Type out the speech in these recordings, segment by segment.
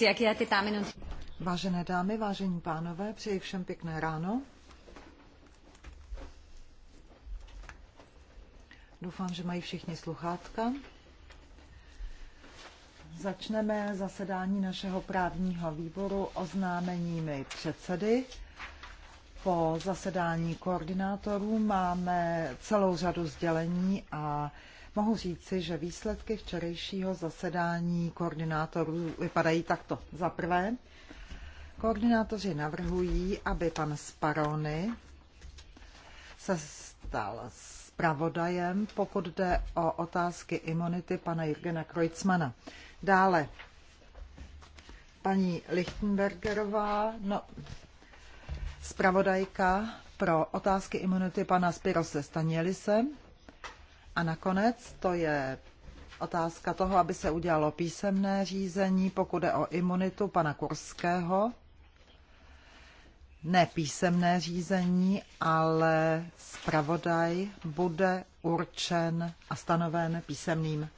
No- Vážené dámy, vážení pánové, přeji všem pěkné ráno. Doufám, že mají všichni sluchátka. Začneme zasedání našeho právního výboru oznámeními předsedy. Po zasedání koordinátorů máme celou řadu sdělení a Mohu říci, že výsledky včerejšího zasedání koordinátorů vypadají takto. Za prvé, koordinátoři navrhují, aby pan Sparony se stal zpravodajem, pokud jde o otázky imunity pana Jürgena Kreutzmana. Dále paní Lichtenbergerová, no, zpravodajka pro otázky imunity pana Spirose Stanielise, a nakonec to je otázka toho, aby se udělalo písemné řízení, pokud je o imunitu pana Kurského. Ne písemné řízení, ale zpravodaj bude určen a stanoven písemným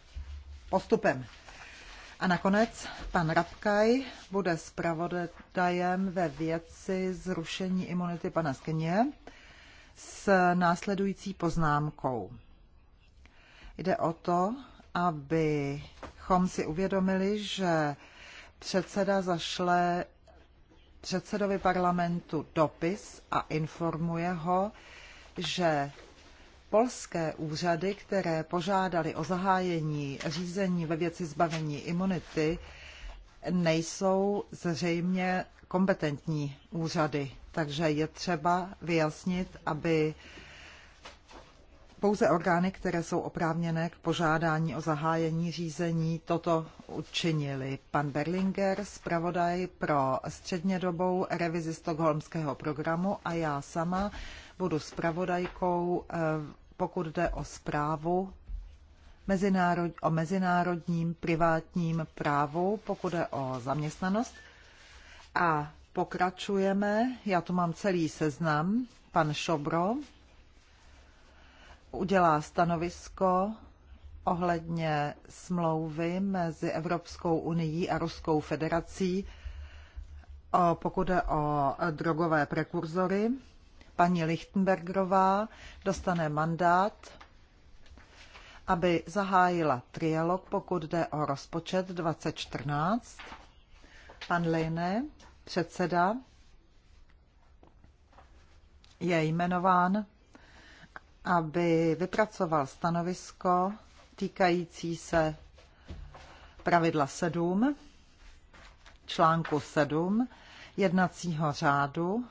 postupem. A nakonec pan Rabkaj bude zpravodajem ve věci zrušení imunity pana Skyně s následující poznámkou. Jde o to, abychom si uvědomili, že předseda zašle předsedovi parlamentu dopis a informuje ho, že polské úřady, které požádali o zahájení řízení ve věci zbavení imunity, nejsou zřejmě kompetentní úřady. Takže je třeba vyjasnit, aby pouze orgány, které jsou oprávněné k požádání o zahájení řízení, toto učinili. Pan Berlinger, zpravodaj pro střednědobou revizi stokholmského programu a já sama budu zpravodajkou, eh, pokud jde o zprávu o mezinárodním privátním právu, pokud jde o zaměstnanost. A pokračujeme, já tu mám celý seznam, pan Šobro, udělá stanovisko ohledně smlouvy mezi Evropskou unii a Ruskou federací, pokud je o drogové prekurzory. Paní Lichtenbergerová dostane mandát, aby zahájila trialog, pokud jde o rozpočet 2014. Pan Lejne, předseda, je jmenován aby vypracoval stanovisko týkající se pravidla 7, článku 7 jednacího řádu.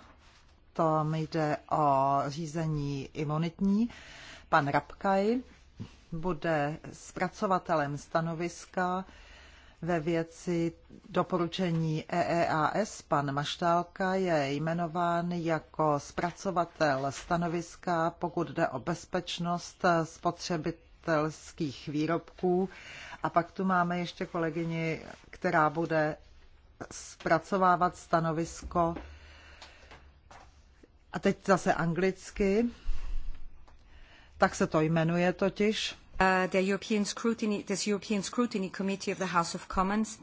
To jde o řízení imunitní. Pan Rabkaj bude zpracovatelem stanoviska ve věci doporučení EEAS. Pan Maštálka je jmenován jako zpracovatel stanoviska, pokud jde o bezpečnost spotřebitelských výrobků. A pak tu máme ještě kolegyni, která bude zpracovávat stanovisko. A teď zase anglicky. Tak se to jmenuje totiž uh, the European Scrutiny, des European Scrutiny Committee of the House of Commons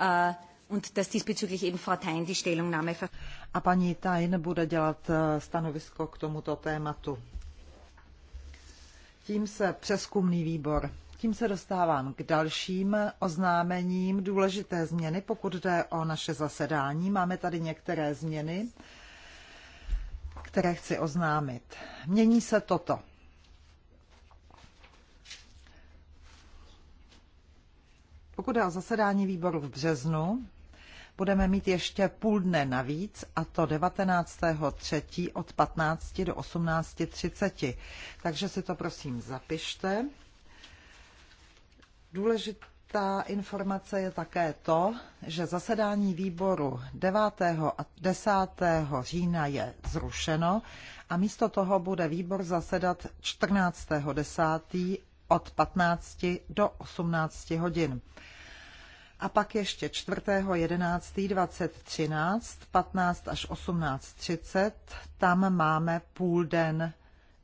uh, und dass diesbezüglich eben Frau Thein die Stellungnahme ver A paní Thein bude dělat uh, stanovisko k tomuto tématu. Tím se přeskumný výbor. Tím se dostávám k dalším oznámením důležité změny, pokud jde o naše zasedání. Máme tady některé změny, které chci oznámit. Mění se toto. Pokud je o zasedání výboru v březnu, budeme mít ještě půl dne navíc, a to 19.3. od 15 do 18.30. Takže si to prosím zapište. Důležitá informace je také to, že zasedání výboru 9. a 10. října je zrušeno a místo toho bude výbor zasedat 14.10 od 15 do 18 hodin. A pak ještě 4.11.2013, 15 až 18.30, tam máme půl den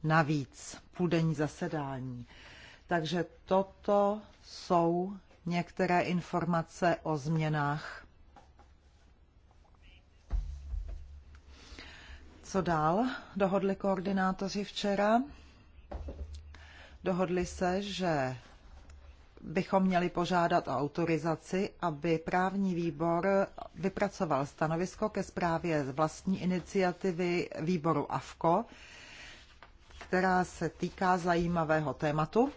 navíc, půl denní zasedání. Takže toto jsou některé informace o změnách. Co dál dohodli koordinátoři včera? Dohodli se, že bychom měli požádat o autorizaci, aby právní výbor vypracoval stanovisko ke zprávě z vlastní iniciativy výboru AFKO, která se týká zajímavého tématu.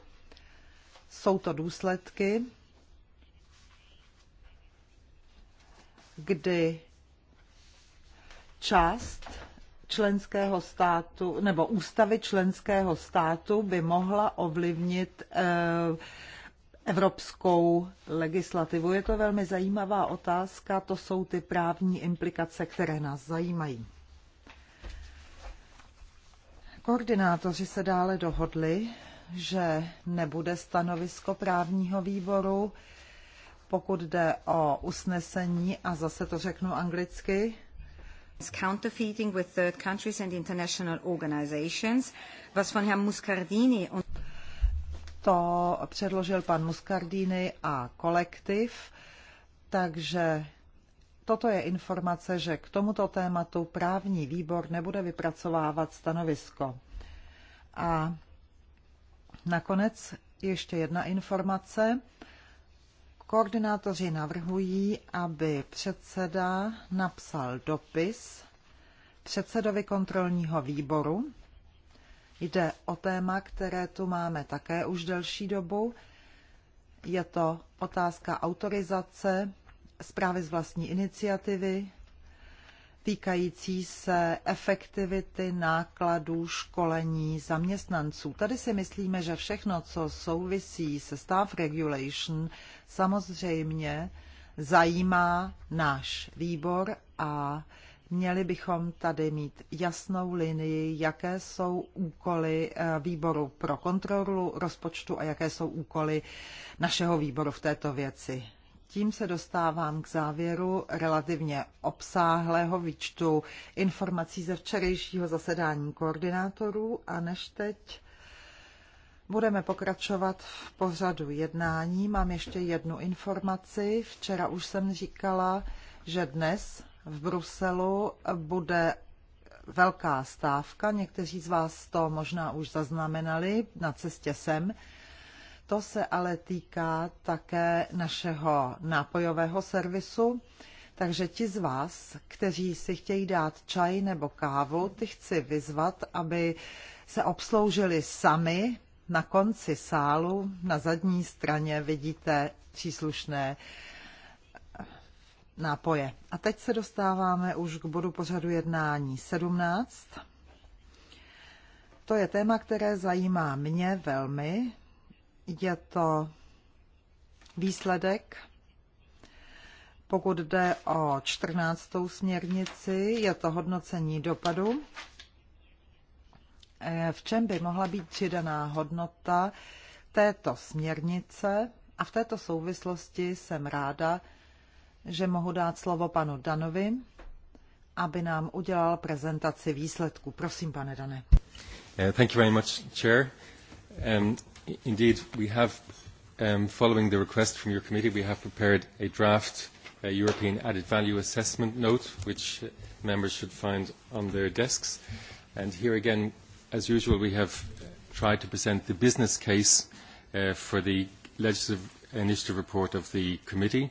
Jsou to důsledky, kdy část členského státu nebo ústavy členského státu by mohla ovlivnit eh, evropskou legislativu. Je to velmi zajímavá otázka, to jsou ty právní implikace, které nás zajímají. Koordinátoři se dále dohodli, že nebude stanovisko právního výboru, pokud jde o usnesení, a zase to řeknu anglicky, counterfeiting with third countries and international organizations. Was von Herrn Muscardini und to předložil pan Muscardini a kolektiv, takže toto je informace, že k tomuto tématu právní výbor nebude vypracovávat stanovisko. A nakonec ještě jedna informace. Koordinátoři navrhují, aby předseda napsal dopis předsedovi kontrolního výboru. Jde o téma, které tu máme také už delší dobu. Je to otázka autorizace zprávy z vlastní iniciativy týkající se efektivity nákladů školení zaměstnanců. Tady si myslíme, že všechno, co souvisí se staff regulation, samozřejmě zajímá náš výbor a měli bychom tady mít jasnou linii, jaké jsou úkoly eh, výboru pro kontrolu rozpočtu a jaké jsou úkoly našeho výboru v této věci tím se dostávám k závěru relativně obsáhlého výčtu informací ze včerejšího zasedání koordinátorů a než teď budeme pokračovat v pořadu jednání. Mám ještě jednu informaci. Včera už jsem říkala, že dnes v Bruselu bude velká stávka. Někteří z vás to možná už zaznamenali na cestě sem. To se ale týká také našeho nápojového servisu. Takže ti z vás, kteří si chtějí dát čaj nebo kávu, ty chci vyzvat, aby se obsloužili sami. Na konci sálu, na zadní straně, vidíte příslušné nápoje. A teď se dostáváme už k bodu pořadu jednání 17. To je téma, které zajímá mě velmi, je to výsledek pokud jde o 14. směrnici, je to hodnocení dopadu. E, v čem by mohla být přidaná hodnota této směrnice? A v této souvislosti jsem ráda, že mohu dát slovo panu Danovi, aby nám udělal prezentaci výsledků. Prosím, pane Dane. Uh, thank you very much, Chair. Um, Indeed, we have, um, following the request from your committee, we have prepared a draft a uh, European Added Value Assessment Note, which uh, members should find on their desks. And here again, as usual, we have tried to present the business case uh, for the legislative initiative report of the committee.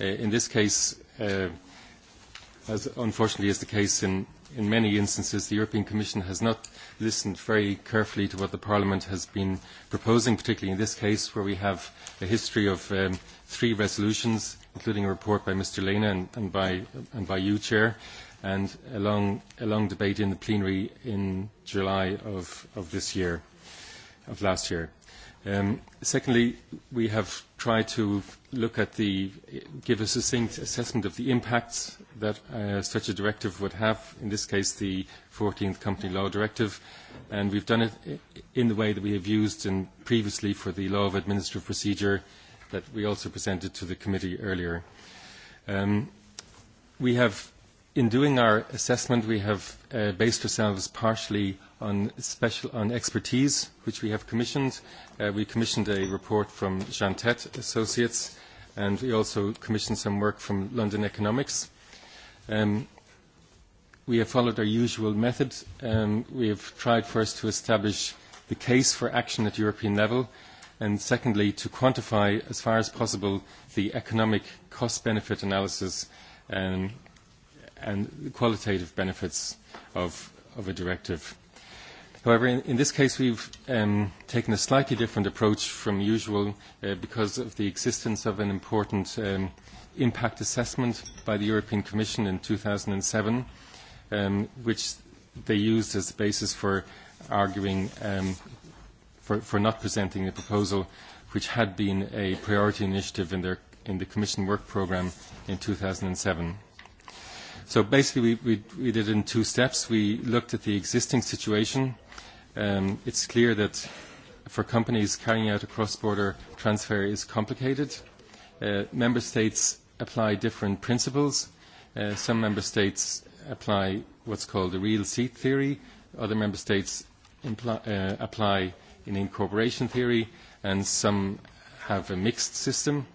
Uh, in this case, uh, as unfortunately is the case in in many instances, the European Commission has not listened very carefully to what the Parliament has been proposing, particularly in this case where we have a history of um, three resolutions, including a report by Mr. Lena and, and, by, and by you, Chair, and a long, a long debate in the plenary in July of, of this year, of last year. Um, secondly, we have tried to look at the, give a succinct assessment of the impacts that uh, such a directive would have, in this case the 14th Company Law Directive, and we've done it in the way that we have used in previously for the Law of Administrative Procedure that we also presented to the committee earlier. Um, we have in doing our assessment, we have uh, based ourselves partially on special on expertise, which we have commissioned. Uh, we commissioned a report from Jantet Associates, and we also commissioned some work from London Economics. Um, we have followed our usual method. Um, we have tried first to establish the case for action at European level, and secondly, to quantify as far as possible the economic cost-benefit analysis um, and qualitative benefits of, of a directive. However, in, in this case, we've um, taken a slightly different approach from usual uh, because of the existence of an important um, impact assessment by the European Commission in 2007, um, which they used as the basis for arguing um, for, for not presenting a proposal which had been a priority initiative in, their, in the Commission work programme in 2007. So basically, we, did it in two steps. We looked at the existing situation. Um, it's clear that for companies carrying out a cross-border transfer is complicated. Uh, member states apply different principles. Uh, some member states apply what's called the real seat theory. Other member states uh, apply an incorporation theory, and some have a mixed system.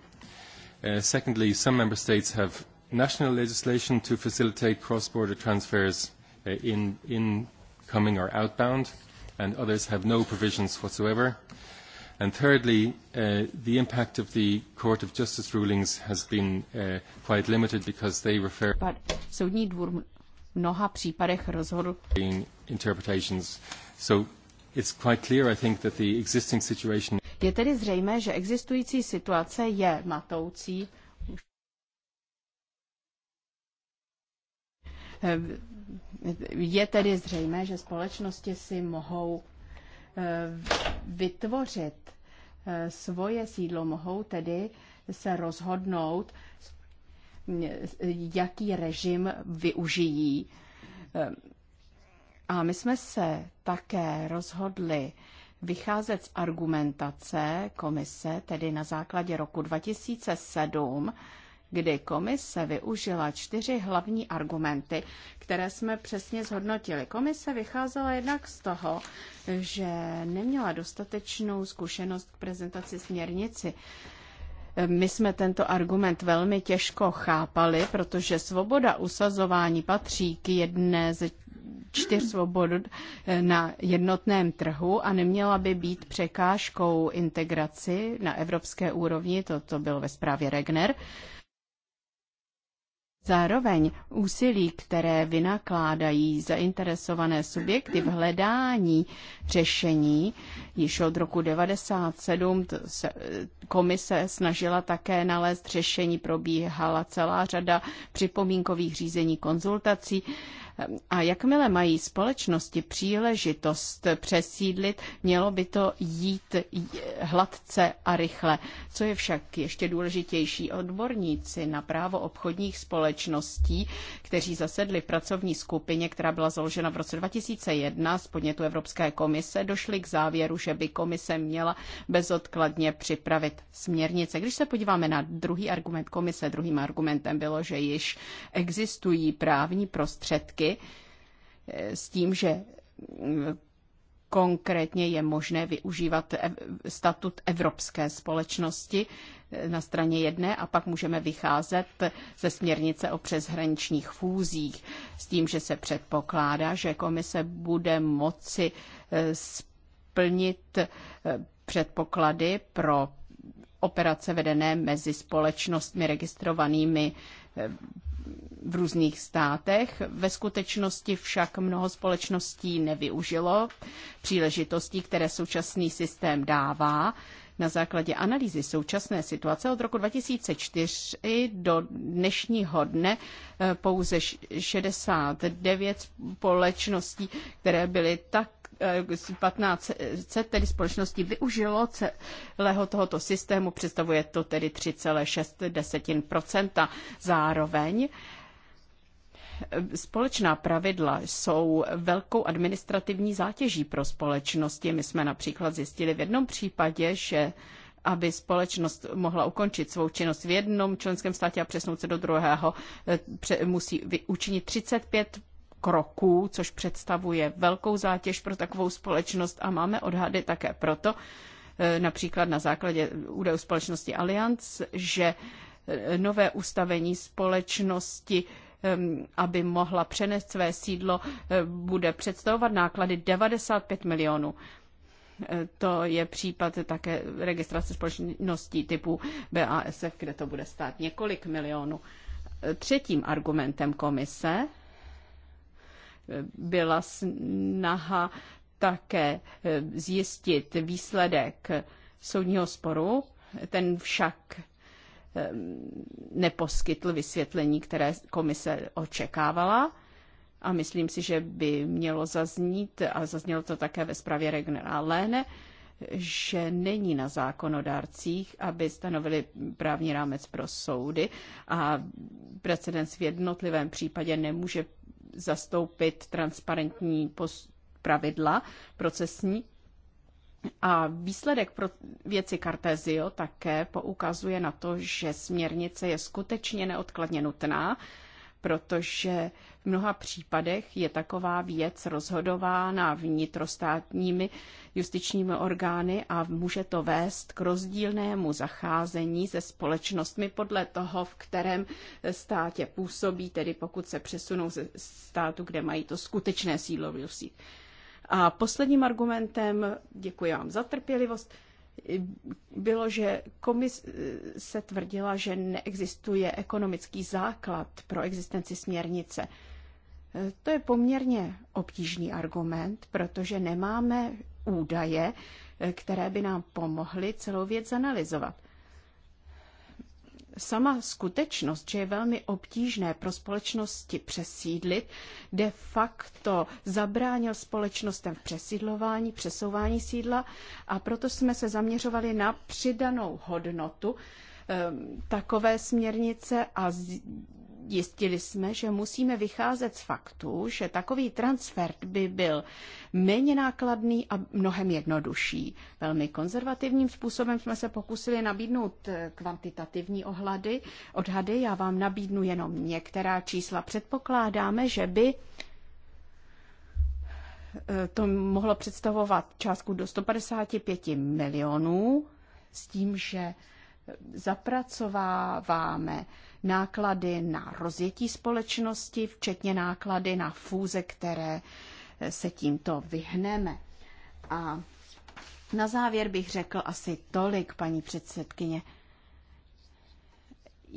secondly, some member states have national legislation to facilitate cross-border transfers uh, in coming or outbound, and others have no provisions whatsoever. And thirdly, uh, the impact of the Court of Justice rulings has been uh, quite limited because they refer... Soudní dvůr v mnoha případech rozhodl... ...interpretations. So it's quite clear, I think, that the existing situation... Je tedy zřejmé, že existující situace je matoucí Eh, je tedy zřejmé, že společnosti si mohou eh, vytvořit eh, svoje sídlo, mohou tedy se rozhodnout, jaký režim využijí. A my jsme se také rozhodli vycházet z argumentace komise, tedy na základě roku 2007, kdy komise využila čtyři hlavní argumenty, které jsme přesně zhodnotili. Komise vycházela jednak z toho, že neměla dostatečnou zkušenost k prezentaci směrnici. My jsme tento argument velmi těžko chápali, protože svoboda usazování patří k jedné ze čtyř svobod na jednotném trhu a neměla by být překážkou integraci na evropské úrovni, toto bylo ve zprávě Regner. Zároveň úsilí, které vynakládají zainteresované subjekty v hledání řešení, již od roku 1997 komise snažila také nalézt řešení, probíhala celá řada připomínkových řízení konzultací a jakmile mají společnosti příležitost přesídlit, mělo by to jít hladce a rychle. Co je však ještě důležitější, odborníci na právo obchodních společností, kteří zasedli v pracovní skupině, která byla založena v roce 2001 z podnětu Evropské komise, došli k závěru, že by komise měla bezodkladně připravit směrnice. Když se podíváme na druhý argument komise, druhým argumentem bylo, že již existují právní prostředky, oblasti eh, s tím, že mm, konkrétně je možné využívat statut Evropské společnosti eh, na straně jedné a pak můžeme vycházet ze směrnice o přeshraničních fúzích s tím, že se předpokládá, že komise bude moci eh, splnit předpoklady pro operace vedené mezi společnostmi registrovanými v různých státech. Ve skutečnosti však mnoho společností nevyužilo příležitostí, které současný systém dává. Na základě analýzy současné situace od roku 2004 do dnešního dne eh, pouze 69 společností, které byly tak 1500 eh, tedy společností využilo celého tohoto systému, představuje to tedy 3,6 Zároveň eh, společná pravidla jsou velkou administrativní zátěží pro společnosti. My jsme například zjistili v jednom případě, že aby společnost mohla ukončit svou činnost v jednom členském státě a přesnout se do druhého, eh, musí učinit 35 kroků, což představuje velkou zátěž pro takovou společnost a máme odhady také proto, e, například na základě údajů společnosti Allianz, že e, nové ustavení společnosti aby mohla přenést své sídlo, e, bude představovat náklady 95 milionů. To je případ také registrace společností typu BASF, kde to bude stát několik milionů. Třetím argumentem komise byla snaha také eh, zjistit výsledek soudního sporu. Ten však eh, neposkytl vysvětlení, které komise očekávala. A myslím si, že by mělo zaznít, a zaznělo to také ve zprávě Regnera Léne, že není na zákonodárcích, aby stanovili právní rámec pro soudy a precedens v jednotlivém případě nemůže zastoupit transparentní pravidla procesní. A výsledek pro věci Cartesio také poukazuje na to, že směrnice je skutečně neodkladně nutná protože v mnoha případech je taková věc rozhodována vnitrostátními justičními orgány a může to vést k rozdílnému zacházení se společnostmi podle toho, v kterém státě působí, tedy pokud se přesunou ze státu, kde mají to skutečné sídlo v A posledním argumentem, děkuji vám za trpělivost, bylo, že komise tvrdila, že neexistuje ekonomický základ pro existenci směrnice. To je poměrně obtížný argument, protože nemáme údaje, které by nám pomohly celou věc analyzovat sama skutečnost, že je velmi obtížné pro společnosti přesídlit, de facto zabránil společnostem v přesídlování, přesouvání sídla a proto jsme se zaměřovali na přidanou hodnotu ehm, takové směrnice a zjistili jsme, že musíme vycházet z faktu, že takový transfer by byl méně nákladný a mnohem jednodušší. Velmi konzervativním způsobem jsme se pokusili nabídnout eh, kvantitativní ohlady, odhady. Já vám nabídnu jenom některá čísla. Předpokládáme, že by eh, to mohlo představovat částku do 155 milionů s tím, že zapracováváme náklady na rozjetí společnosti, včetně náklady na fůze, které eh, se tímto vyhneme. A na závěr bych řekl asi tolik, paní předsedkyně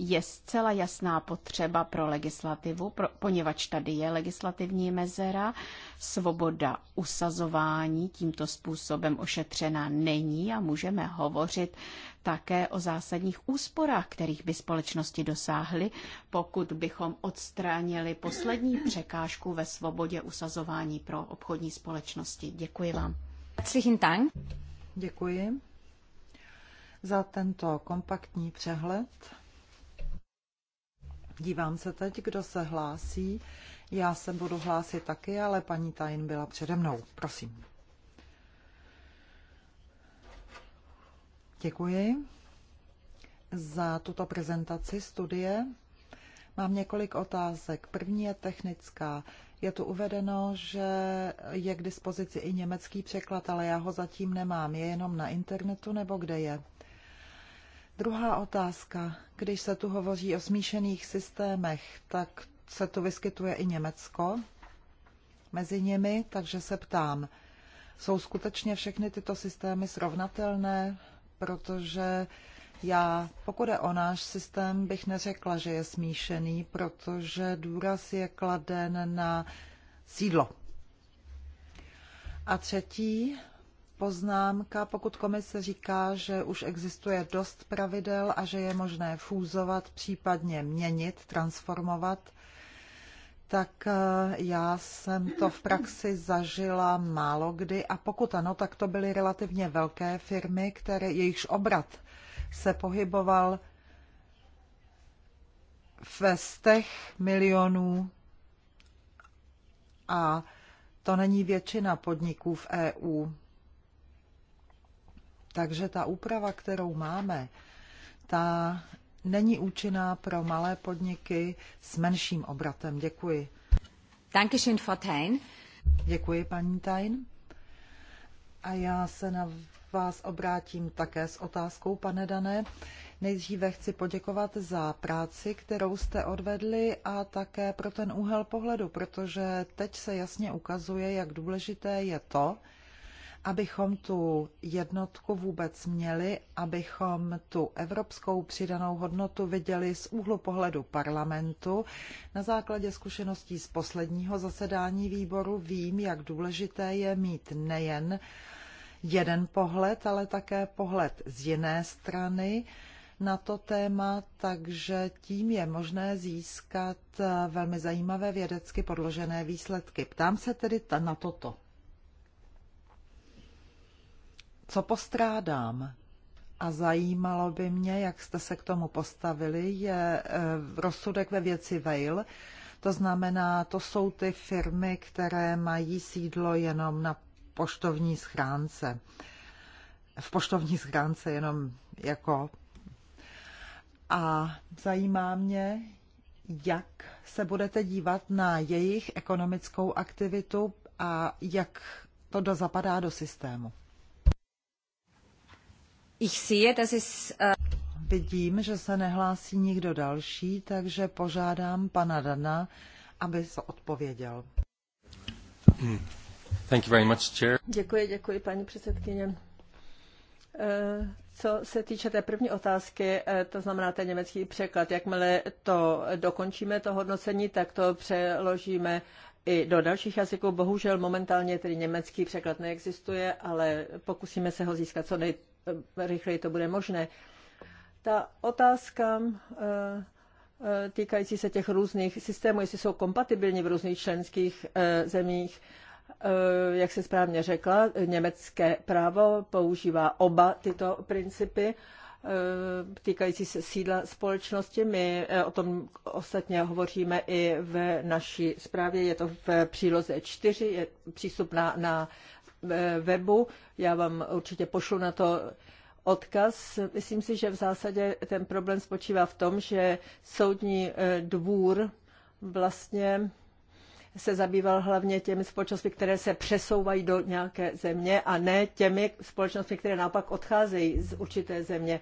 je zcela jasná potřeba pro legislativu, pro, poněvadž tady je legislativní mezera, svoboda usazování tímto způsobem ošetřena není a můžeme hovořit také o zásadních úsporách, kterých by společnosti dosáhly, pokud bychom odstránili poslední překážku ve svobodě usazování pro obchodní společnosti. Děkuji vám. Děkuji za tento kompaktní přehled. Dívám se teď, kdo se hlásí. Já se budu hlásit taky, ale paní Tajn byla přede mnou. Prosím. Děkuji za tuto prezentaci studie. Mám několik otázek. První je technická. Je tu uvedeno, že je k dispozici i německý překlad, ale já ho zatím nemám. Je jenom na internetu nebo kde je? Druhá otázka. Když se tu hovoří o smíšených systémech, tak se tu vyskytuje i Německo mezi nimi, takže se ptám, jsou skutečně všechny tyto systémy srovnatelné, protože já, pokud je o náš systém, bych neřekla, že je smíšený, protože důraz je kladen na sídlo. A třetí poznámka, pokud komise říká, že už existuje dost pravidel a že je možné fúzovat, případně měnit, transformovat, tak eh, já jsem to v praxi zažila málo kdy a pokud ano, tak to byly relativně velké firmy, které jejichž obrat se pohyboval ve stech milionů a to není většina podniků v EU. Takže ta úprava, kterou máme, ta není účinná pro malé podniky s menším obratem. Děkuji. Dankeschön, Frau Tain. Děkuji, paní Tain. A já se na vás obrátím také s otázkou, pane Dané. Nejdříve chci poděkovat za práci, kterou jste odvedli a také pro ten úhel pohledu, protože teď se jasně ukazuje, jak důležité je to, abychom tu jednotku vůbec měli, abychom tu evropskou přidanou hodnotu viděli z úhlu pohledu parlamentu. Na základě zkušeností z posledního zasedání výboru vím, jak důležité je mít nejen jeden pohled, ale také pohled z jiné strany na to téma, takže tím je možné získat velmi zajímavé vědecky podložené výsledky. Ptám se tedy na toto co postrádám. A zajímalo by mě, jak jste se k tomu postavili, je eh, rozsudek ve věci veil. To znamená, to jsou ty firmy, které mají sídlo jenom na poštovní schránce. V poštovní schránce jenom jako. A zajímá mě, jak se budete dívat na jejich ekonomickou aktivitu a jak to dozapadá do systému. Ich sehe, dass es, äh, Vidím, že se nehlásí nikdo další, takže požádám pana Dana, aby se odpověděl. Hmm. Thank you very much, chair. Děkuji, děkuji, paní předsedkyně. Eh, co se týče té první otázky, eh, to znamená ten německý překlad, jakmile to dokončíme, to hodnocení, tak to přeložíme i do dalších jazyků. Bohužel momentálně tedy německý překlad neexistuje, ale pokusíme se ho získat co nejdříve rychleji to bude možné. Ta otázka eh, eh, týkající se těch různých systémů, jestli jsou kompatibilní v různých členských eh, zemích, jak se správně řekla, německé právo používá oba tyto principy týkající se sídla společnosti. My o tom ostatně hovoříme i v naší zprávě, je to v příloze 4, je přístupná na webu. Já vám určitě pošlu na to odkaz. Myslím si, že v zásadě ten problém spočívá v tom, že soudní eh, dvůr vlastně se zabýval hlavně těmi společnostmi, které se přesouvají do nějaké země a ne těmi společnostmi, které naopak odcházejí z určité země.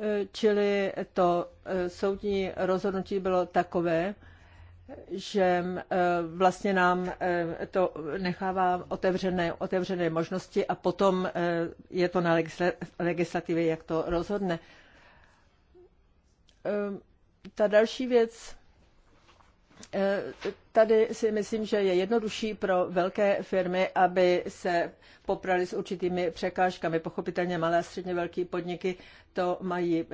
Eh, čili to eh, soudní rozhodnutí bylo takové, že eh, vlastně nám eh, to nechává otevřené, otevřené možnosti a potom eh, je to na legislativě, jak to rozhodne. Ta další věc, tady si myslím, že je jednodušší pro velké firmy, aby se poprali s určitými překážkami. Pochopitelně malé a středně velké podniky to mají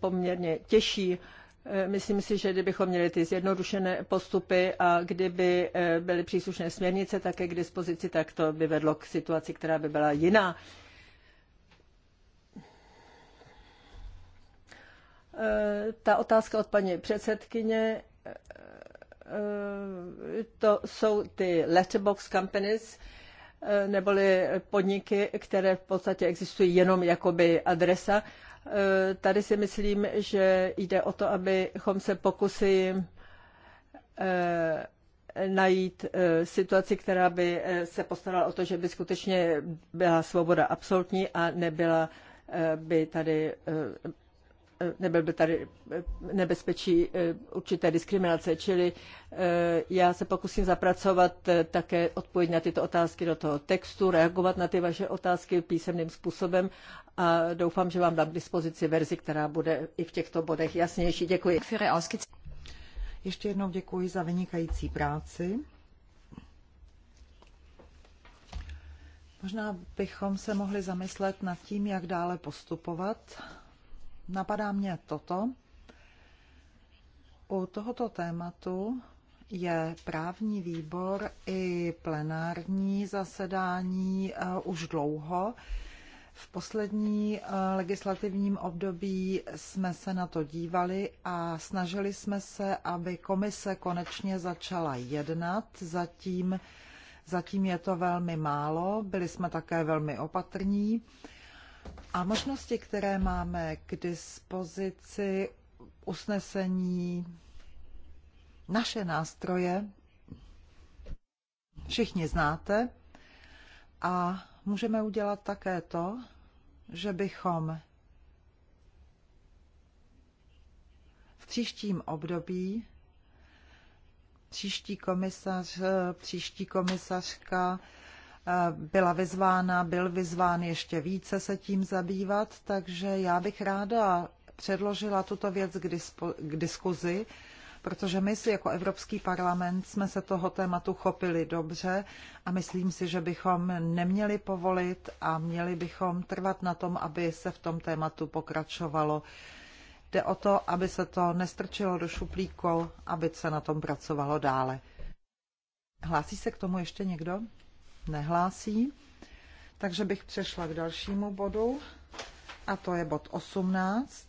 poměrně těžší Eh, myslím si, že kdybychom měli ty zjednodušené postupy a kdyby eh, byly příslušné směrnice také k dispozici, tak to by vedlo k situaci, která by byla jiná. Eh, ta otázka od paní předsedkyně, to jsou ty letterbox companies, neboli podniky, které v podstatě existují jenom jakoby adresa Eh, tady si myslím, že jde o to, abychom se pokusili eh, najít eh, situaci, která by se postarala o to, že by skutečně byla svoboda absolutní a nebyla by tady nebyl by tady eh, nebezpečí eh, určité diskriminace, čili eh, já se pokusím zapracovat také odpověď na tyto otázky do toho textu, reagovat na ty vaše otázky písemným způsobem a doufám, že vám dám k dispozici verzi, která bude i v těchto bodech jasnější. Děkuji. Ještě jednou děkuji za vynikající práci. Možná bychom se mohli zamyslet nad tím, jak dále postupovat. Napadá mě toto. U tohoto tématu je právní výbor i plenární zasedání eh, už dlouho. V poslední eh, legislativním období jsme se na to dívali a snažili jsme se, aby komise konečně začala jednat. Zatím, zatím je to velmi málo, byli jsme také velmi opatrní. A možnosti, které máme k dispozici, usnesení, naše nástroje, všichni znáte. A můžeme udělat také to, že bychom v příštím období příští komisař, příští komisařka byla vyzvána, byl vyzván ještě více se tím zabývat, takže já bych ráda předložila tuto věc k, dispo, k diskuzi, protože my si jako Evropský parlament jsme se toho tématu chopili dobře a myslím si, že bychom neměli povolit a měli bychom trvat na tom, aby se v tom tématu pokračovalo. Jde o to, aby se to nestrčilo do šuplíku, aby se na tom pracovalo dále. Hlásí se k tomu ještě někdo? nehlásí, takže bych přešla k dalšímu bodu a to je bod 18.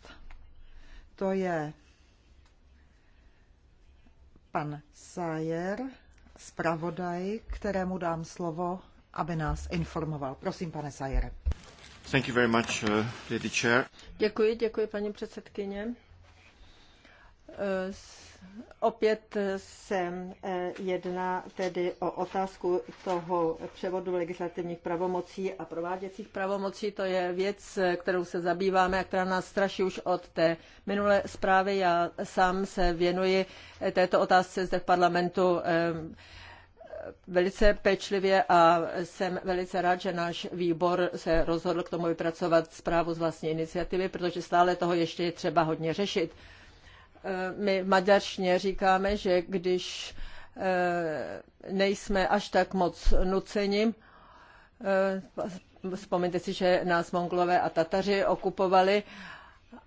To je pan Sajer, zpravodaj, kterému dám slovo, aby nás informoval. Prosím, pane Sajere. Thank you very much, uh, lady chair. Děkuji, děkuji, paní předsedkyně. Opět se eh, jedná tedy o otázku toho převodu legislativních pravomocí a prováděcích pravomocí. To je věc, kterou se zabýváme a která nás straší už od té minulé zprávy. Já sám se věnuji této otázce zde v parlamentu eh, velice pečlivě a jsem velice rád, že náš výbor se rozhodl k tomu vypracovat zprávu z vlastní iniciativy, protože stále toho ještě je třeba hodně řešit. Eh, my v maďarštině říkáme, že když eh, nejsme až tak moc nucením, eh, vzpomeňte si, že nás Mongolové a Tataři okupovali,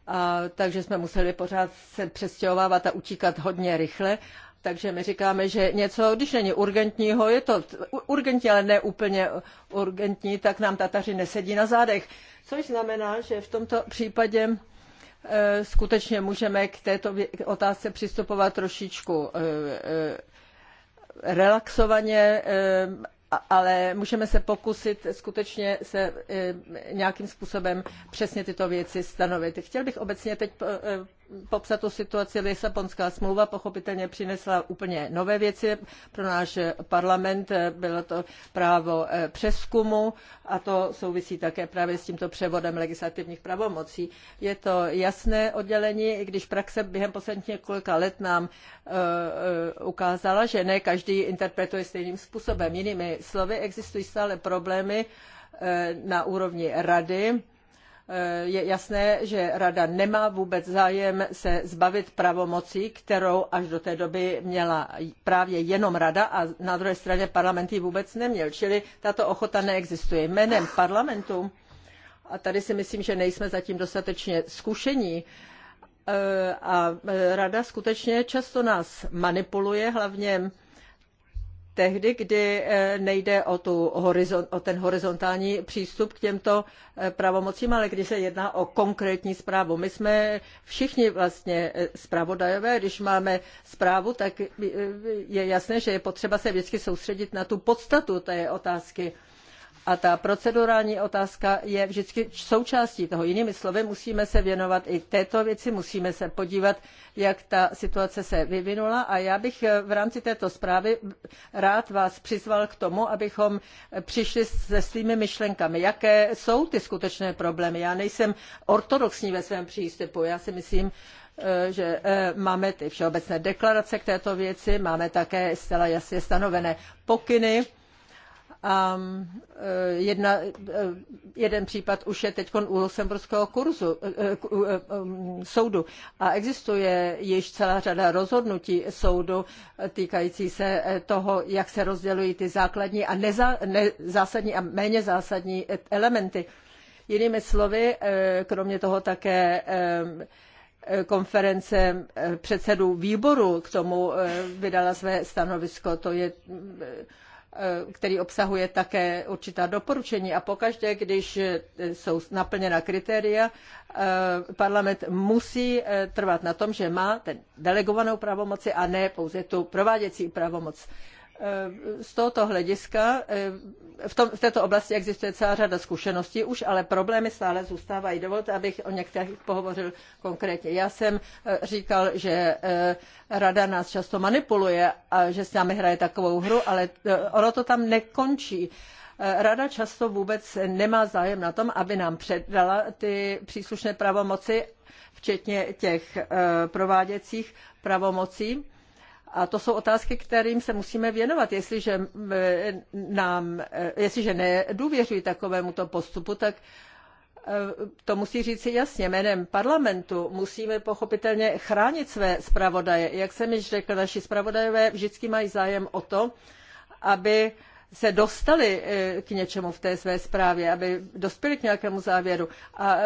a, takže jsme museli pořád se přestěhovávat a utíkat hodně rychle. Takže my říkáme, že něco, když není urgentního, je to urgentní, ale ne úplně urgentní, tak nám Tataři nesedí na zádech. Což znamená, že v tomto případě Eh, skutečně můžeme k této otázce přistupovat trošičku eh, eh, relaxovaně, ale můžeme se pokusit skutečně se nějakým způsobem přesně tyto věci stanovit. Chtěl bych obecně teď popsat tu situaci. Lisabonská smlouva pochopitelně přinesla úplně nové věci. Pro náš parlament bylo to právo eh, přeskumu a to souvisí také právě s tímto převodem legislativních pravomocí. Je to jasné oddělení, i když praxe během posledních několika let nám eh, eh, ukázala, že ne každý interpretuje stejným způsobem. Jinými slovy, existují stále problémy na úrovni rady Eh, je jasné, že Rada nemá vůbec zájem se zbavit pravomocí, kterou až do té doby měla právě jenom Rada a na druhé straně parlament ji vůbec neměl, čili tato ochota neexistuje. Jménem parlamentu, a tady si myslím, že nejsme zatím dostatečně zkušení, eh, a eh, Rada skutečně často nás manipuluje, hlavně tehdy, kdy eh, nejde o, tu o ten horizontální přístup k těmto eh, pravomocím, ale když se jedná o konkrétní zprávu. My jsme všichni vlastně eh, zpravodajové, když máme zprávu, tak je jasné, že je potřeba se vždycky soustředit na tu podstatu té otázky a ta procedurální otázka je vždycky součástí toho. Jinými slovy, musíme se věnovat i této věci, musíme se podívat, jak ta situace se vyvinula. A já bych eh, v rámci této zprávy rád vás přizval k tomu, abychom přišli se svými myšlenkami. Jaké jsou ty skutečné problémy? Já nejsem ortodoxní ve svém přístupu. Já si myslím, eh, že eh, máme ty všeobecné deklarace k této věci, máme také zcela jasně stanovené pokyny a um, eh, jedna, eh, jeden případ už je teď u Lucemburského kurzu, eh, um, soudu a existuje již celá řada rozhodnutí soudu týkající se toho, jak se rozdělují ty základní a neza, ne, zásadní a méně zásadní elementy. Jinými slovy, kromě toho také konference předsedů výboru k tomu vydala své stanovisko. To je Eh, který obsahuje také určitá doporučení a pokaždé, když eh, jsou naplněna kritéria, eh, parlament musí trvat na tom, že má ten delegovanou pravomoci a ne pouze tu prováděcí pravomoc. Eh, z tohoto hlediska eh, v, tom, v této oblasti existuje celá řada zkušeností už, ale problémy stále zůstávají. Dovolte, abych o některých pohovořil konkrétně. Já jsem eh, říkal, že rada nás často manipuluje a že s námi hraje takovou hru, ale ono to tam nekončí. Rada často vůbec nemá zájem na tom, aby nám předala ty příslušné pravomoci, včetně těch prováděcích pravomocí a to jsou otázky, kterým se musíme věnovat. Jestliže, nám, jestliže nedůvěřují takovémuto postupu, tak eh, to musí říci jasně, jménem parlamentu musíme pochopitelně chránit své zpravodaje. Jak jsem již řekl, naši zpravodajové vždycky mají zájem o to, aby se dostali eh, k něčemu v té své zprávě, aby dospěli k nějakému závěru. A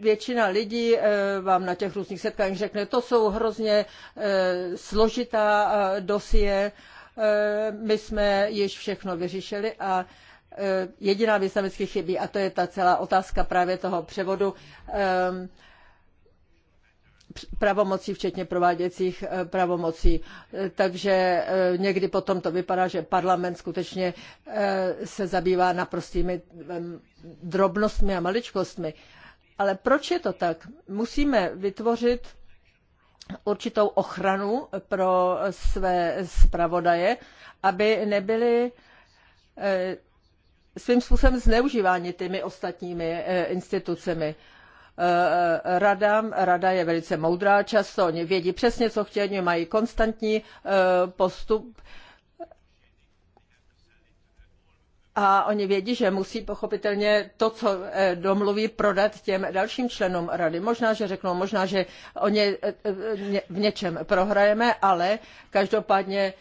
většina lidí eh, vám na těch různých setkáních řekne, to jsou hrozně eh, složitá eh, dosie, my jsme již všechno vyřešili a jediná věc tam vždycky chybí a to je ta celá otázka právě toho převodu pravomocí, včetně prováděcích pravomocí. Takže někdy potom to vypadá, že parlament skutečně se zabývá naprostými drobnostmi a maličkostmi. Ale proč je to tak? Musíme vytvořit určitou ochranu pro své zpravodaje, aby nebyli eh, svým způsobem zneužívány těmi ostatními eh, institucemi. Eh, rada, rada je velice moudrá často, oni vědí přesně, co chtějí, oni mají konstantní postup a oni vědí, že musí pochopitelně to, co eh, domluví, prodat těm dalším členům rady. Možná, že řeknou, možná, že o ně, eh, eh, v něčem prohrajeme, ale každopádně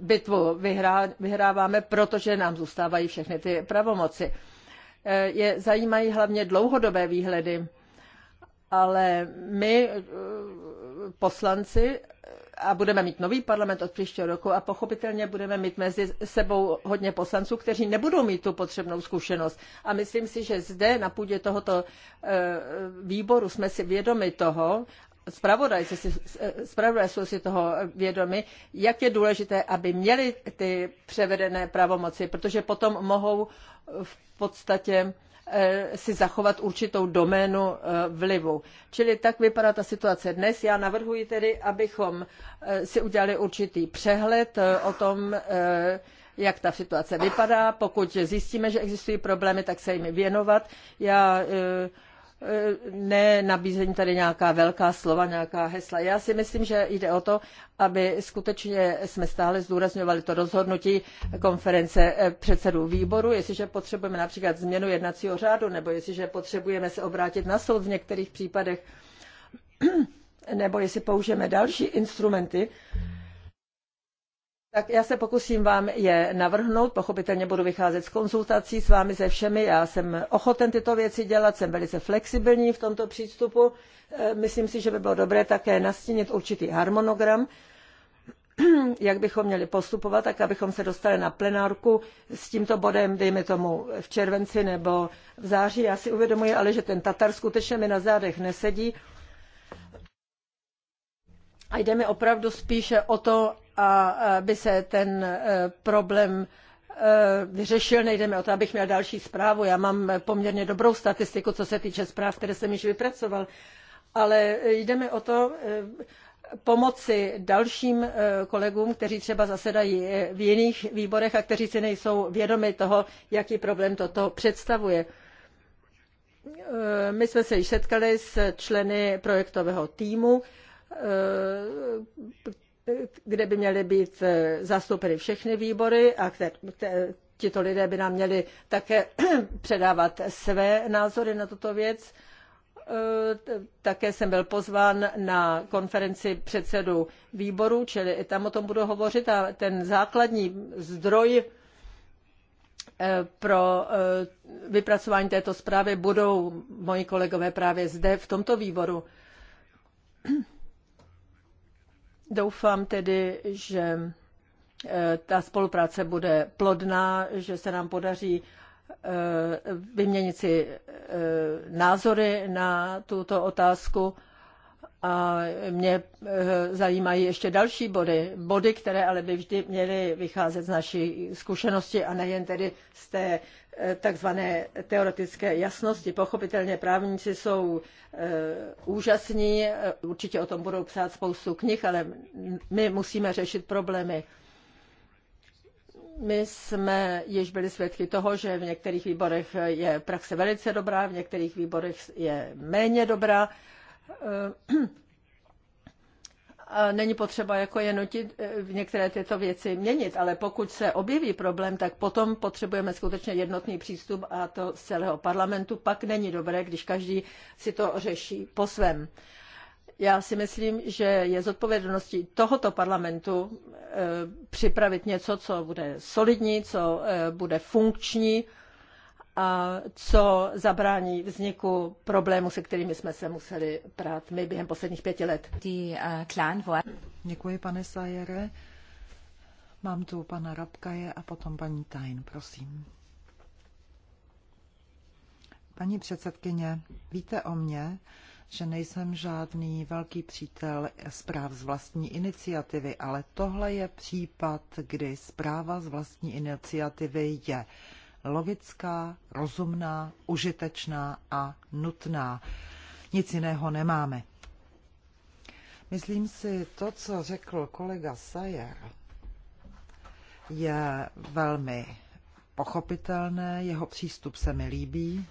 bitvu vyhrá, vyhráváme, protože nám zůstávají všechny ty pravomoci. Je zajímají hlavně dlouhodobé výhledy, ale my poslanci a budeme mít nový parlament od příštího roku a pochopitelně budeme mít mezi sebou hodně poslanců, kteří nebudou mít tu potřebnou zkušenost. A myslím si, že zde na půdě tohoto eh, výboru jsme si vědomi toho, Spravodajci si, spravodaj eh, jsou si toho vědomi, jak je důležité, aby měli ty převedené pravomoci, protože potom mohou v podstatě Eh, si zachovat určitou doménu eh, vlivu. Čili tak vypadá ta situace dnes. Já navrhuji tedy, abychom eh, si udělali určitý přehled o tom, jak ta situace vypadá. Pokud zjistíme, že existují problémy, tak se jim věnovat. Já ne nabízení tady nějaká velká slova, nějaká hesla. Já si myslím, že jde o to, aby skutečně jsme stále zdůrazňovali to rozhodnutí konference eh, předsedů výboru, jestliže potřebujeme například změnu jednacího řádu, nebo jestliže potřebujeme se obrátit na soud v některých případech, nebo jestli použijeme další instrumenty, tak já se pokusím vám je navrhnout, pochopitelně budu vycházet z konzultací s vámi se všemi, já jsem ochoten tyto věci dělat, jsem velice flexibilní v tomto přístupu. Eh, myslím si, že by bylo dobré také nastínit určitý harmonogram, jak bychom měli postupovat, tak abychom se dostali na plenárku s tímto bodem, dejme tomu v červenci nebo v září. Já si uvědomuji ale, že ten Tatar skutečně mi na zádech nesedí. A jde mi opravdu spíše o to, a aby se ten e, problém e, vyřešil. Nejde mi o to, abych měl další zprávu. Já mám poměrně dobrou statistiku, co se týče zpráv, které jsem již vypracoval. Ale jde mi o to e, pomoci dalším kolegům, kteří třeba zasedají v jiných výborech a kteří si nejsou vědomi toho, jaký problém toto představuje. My jsme se již setkali s členy projektového týmu, kde by měly být eh, zastoupeny všechny výbory a tito lidé by nám měli také předávat své názory na tuto věc. Eh, také jsem byl pozván na konferenci předsedů výboru, čili i tam o tom budu hovořit a ten základní zdroj eh, pro vypracování této zprávy budou moji kolegové právě zde v tomto výboru. Doufám tedy, že eh, ta spolupráce bude plodná, že se nám podaří eh, vyměnit si eh, názory na tuto otázku a mě eh, zajímají ještě další body, body, které ale by vždy měly vycházet z naší zkušenosti a nejen tedy z té eh, takzvané teoretické jasnosti. Pochopitelně právníci jsou eh, úžasní, určitě o tom budou psát spoustu knih, ale my musíme řešit problémy. My jsme již byli svědky toho, že v některých výborech je praxe velice dobrá, v některých výborech je méně dobrá. Eh, eh, není potřeba jako je nutit eh, některé tyto věci měnit, ale pokud se objeví problém, tak potom potřebujeme skutečně jednotný přístup a to z celého parlamentu. Pak není dobré, když každý si to řeší po svém. Já si myslím, že je zodpovědností tohoto parlamentu připravit něco, co bude solidní, co bude funkční co zabrání vzniku problémů, se kterými jsme se museli prát my během posledních pěti let. Eh, Děkuji, pane Sajere. Mám tu pana Rabkaje a potom paní Tajn, prosím. Paní předsedkyně, víte o mně, že nejsem žádný velký přítel zpráv z vlastní iniciativy, ale tohle je případ, kdy zpráva z vlastní iniciativy je logická, rozumná, užitečná a nutná. Nic jiného nemáme. Myslím si, to, co řekl kolega Sayer, je velmi pochopitelné, jeho přístup se mi líbí.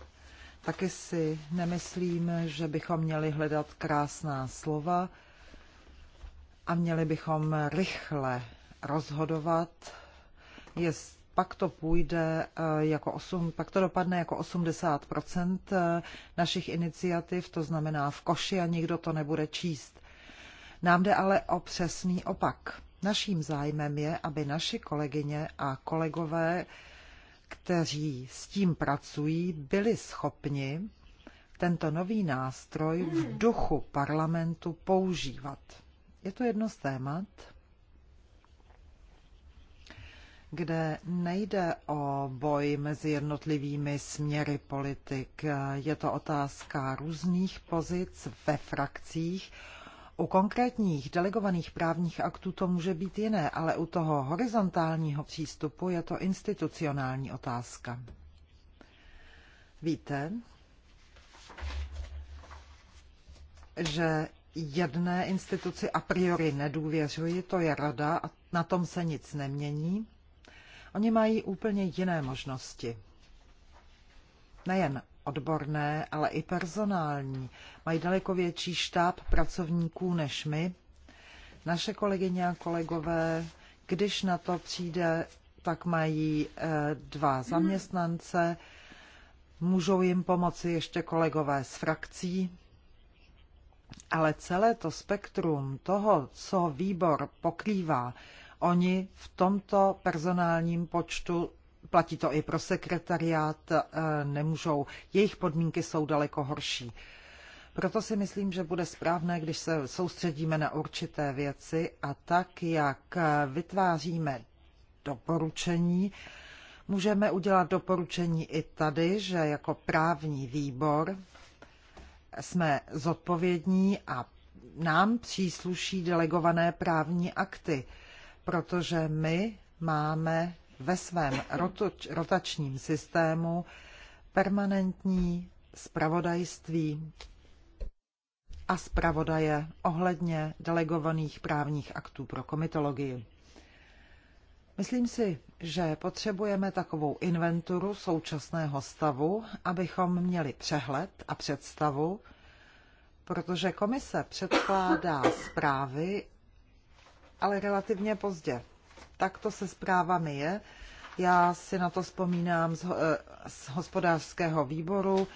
Taky si nemyslím, že bychom měli hledat krásná slova a měli bychom rychle rozhodovat, jest pak to půjde eh, jako 8, pak to dopadne jako 80 eh, našich iniciativ, to znamená v koši a nikdo to nebude číst. Nám jde ale o přesný opak. Naším zájmem je, aby naši kolegyně a kolegové, kteří s tím pracují, byli schopni tento nový nástroj v duchu parlamentu používat. Je to jedno z témat, kde nejde o boj mezi jednotlivými směry politik. Je to otázka různých pozic ve frakcích. U konkrétních delegovaných právních aktů to může být jiné, ale u toho horizontálního přístupu je to institucionální otázka. Víte, že jedné instituci a priori nedůvěřuji, to je rada a na tom se nic nemění. Oni mají úplně jiné možnosti. Nejen odborné, ale i personální. Mají daleko větší štáb pracovníků než my. Naše kolegyně a kolegové, když na to přijde, tak mají eh, dva mhm. zaměstnance, můžou jim pomoci ještě kolegové z frakcí, ale celé to spektrum toho, co výbor pokrývá, Oni v tomto personálním počtu platí to i pro sekretariát, eh, nemůžou. Jejich podmínky jsou daleko horší. Proto si myslím, že bude správné, když se soustředíme na určité věci a tak, jak eh, vytváříme doporučení, můžeme udělat doporučení i tady, že jako právní výbor jsme zodpovědní a nám přísluší delegované právní akty protože my máme ve svém rotačním systému permanentní spravodajství a zpravodaje ohledně delegovaných právních aktů pro komitologii. Myslím si, že potřebujeme takovou inventuru současného stavu, abychom měli přehled a představu, protože komise předkládá zprávy ale relativně pozdě. Tak to se zprávami je. Já si na to vzpomínám z, eh, z hospodářského výboru.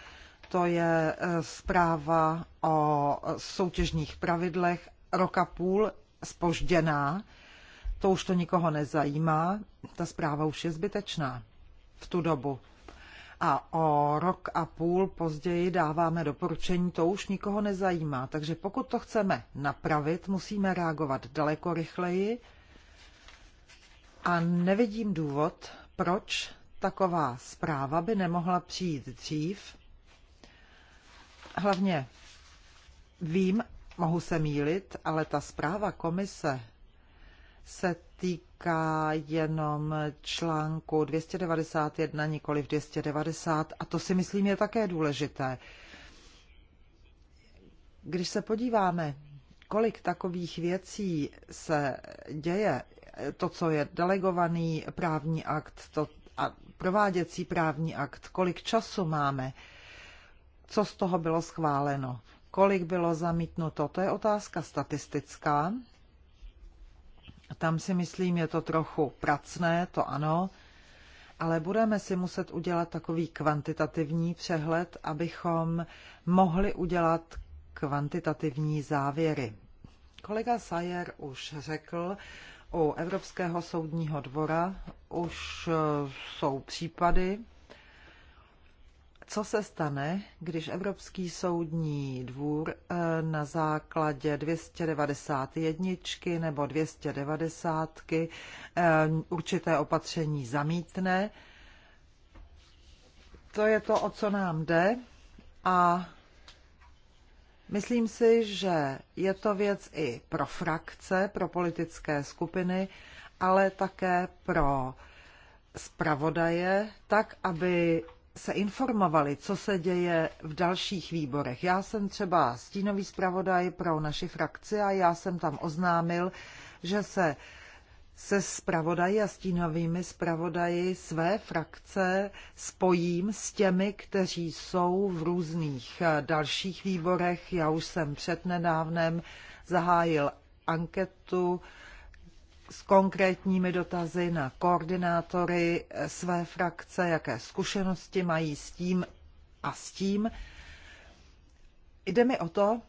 To je eh, zpráva o soutěžních pravidlech roka půl spožděná. To už to nikoho nezajímá. Ta zpráva už je zbytečná v tu dobu a o rok a půl později dáváme doporučení, to už nikoho nezajímá. Takže pokud to chceme napravit, musíme reagovat daleko rychleji a nevidím důvod, proč taková zpráva by nemohla přijít dřív. Hlavně vím, mohu se mýlit, ale ta zpráva komise se týká jenom článku 291, nikoli 290, a to si myslím je také důležité. Když se podíváme, kolik takových věcí se děje, to, co je delegovaný právní akt, to a prováděcí právní akt, kolik času máme, co z toho bylo schváleno, kolik bylo zamítnuto, to je otázka statistická, tam si myslím, je to trochu pracné, to ano, ale budeme si muset udělat takový kvantitativní přehled, abychom mohli udělat kvantitativní závěry. Kolega Sayer už řekl, u Evropského soudního dvora už jsou případy, co se stane, když Evropský soudní dvůr eh, na základě 291 nebo 290 eh, určité opatření zamítne. To je to, o co nám jde. A myslím si, že je to věc i pro frakce, pro politické skupiny, ale také pro zpravodaje, tak aby se informovali, co se děje v dalších výborech. Já jsem třeba stínový zpravodaj pro naši frakci a já jsem tam oznámil, že se se zpravodaji a stínovými zpravodaji své frakce spojím s těmi, kteří jsou v různých eh, dalších výborech. Já už jsem před nedávnem zahájil anketu s konkrétními dotazy na koordinátory své frakce, jaké zkušenosti mají s tím a s tím. Jde mi o to,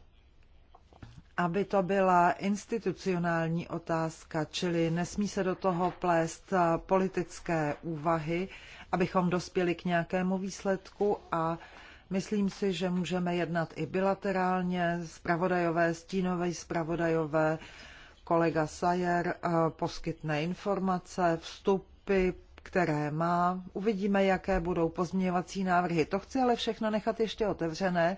aby to byla institucionální otázka, čili nesmí se do toho plést politické úvahy, abychom dospěli k nějakému výsledku a myslím si, že můžeme jednat i bilaterálně, zpravodajové, stínové zpravodajové, kolega Sayer eh, poskytne informace, vstupy, které má. Uvidíme, jaké budou pozměňovací návrhy. To chci ale všechno nechat ještě otevřené.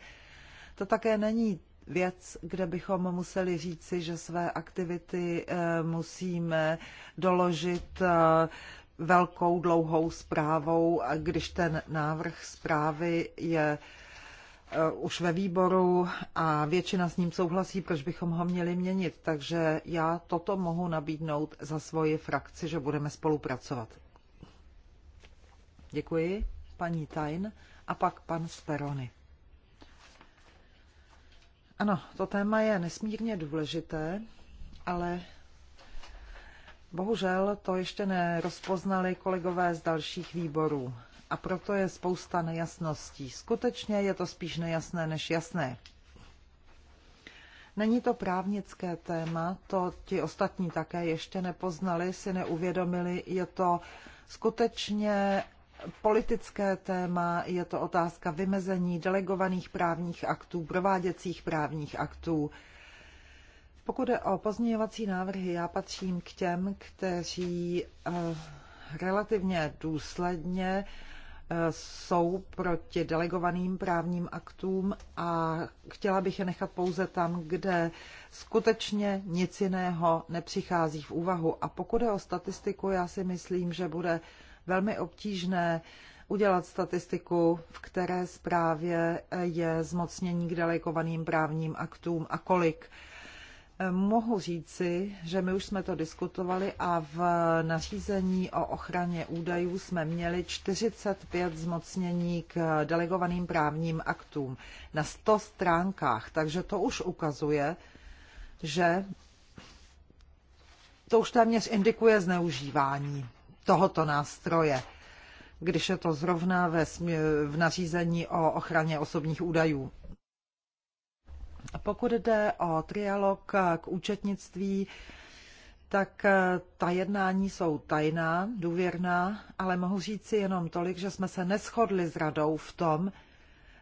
To také není věc, kde bychom museli říci, že své aktivity eh, musíme doložit eh, velkou, dlouhou zprávou, když ten návrh zprávy je Eh, už ve výboru a většina s ním souhlasí, proč bychom ho měli měnit. Takže já toto mohu nabídnout za svoji frakci, že budeme spolupracovat. Děkuji, paní Tajn a pak pan Sperony. Ano, to téma je nesmírně důležité, ale bohužel to ještě nerozpoznali kolegové z dalších výborů a proto je spousta nejasností. Skutečně je to spíš nejasné než jasné. Není to právnické téma, to ti ostatní také ještě nepoznali, si neuvědomili. Je to skutečně politické téma, je to otázka vymezení delegovaných právních aktů, prováděcích právních aktů. Pokud je o pozměňovací návrhy, já patřím k těm, kteří eh, relativně důsledně Eh, jsou proti delegovaným právním aktům a chtěla bych je nechat pouze tam, kde skutečně nic jiného nepřichází v úvahu. A pokud je o statistiku, já si myslím, že bude velmi obtížné udělat statistiku, v které zprávě je zmocnění k delegovaným právním aktům a kolik Mohu říci, že my už jsme to diskutovali a v nařízení o ochraně údajů jsme měli 45 zmocnění k delegovaným právním aktům na 100 stránkách, takže to už ukazuje, že to už téměř indikuje zneužívání tohoto nástroje, když je to zrovna ve v nařízení o ochraně osobních údajů. Pokud jde o trialog k účetnictví, tak eh, ta jednání jsou tajná, důvěrná, ale mohu říci jenom tolik, že jsme se neschodli s radou v tom,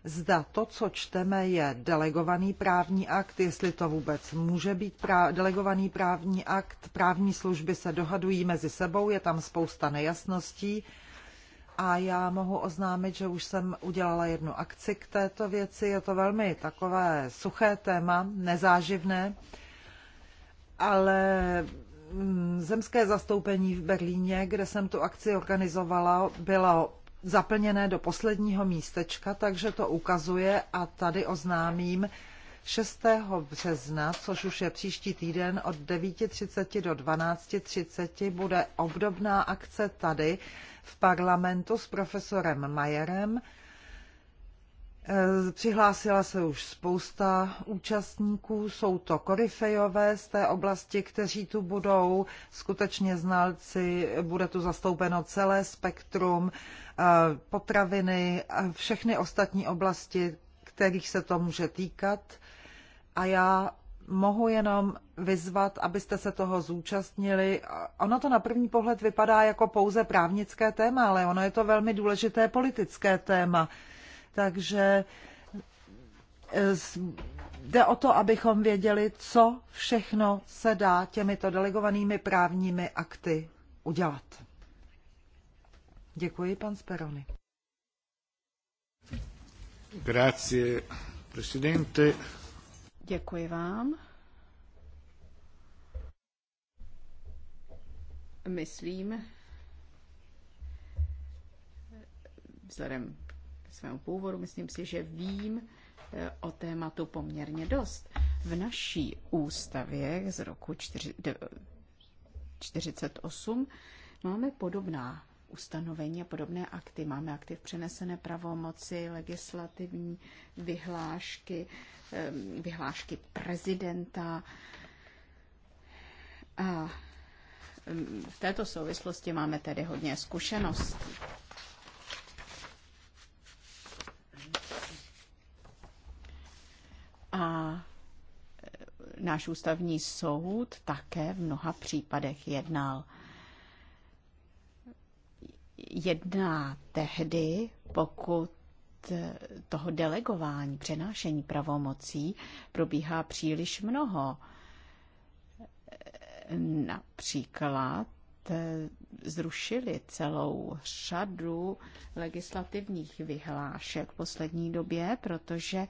zda to, co čteme, je delegovaný právní akt, jestli to vůbec může být prá- delegovaný právní akt. Právní služby se dohadují mezi sebou, je tam spousta nejasností a já mohu oznámit, že už jsem udělala jednu akci k této věci. Je to velmi takové suché téma, nezáživné, ale mm, zemské zastoupení v Berlíně, kde jsem tu akci organizovala, bylo zaplněné do posledního místečka, takže to ukazuje a tady oznámím 6. března, což už je příští týden od 9.30 do 12.30, bude obdobná akce tady v parlamentu s profesorem Majerem. E, přihlásila se už spousta účastníků, jsou to korifejové z té oblasti, kteří tu budou, skutečně znalci, bude tu zastoupeno celé spektrum, e, potraviny, všechny ostatní oblasti, kterých se to může týkat. A já mohu jenom vyzvat, abyste se toho zúčastnili. Ono to na první pohled vypadá jako pouze právnické téma, ale ono je to velmi důležité politické téma. Takže eh, jde o to, abychom věděli, co všechno se dá těmito delegovanými právními akty udělat. Děkuji, pan Speroni. Grazie, presidente. Děkuji vám. Myslím, vzhledem k svému původu, myslím si, že vím eh, o tématu poměrně dost. V naší ústavě z roku 48 máme podobná ustanovení a podobné akty. Máme akty v přenesené pravomoci, legislativní vyhlášky, vyhlášky prezidenta. A v této souvislosti máme tedy hodně zkušeností. A e, náš ústavní soud také v mnoha případech jednal jedná tehdy, pokud toho delegování, přenášení pravomocí probíhá příliš mnoho. Například eh, zrušili celou řadu legislativních vyhlášek v poslední době, protože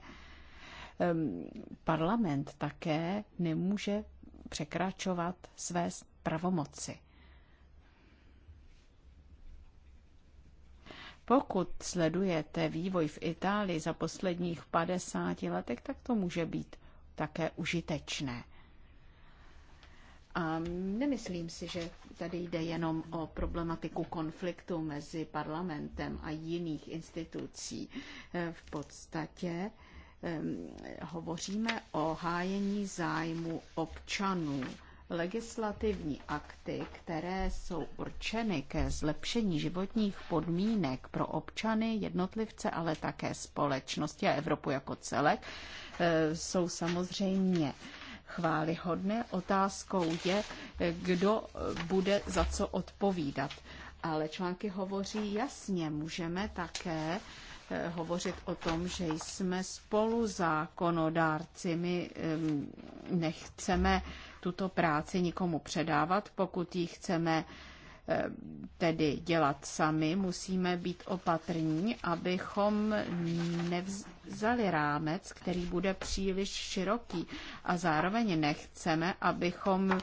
ehm, parlament také nemůže překračovat své pravomoci. Pokud sledujete vývoj v Itálii za posledních 50 letech, tak to může být také užitečné. A nemyslím si, že tady jde jenom o problematiku konfliktu mezi parlamentem a jiných institucí. V podstatě hovoříme o hájení zájmu občanů legislativní akty, které jsou určeny ke zlepšení životních podmínek pro občany, jednotlivce, ale také společnosti a Evropu jako celek, eh, jsou samozřejmě chválihodné. Otázkou je, eh, kdo eh, bude za co odpovídat. Ale články hovoří jasně, můžeme také hovořit o tom, že jsme spolu zákonodárci. My ehm, nechceme tuto práci nikomu předávat. Pokud ji chceme eh, tedy dělat sami, musíme být opatrní, abychom nevzali rámec, který bude příliš široký. A zároveň nechceme, abychom,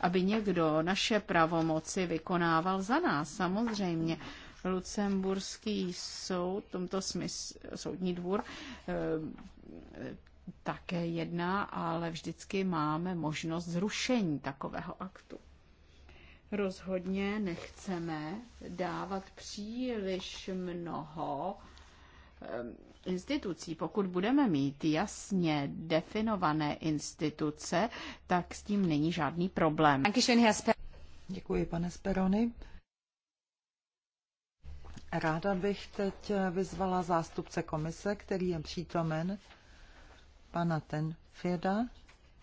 aby někdo naše pravomoci vykonával za nás. Samozřejmě, Lucemburský soud, tomto smysl, soudní dvůr, eh, také jedná, ale vždycky máme možnost zrušení takového aktu. Rozhodně nechceme dávat příliš mnoho ehm, institucí. Pokud budeme mít jasně definované instituce, tak s tím není žádný problém. Děkuji, pane Sperony. Ráda bych teď vyzvala zástupce komise, který je přítomen pana Tenfirda,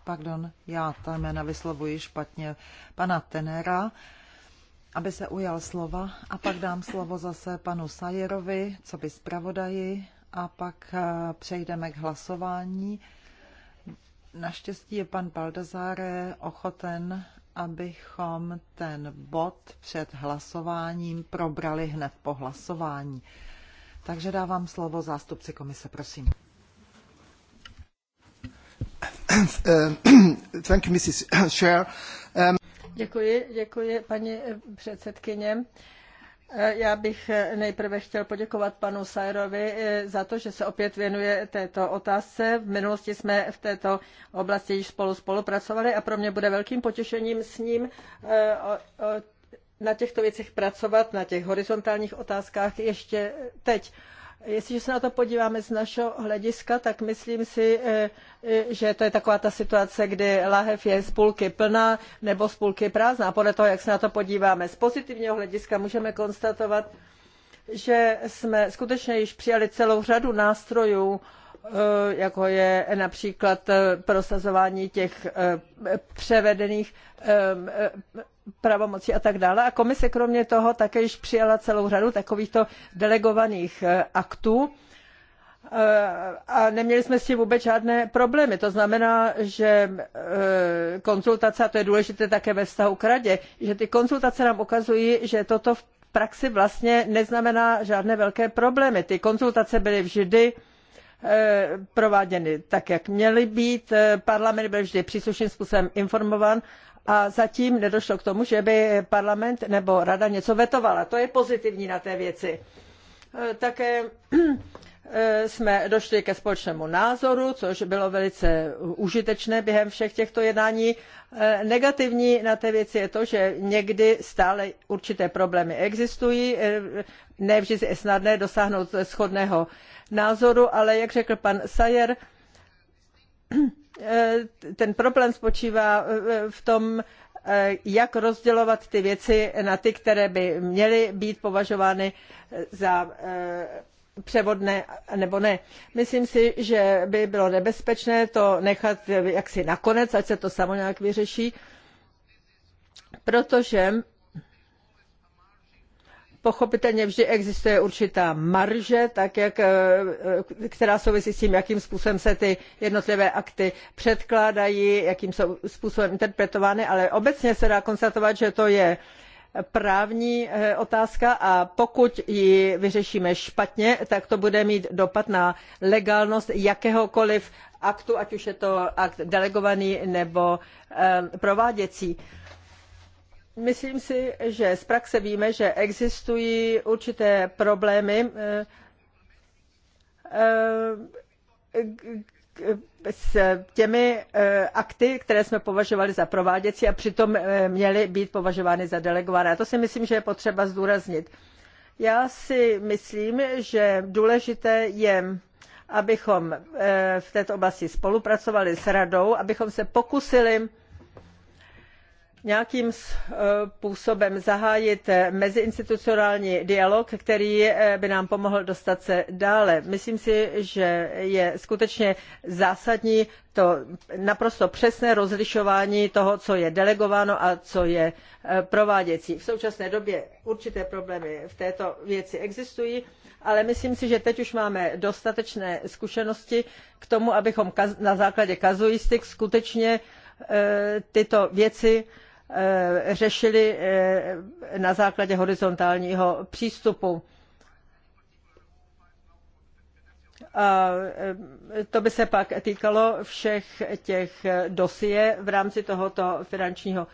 pardon, já ta jména vyslovuji špatně, pana Tenera, aby se ujal slova a pak dám slovo zase panu Sajerovi, co by zpravodaji a pak eh, přejdeme k hlasování. Naštěstí je pan Baldazáre ochoten, abychom ten bod před hlasováním probrali hned po hlasování. Takže dávám slovo zástupci komise, prosím. Eh, um, děkuji, děkuji, paní eh, předsedkyně. Eh, já bych nejprve chtěl poděkovat panu Sajrovi za to, že se opět věnuje této otázce. V minulosti jsme v této oblasti již spolu spolupracovali a pro mě bude velkým potěšením s ním na těchto věcech pracovat, na těch horizontálních otázkách ještě teď. Jestliže se na to podíváme z našeho hlediska, tak myslím si, eh, eh, že to je taková ta situace, kdy lahev je z půlky plná nebo z půlky prázdná. Podle toho, jak se na to podíváme z pozitivního hlediska, můžeme konstatovat, že jsme skutečně již přijali celou řadu nástrojů, eh, jako je například prosazování těch převedených Um, um, pravomocí a tak dále. A komise kromě toho také již přijala celou řadu takovýchto delegovaných eh, aktů eh, a neměli jsme s tím vůbec žádné problémy. To znamená, že eh, konzultace, a to je důležité také ve vztahu k radě, že ty konzultace nám ukazují, že toto v praxi vlastně neznamená žádné velké problémy. Ty konzultace byly vždy Eh, prováděny tak, jak měly být. Eh, parlament byl vždy příslušným způsobem informován a zatím nedošlo k tomu, že by parlament nebo rada něco vetovala. To je pozitivní na té věci. Eh, také jsme došli ke společnému názoru, což bylo velice užitečné během všech těchto jednání. Negativní na té věci je to, že někdy stále určité problémy existují, nevždy je snadné dosáhnout shodného názoru, ale jak řekl pan szájer eh, ten problém spočívá eh, v tom, eh, jak rozdělovat ty věci na ty, které by měly být považovány za převodné nebo ne. Myslím si, že by bylo nebezpečné to nechat jaksi nakonec, ať se to samo nějak vyřeší, protože Pochopitelně vždy existuje určitá marže, tak jak, eh, eh, která souvisí s tím, jakým způsobem se ty jednotlivé akty předkládají, jakým jsou způsobem interpretovány, ale obecně se dá konstatovat, že to je právní eh, otázka a pokud ji vyřešíme špatně, tak to bude mít dopad na legálnost jakéhokoliv aktu, ať už je to akt delegovaný nebo prováděcí. Myslím si, že z praxe víme, že existují určité problémy, eh, eh, eh, s těmi akty, které jsme považovali za prováděcí a přitom měly být považovány za delegované. A to si myslím, že je potřeba zdůraznit. Já si myslím, že důležité je, abychom v této oblasti spolupracovali s radou, abychom se pokusili nějakým způsobem e, zahájit meziinstitucionální dialog, který e, by nám pomohl dostat se dále. Myslím si, že je skutečně zásadní to naprosto přesné rozlišování toho, co je delegováno a co je e, prováděcí. V současné době určité problémy v této věci existují, ale myslím si, že teď už máme dostatečné zkušenosti k tomu, abychom na základě kazuistik skutečně tyto věci Eh, řešili eh, na základě horizontálního přístupu. A eh, to by se pak týkalo všech těch dosie v rámci tohoto finančního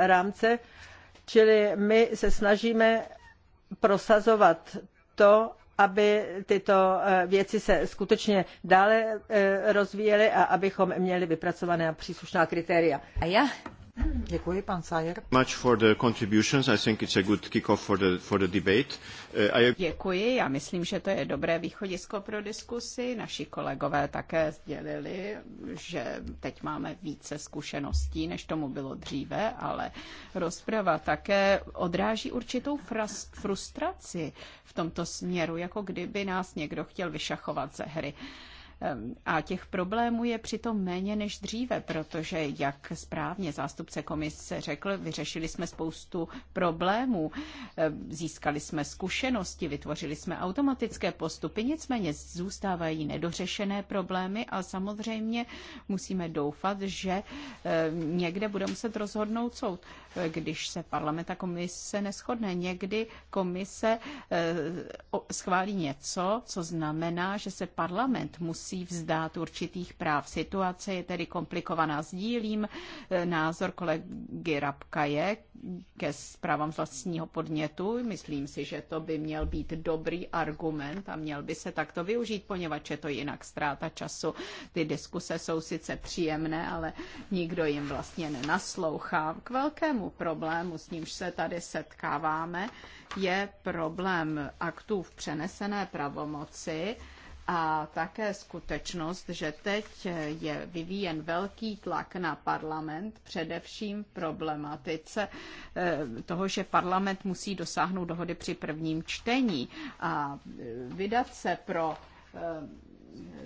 rámce. Čili my se snažíme prosazovat to, aby tyto věci se skutečně dále rozvíjely a abychom měli vypracované příslušná kritéria. A já Děkuji, pan Sayer. Much for the contributions. I think it's a good kick-off for the, for the debate. Uh, Děkuji, já myslím, že to je dobré východisko pro diskusi. Naši kolegové také sdělili, že teď máme více zkušeností, než tomu bylo dříve, ale rozprava také odráží určitou frustraci v tomto směru, jako kdyby nás někdo chtěl vyšachovat ze hry. A těch problémů je přitom méně než dříve, protože, jak správně zástupce komise řekl, vyřešili jsme spoustu problémů, získali jsme zkušenosti, vytvořili jsme automatické postupy, nicméně zůstávají nedořešené problémy a samozřejmě musíme doufat, že někde bude muset rozhodnout soud, když se parlament a komise neschodne. Někdy komise eh, schválí něco, co znamená, že se parlament musí musí vzdát určitých práv. Situace je tedy komplikovaná. Sdílím eh, názor kolegy Rabkaje ke zprávám z vlastního podnětu. Myslím si, že to by měl být dobrý argument a měl by se takto využít, poněvadž je to jinak ztráta času. Ty diskuse jsou sice příjemné, ale nikdo jim vlastně nenaslouchá. K velkému problému, s nímž se tady setkáváme, je problém aktů v přenesené pravomoci, a také skutečnost, že teď je vyvíjen velký tlak na parlament, především v problematice eh, toho, že parlament musí dosáhnout dohody při prvním čtení a eh, vydat se pro eh,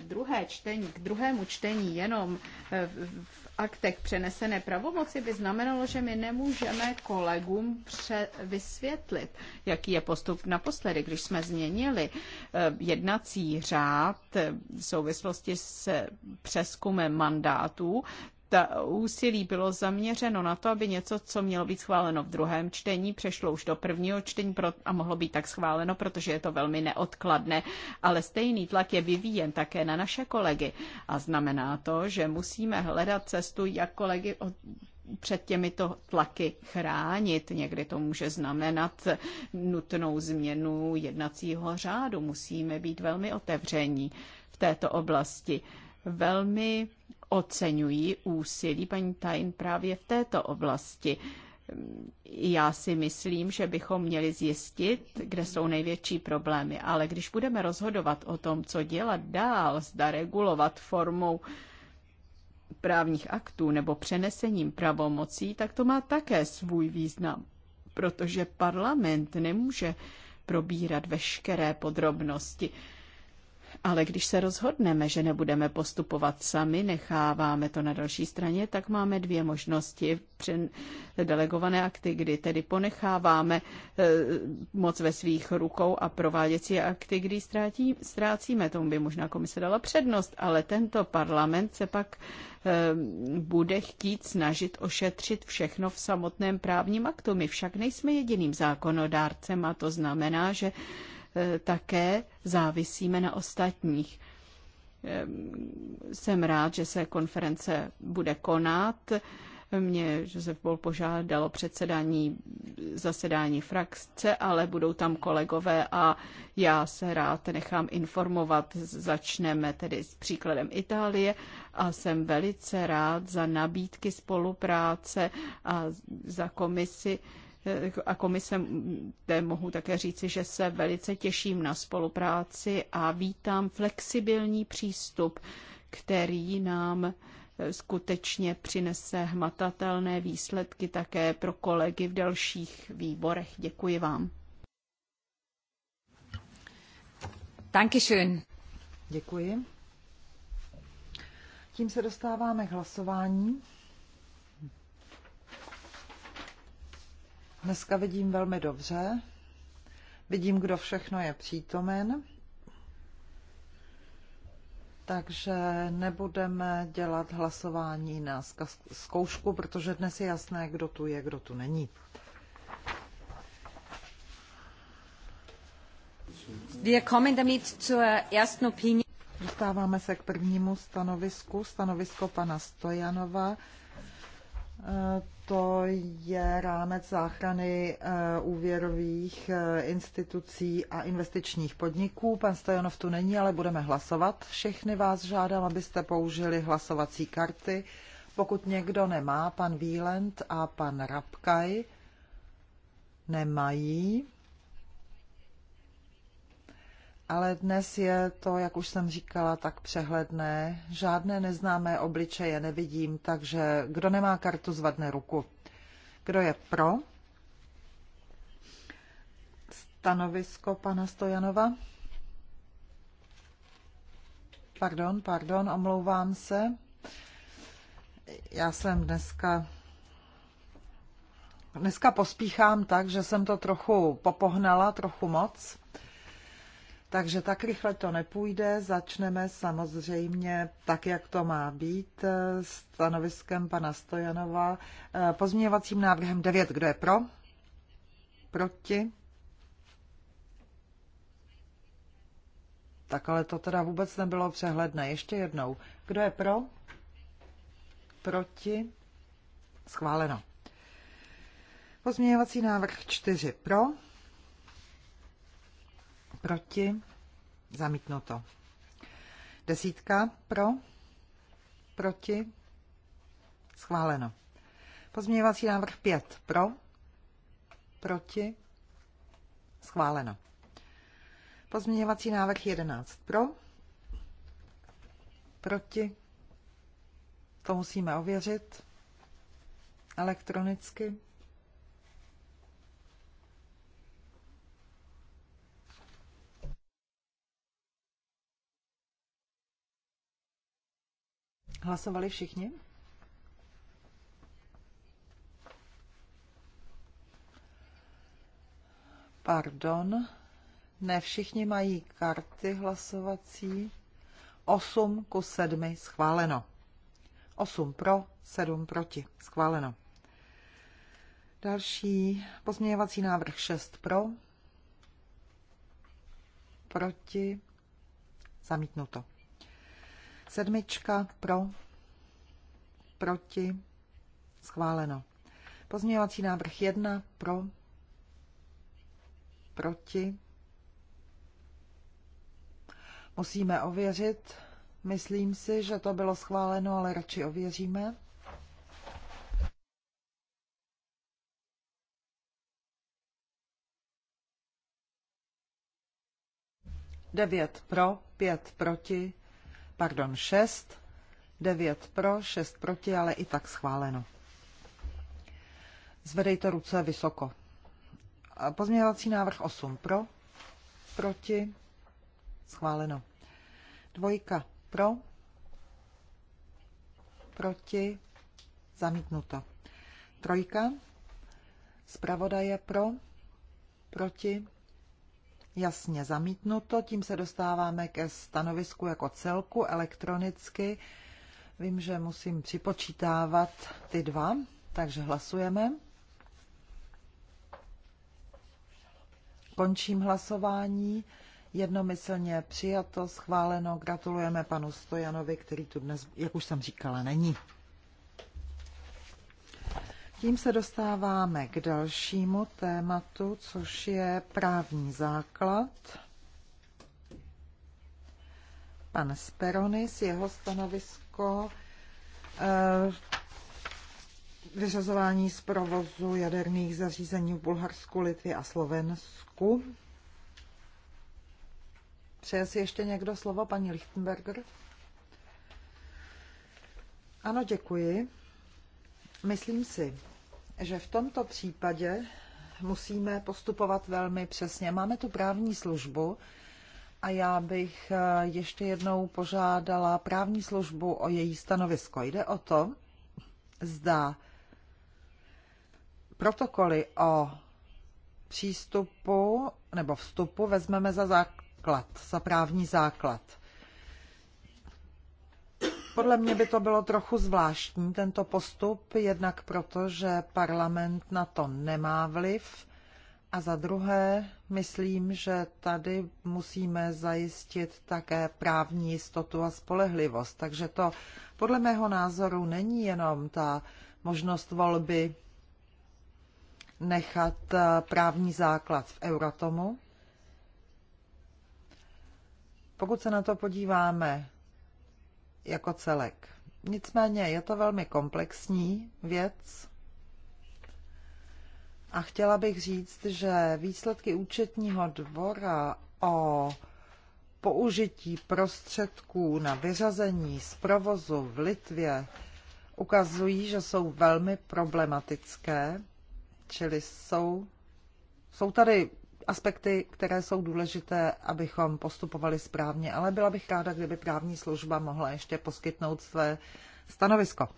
druhé čtení, k druhému čtení jenom v aktech přenesené pravomoci by znamenalo, že my nemůžeme kolegům pře- vysvětlit, jaký je postup naposledy, když jsme změnili eh, jednací řád eh, v souvislosti s eh, přeskumem mandátů, ta úsilí bylo zaměřeno na to, aby něco, co mělo být schváleno v druhém čtení, přešlo už do prvního čtení a mohlo být tak schváleno, protože je to velmi neodkladné. Ale stejný tlak je vyvíjen také na naše kolegy. A znamená to, že musíme hledat cestu, jak kolegy od před těmito tlaky chránit. Někdy to může znamenat nutnou změnu jednacího řádu. Musíme být velmi otevření v této oblasti. Velmi oceňují úsilí paní Tajn právě v této oblasti. Já si myslím, že bychom měli zjistit, kde jsou největší problémy, ale když budeme rozhodovat o tom, co dělat dál, zda regulovat formou právních aktů nebo přenesením pravomocí, tak to má také svůj význam, protože parlament nemůže probírat veškeré podrobnosti. Ale když se rozhodneme, že nebudeme postupovat sami, necháváme to na další straně, tak máme dvě možnosti při delegované akty, kdy tedy ponecháváme e, moc ve svých rukou a prováděcí akty, kdy ztrátí, ztrácíme. Tomu by možná komise dala přednost, ale tento parlament se pak e, bude chtít snažit ošetřit všechno v samotném právním aktu. My však nejsme jediným zákonodárcem a to znamená, že Eh, také závisíme na ostatních. Eh, jsem rád, že se konference bude konat. Mě Josef Bol požádalo předsedání zasedání frakce, ale budou tam kolegové a já se rád nechám informovat. Začneme tedy s příkladem Itálie a jsem velice rád za nabídky spolupráce a za komisi a komise té mohu také říci, že se velice těším na spolupráci a vítám flexibilní přístup, který nám e, skutečně přinese hmatatelné výsledky také pro kolegy v dalších výborech. Děkuji vám. Dankeschön. Děkuji. Tím se dostáváme k hlasování. Dneska vidím velmi dobře. Vidím, kdo všechno je přítomen. Takže nebudeme dělat hlasování na zkoušku, protože dnes je jasné, kdo tu je, kdo tu není. Dostáváme se k prvnímu stanovisku, stanovisko pana Stojanova eh, to je rámec záchrany eh, úvěrových eh, institucí a investičních podniků. Pan Stojanov tu není, ale budeme hlasovat. Všechny vás žádám, abyste použili hlasovací karty. Pokud někdo nemá, pan Vílent a pan Rabkaj nemají ale dnes je to, jak už jsem říkala, tak přehledné. Žádné neznámé obličeje nevidím, takže kdo nemá kartu, zvadne ruku. Kdo je pro? Stanovisko pana Stojanova? Pardon, pardon, omlouvám se. Já jsem dneska Dneska pospíchám tak, že jsem to trochu popohnala, trochu moc. Takže tak rychle to nepůjde. Začneme samozřejmě tak, jak to má být, eh, stanoviskem pana Stojanova, eh, pozměňovacím návrhem 9. Kdo je pro? Proti? Tak ale to teda vůbec nebylo přehledné. Ještě jednou. Kdo je pro? Proti? Schváleno. Pozměňovací návrh 4 pro proti, zamítnuto. Desítka pro, proti, schváleno. Pozměňovací návrh 5 pro, proti, schváleno. Pozměňovací návrh 11 pro, proti, to musíme ověřit elektronicky. Hlasovali všichni? Pardon, ne všichni mají karty hlasovací. 8 ku 7 schváleno. 8 pro, 7 proti. Schváleno. Další pozměňovací návrh 6 pro, proti, zamítnuto. Sedmička pro, proti, schváleno. Pozměňovací návrh 1 pro, proti. Musíme ověřit. Myslím si, že to bylo schváleno, ale radši ověříme. Devět pro, pět proti, pardon, 6, 9 pro, 6 proti, ale i tak schváleno. Zvedejte ruce vysoko. Pozměňovací návrh 8 pro, proti, schváleno. Dvojka pro, proti, zamítnuto. Trojka, zpravodaje pro, proti, Jasně zamítnuto, tím se dostáváme ke stanovisku jako celku elektronicky. Vím, že musím připočítávat ty dva, takže hlasujeme. Končím hlasování. Jednomyslně přijato, schváleno. Gratulujeme panu Stojanovi, který tu dnes, jak už jsem říkala, není. Tím se dostáváme k dalšímu tématu, což je právní základ. Pan Speronis, jeho stanovisko eh, vyřazování z provozu jaderných zařízení v Bulharsku, Litvě a Slovensku. Přeje si ještě někdo slovo, paní Lichtenberger? Ano, děkuji. Myslím si, že v tomto případě musíme postupovat velmi přesně. Máme tu právní službu a já bych eh, ještě jednou požádala právní službu o její stanovisko. Jde o to, zda protokoly o přístupu nebo vstupu vezmeme za základ, za právní základ. Podle mě by to bylo trochu zvláštní, tento postup, jednak proto, že parlament na to nemá vliv a za druhé, myslím, že tady musíme zajistit také právní jistotu a spolehlivost. Takže to podle mého názoru není jenom ta možnost volby nechat eh, právní základ v Euratomu. Pokud se na to podíváme jako celek. Nicméně je to velmi komplexní věc a chtěla bych říct, že výsledky účetního dvora o použití prostředků na vyřazení z provozu v Litvě ukazují, že jsou velmi problematické, čili jsou, jsou tady aspekty, které jsou důležité, abychom postupovali správně, ale byla bych ráda, kdyby právní služba mohla ještě poskytnout své stanovisko.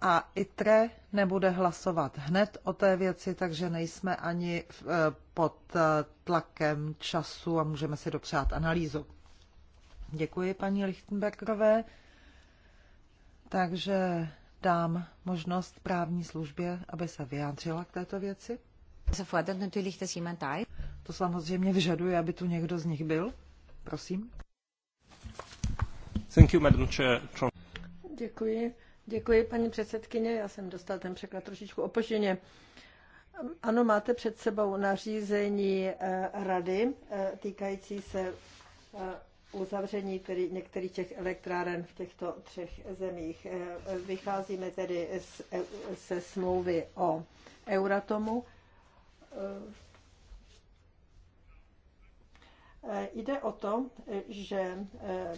A ITRE nebude hlasovat hned o té věci, takže nejsme ani eh, pod eh, tlakem času a můžeme si dopřát analýzu. Děkuji paní Lichtenbergerové. Takže dám možnost právní službě, aby se vyjádřila k této věci. To samozřejmě vyžaduje, aby tu někdo z nich byl. Prosím. Thank you, Madam Chair. Děkuji. Děkuji, paní předsedkyně. Já jsem dostal ten překlad trošičku opožděně. Ano, máte před sebou nařízení eh, rady eh, týkající se eh, uzavření tedy některých těch elektráren v těchto třech zemích. Vycházíme tedy se smlouvy o Euratomu Eh, jde o to, že eh,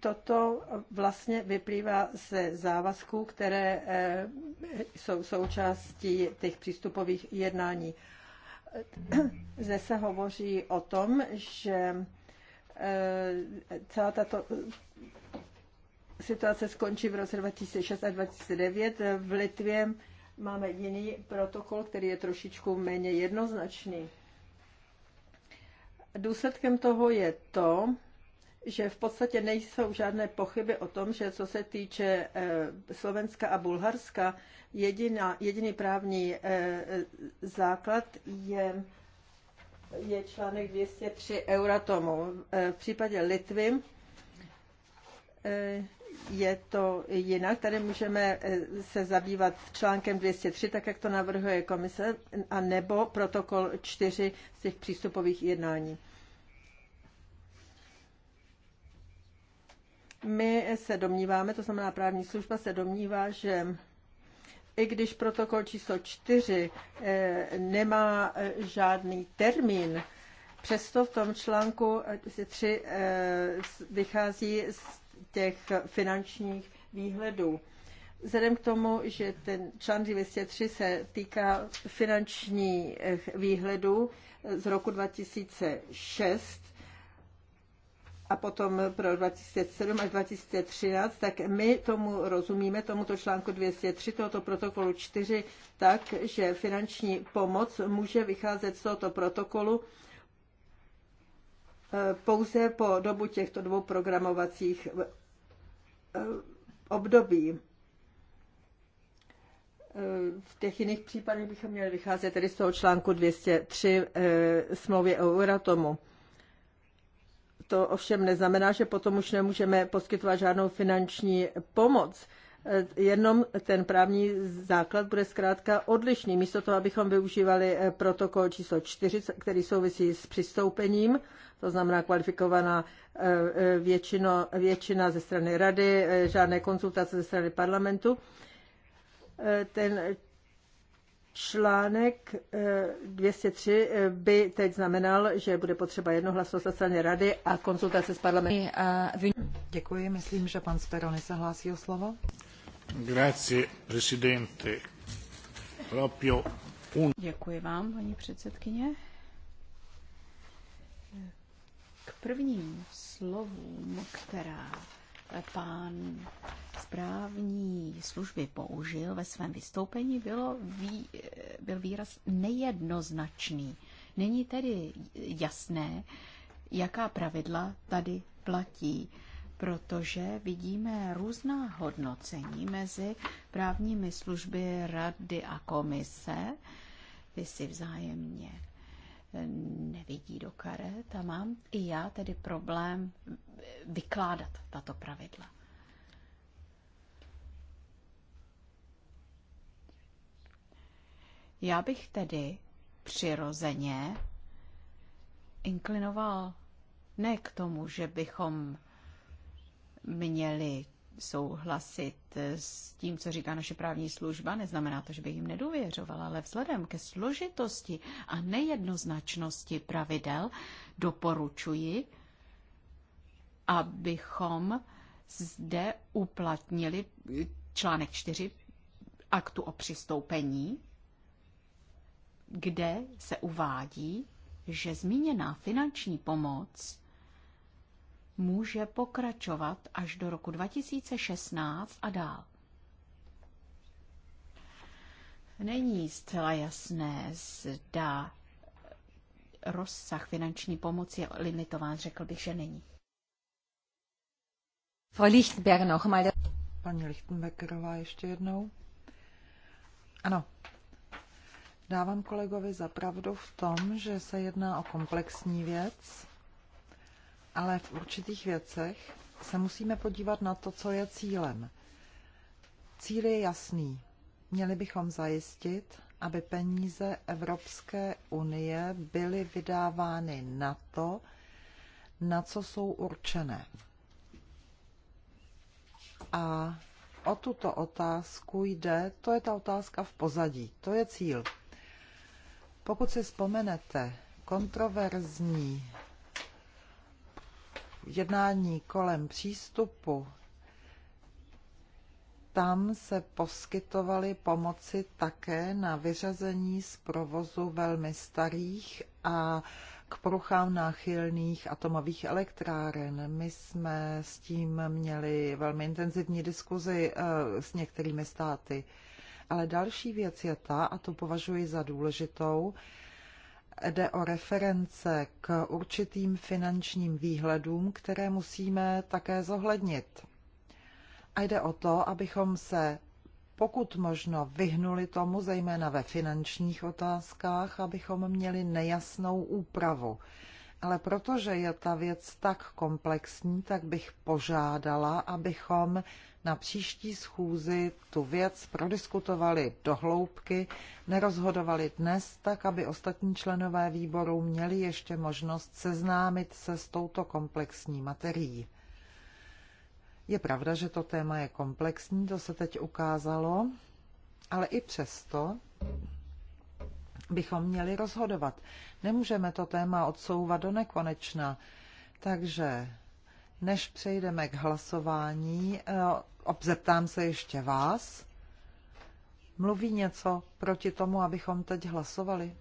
toto vlastně vyplývá ze závazků, které eh, jsou součástí těch přístupových jednání. Zde se hovoří o tom, že celá tato situace skončí v roce 2006 a 2009. V Litvě máme jiný protokol, který je trošičku méně jednoznačný. Důsledkem toho je to, že v podstatě nejsou žádné pochyby o tom, že co se týče eh, Slovenska a Bulharska, jediná, jediný právní eh, základ je, je článek 203 Euratomu. Eh, v případě Litvy je to jinak. Tady můžeme eh, se zabývat článkem 203, tak jak to navrhuje komise, a nebo protokol 4 z těch přístupových jednání. My se domníváme, to znamená právní služba se domnívá, že i když protokol číslo 4 eh, nemá eh, žádný termín, přesto v tom článku 3 vychází z těch finančních výhledů. Vzhledem k tomu, že ten článek 203 se týká finančních výhledů z roku 2006 a potom pro 2007 až 2013, tak my tomu rozumíme, tomuto článku 203, tohoto protokolu 4, tak, že finanční pomoc může vycházet z tohoto protokolu pouze po dobu těchto dvou programovacích eh, období. Eh, v těch jiných případech bychom měli vycházet tedy z toho článku 203 eh, smlouvy o Euratomu. To ovšem neznamená, že potom už nemůžeme poskytovat žádnou finanční pomoc. Eh, jenom ten právní základ bude zkrátka odlišný. Místo toho, abychom využívali eh, protokol číslo 4, který souvisí s přistoupením, to znamená kvalifikovaná eh, většino, většina ze strany rady, žádné konzultace ze strany parlamentu, ten Článek 203 eh, eh, by teď znamenal, že bude potřeba jednohlasnost sociální rady a konzultace s parlamentem. Eh, Děkuji, myslím, že pan Speroni se hlásí o slovo. Grazie, presidente. Proprio un... Děkuji vám, paní předsedkyně. K prvním slovům, která pán správní služby použil ve svém vystoupení, bylo, vý, byl výraz nejednoznačný. Není tedy jasné, jaká pravidla tady platí, protože vidíme různá hodnocení mezi právními služby rady a komise. Ty si vzájemně nevidí do karet a mám i já tedy problém vykládat tato pravidla. Já bych tedy přirozeně inklinoval ne k tomu, že bychom měli souhlasit eh, s tím, co říká naše právní služba. Neznamená to, že bych jim nedůvěřovala, ale vzhledem ke složitosti a nejednoznačnosti pravidel doporučuji, abychom zde uplatnili článek 4 aktu o přistoupení, kde se uvádí, že zmíněná finanční pomoc může pokračovat až do roku 2016 a dál. Není zcela jasné, zda rozsah finanční pomoci je limitován, řekl bych, že není. Frau Lichtenberger noch mal. Paní Lichtenbergerová ještě jednou. Ano, Dávám kolegovi zapravdu v tom, že se jedná o komplexní věc ale v určitých věcech se musíme podívat na to, co je cílem. Cíl je jasný. Měli bychom zajistit, aby peníze Evropské unie byly vydávány na to, na co jsou určené. A o tuto otázku jde, to je ta otázka v pozadí, to je cíl. Pokud si vzpomenete, kontroverzní jednání kolem přístupu, tam se poskytovaly pomoci také na vyřazení z provozu velmi starých a k poruchám náchylných atomových elektráren. My jsme s tím měli velmi intenzivní diskuzi eh, s některými státy. Ale další věc je ta, a to považuji za důležitou, jde o reference k určitým finančním výhledům, které musíme také zohlednit. A jde o to, abychom se pokud možno vyhnuli tomu, zejména ve finančních otázkách, abychom měli nejasnou úpravu. Ale protože je ta věc tak komplexní, tak bych požádala, abychom na příští schůzi tu věc prodiskutovali do hloubky, nerozhodovali dnes, tak aby ostatní členové výboru měli ještě možnost seznámit se s touto komplexní materií. Je pravda, že to téma je komplexní, to se teď ukázalo, ale i přesto bychom měli rozhodovat. Nemůžeme to téma odsouvat do nekonečna. Takže než přejdeme k hlasování, eh, obzeptám se ještě vás. Mluví něco proti tomu, abychom teď hlasovali?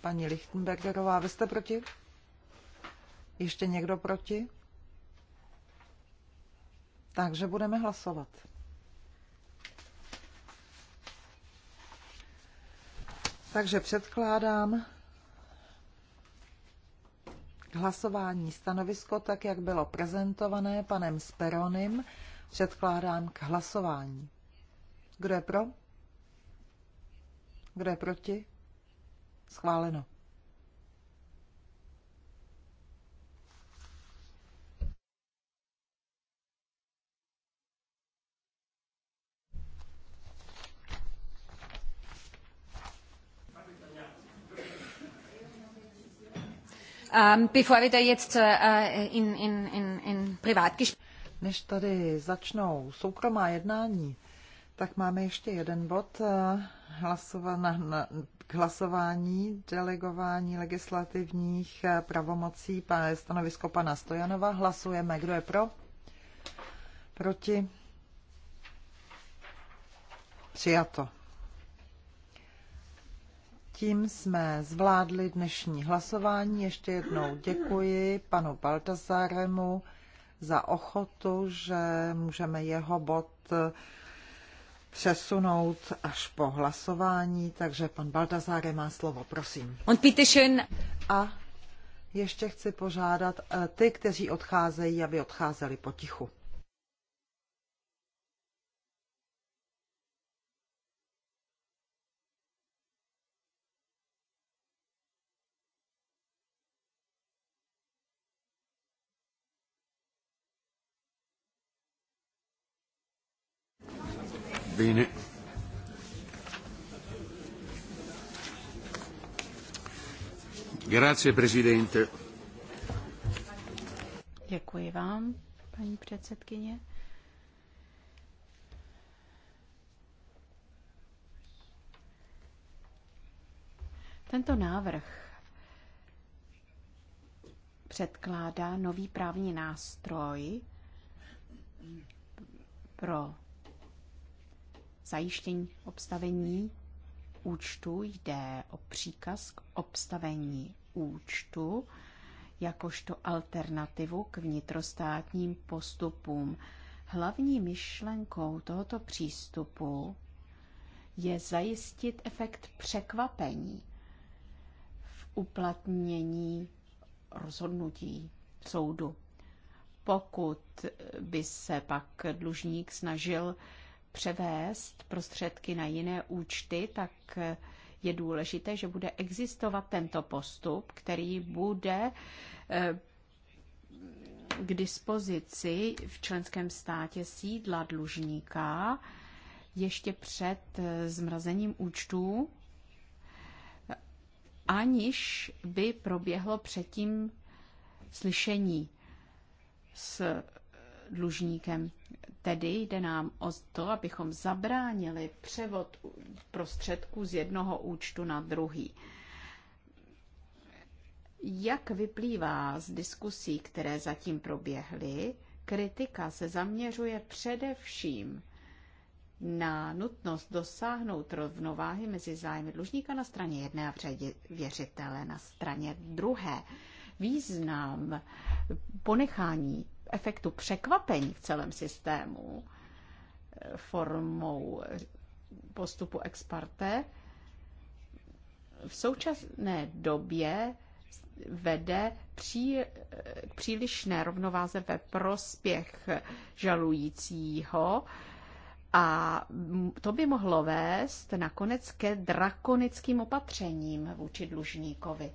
Paní Lichtenbergerová, vy jste proti? Ještě někdo proti? Takže budeme hlasovat. Takže předkládám k hlasování stanovisko, tak jak bylo prezentované panem Speronim předkládán k hlasování. Kdo je pro? Kdo je proti? Schváleno. Um, bevor wir da jetzt uh, in, in, in, in Privatgespräch. Než tady začnou soukromá jednání, tak máme ještě jeden bod eh, hlasova, na, na, k hlasování delegování legislativních eh, pravomocí. Stanovisko pana Stojanova. Hlasujeme. Kdo je pro? Proti? Přijato. Tím jsme zvládli dnešní hlasování. Ještě jednou děkuji panu Baltazáremu za ochotu, že můžeme jeho bod přesunout až po hlasování, takže pan Baldazáre má slovo, prosím. On petition. A ještě chci požádat eh, ty, kteří odcházejí, aby odcházeli potichu. Bene. Grazie, Presidente. Děkuji vám, paní předsedkyně. Tento návrh předkládá nový právní nástroj pro zajištění obstavení účtu jde o příkaz k obstavení účtu jakožto alternativu k vnitrostátním postupům. Hlavní myšlenkou tohoto přístupu je zajistit efekt překvapení v uplatnění rozhodnutí soudu. Pokud by se pak dlužník snažil převést prostředky na jiné účty, tak je důležité, že bude existovat tento postup, který bude eh, k dispozici v členském státě sídla dlužníka ještě před eh, zmrazením účtů, aniž by proběhlo předtím slyšení s dlužníkem. Tedy jde nám o to, abychom zabránili převod prostředků z jednoho účtu na druhý. Jak vyplývá z diskusí, které zatím proběhly, kritika se zaměřuje především na nutnost dosáhnout rovnováhy mezi zájmy dlužníka na straně jedné a věřitele na straně druhé. Význam ponechání efektu překvapení v celém systému eh, formou postupu ex parte, v současné době vede pří, k přílišné rovnováze ve prospěch žalujícího a to by mohlo vést nakonec ke drakonickým opatřením vůči dlužníkovi.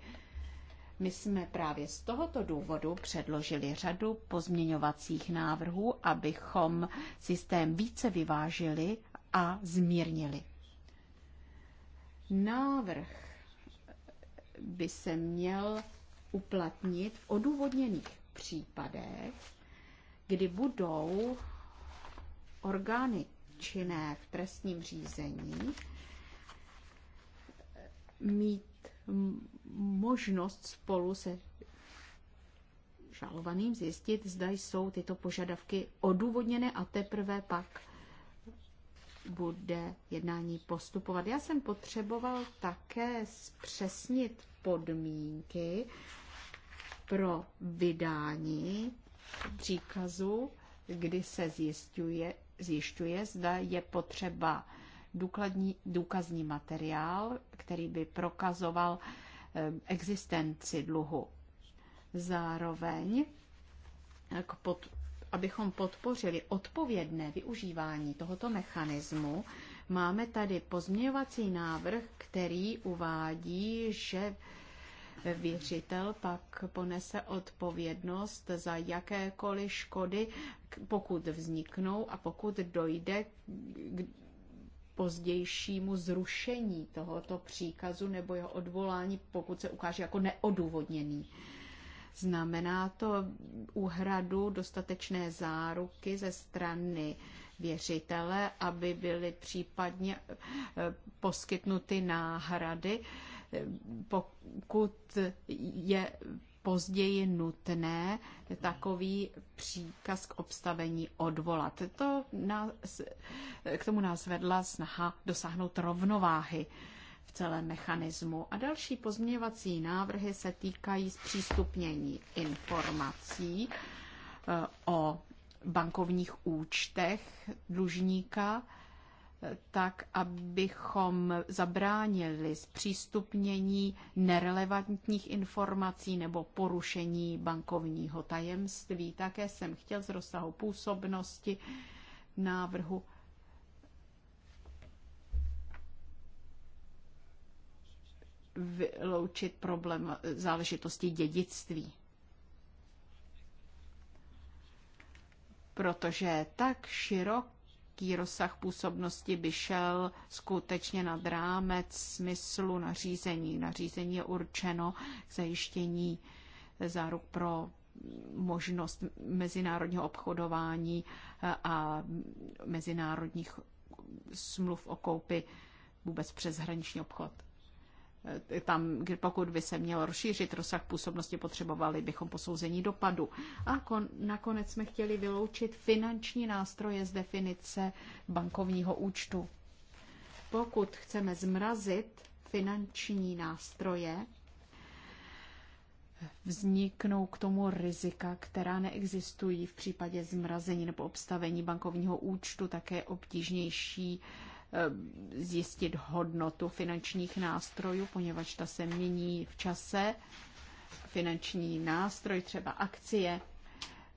My jsme právě z tohoto důvodu předložili řadu pozměňovacích návrhů, abychom systém více vyvážili a zmírnili. Návrh by se měl uplatnit v odůvodněných případech, kdy budou orgány činné v trestním řízení mít možnost spolu se žalovaným zjistit, zda jsou tyto požadavky odůvodněné a teprve pak bude jednání postupovat. Já jsem potřeboval také zpřesnit podmínky pro vydání příkazu, kdy se zjišťuje, zjišťuje zda je potřeba důkladní, důkazní materiál, který by prokazoval eh, existenci dluhu. Zároveň, eh, k pod, abychom podpořili odpovědné využívání tohoto mechanismu, máme tady pozměňovací návrh, který uvádí, že Věřitel pak ponese odpovědnost za jakékoliv škody, pokud vzniknou a pokud dojde pozdějšímu zrušení tohoto příkazu nebo jeho odvolání, pokud se ukáže jako neodůvodněný. Znamená to úhradu dostatečné záruky ze strany věřitele, aby byly případně eh, poskytnuty náhrady, eh, pokud je později nutné takový příkaz k obstavení odvolat. To nás, k tomu nás vedla snaha dosáhnout rovnováhy v celém mechanismu. A další pozměňovací návrhy se týkají zpřístupnění informací eh, o bankovních účtech dlužníka, tak abychom zabránili zpřístupnění nerelevantních informací nebo porušení bankovního tajemství. Také jsem chtěl z rozsahu působnosti návrhu vyloučit problém záležitosti dědictví. protože tak širok jaký rozsah působnosti by šel skutečně nad rámec smyslu nařízení. Nařízení je určeno k zajištění záruk pro možnost mezinárodního obchodování a mezinárodních smluv o koupi vůbec přes hraniční obchod. Eh, tam, pokud by se měl rozšířit rozsah působnosti, potřebovali bychom posouzení dopadu. A kon, nakonec jsme chtěli vyloučit finanční nástroje z definice bankovního účtu. Pokud chceme zmrazit finanční nástroje, vzniknou k tomu rizika, která neexistují v případě zmrazení nebo obstavení bankovního účtu, také obtížnější eh, Eh, zjistit hodnotu finančních nástrojů, poněvadž ta se mění v čase. Finanční nástroj, třeba akcie,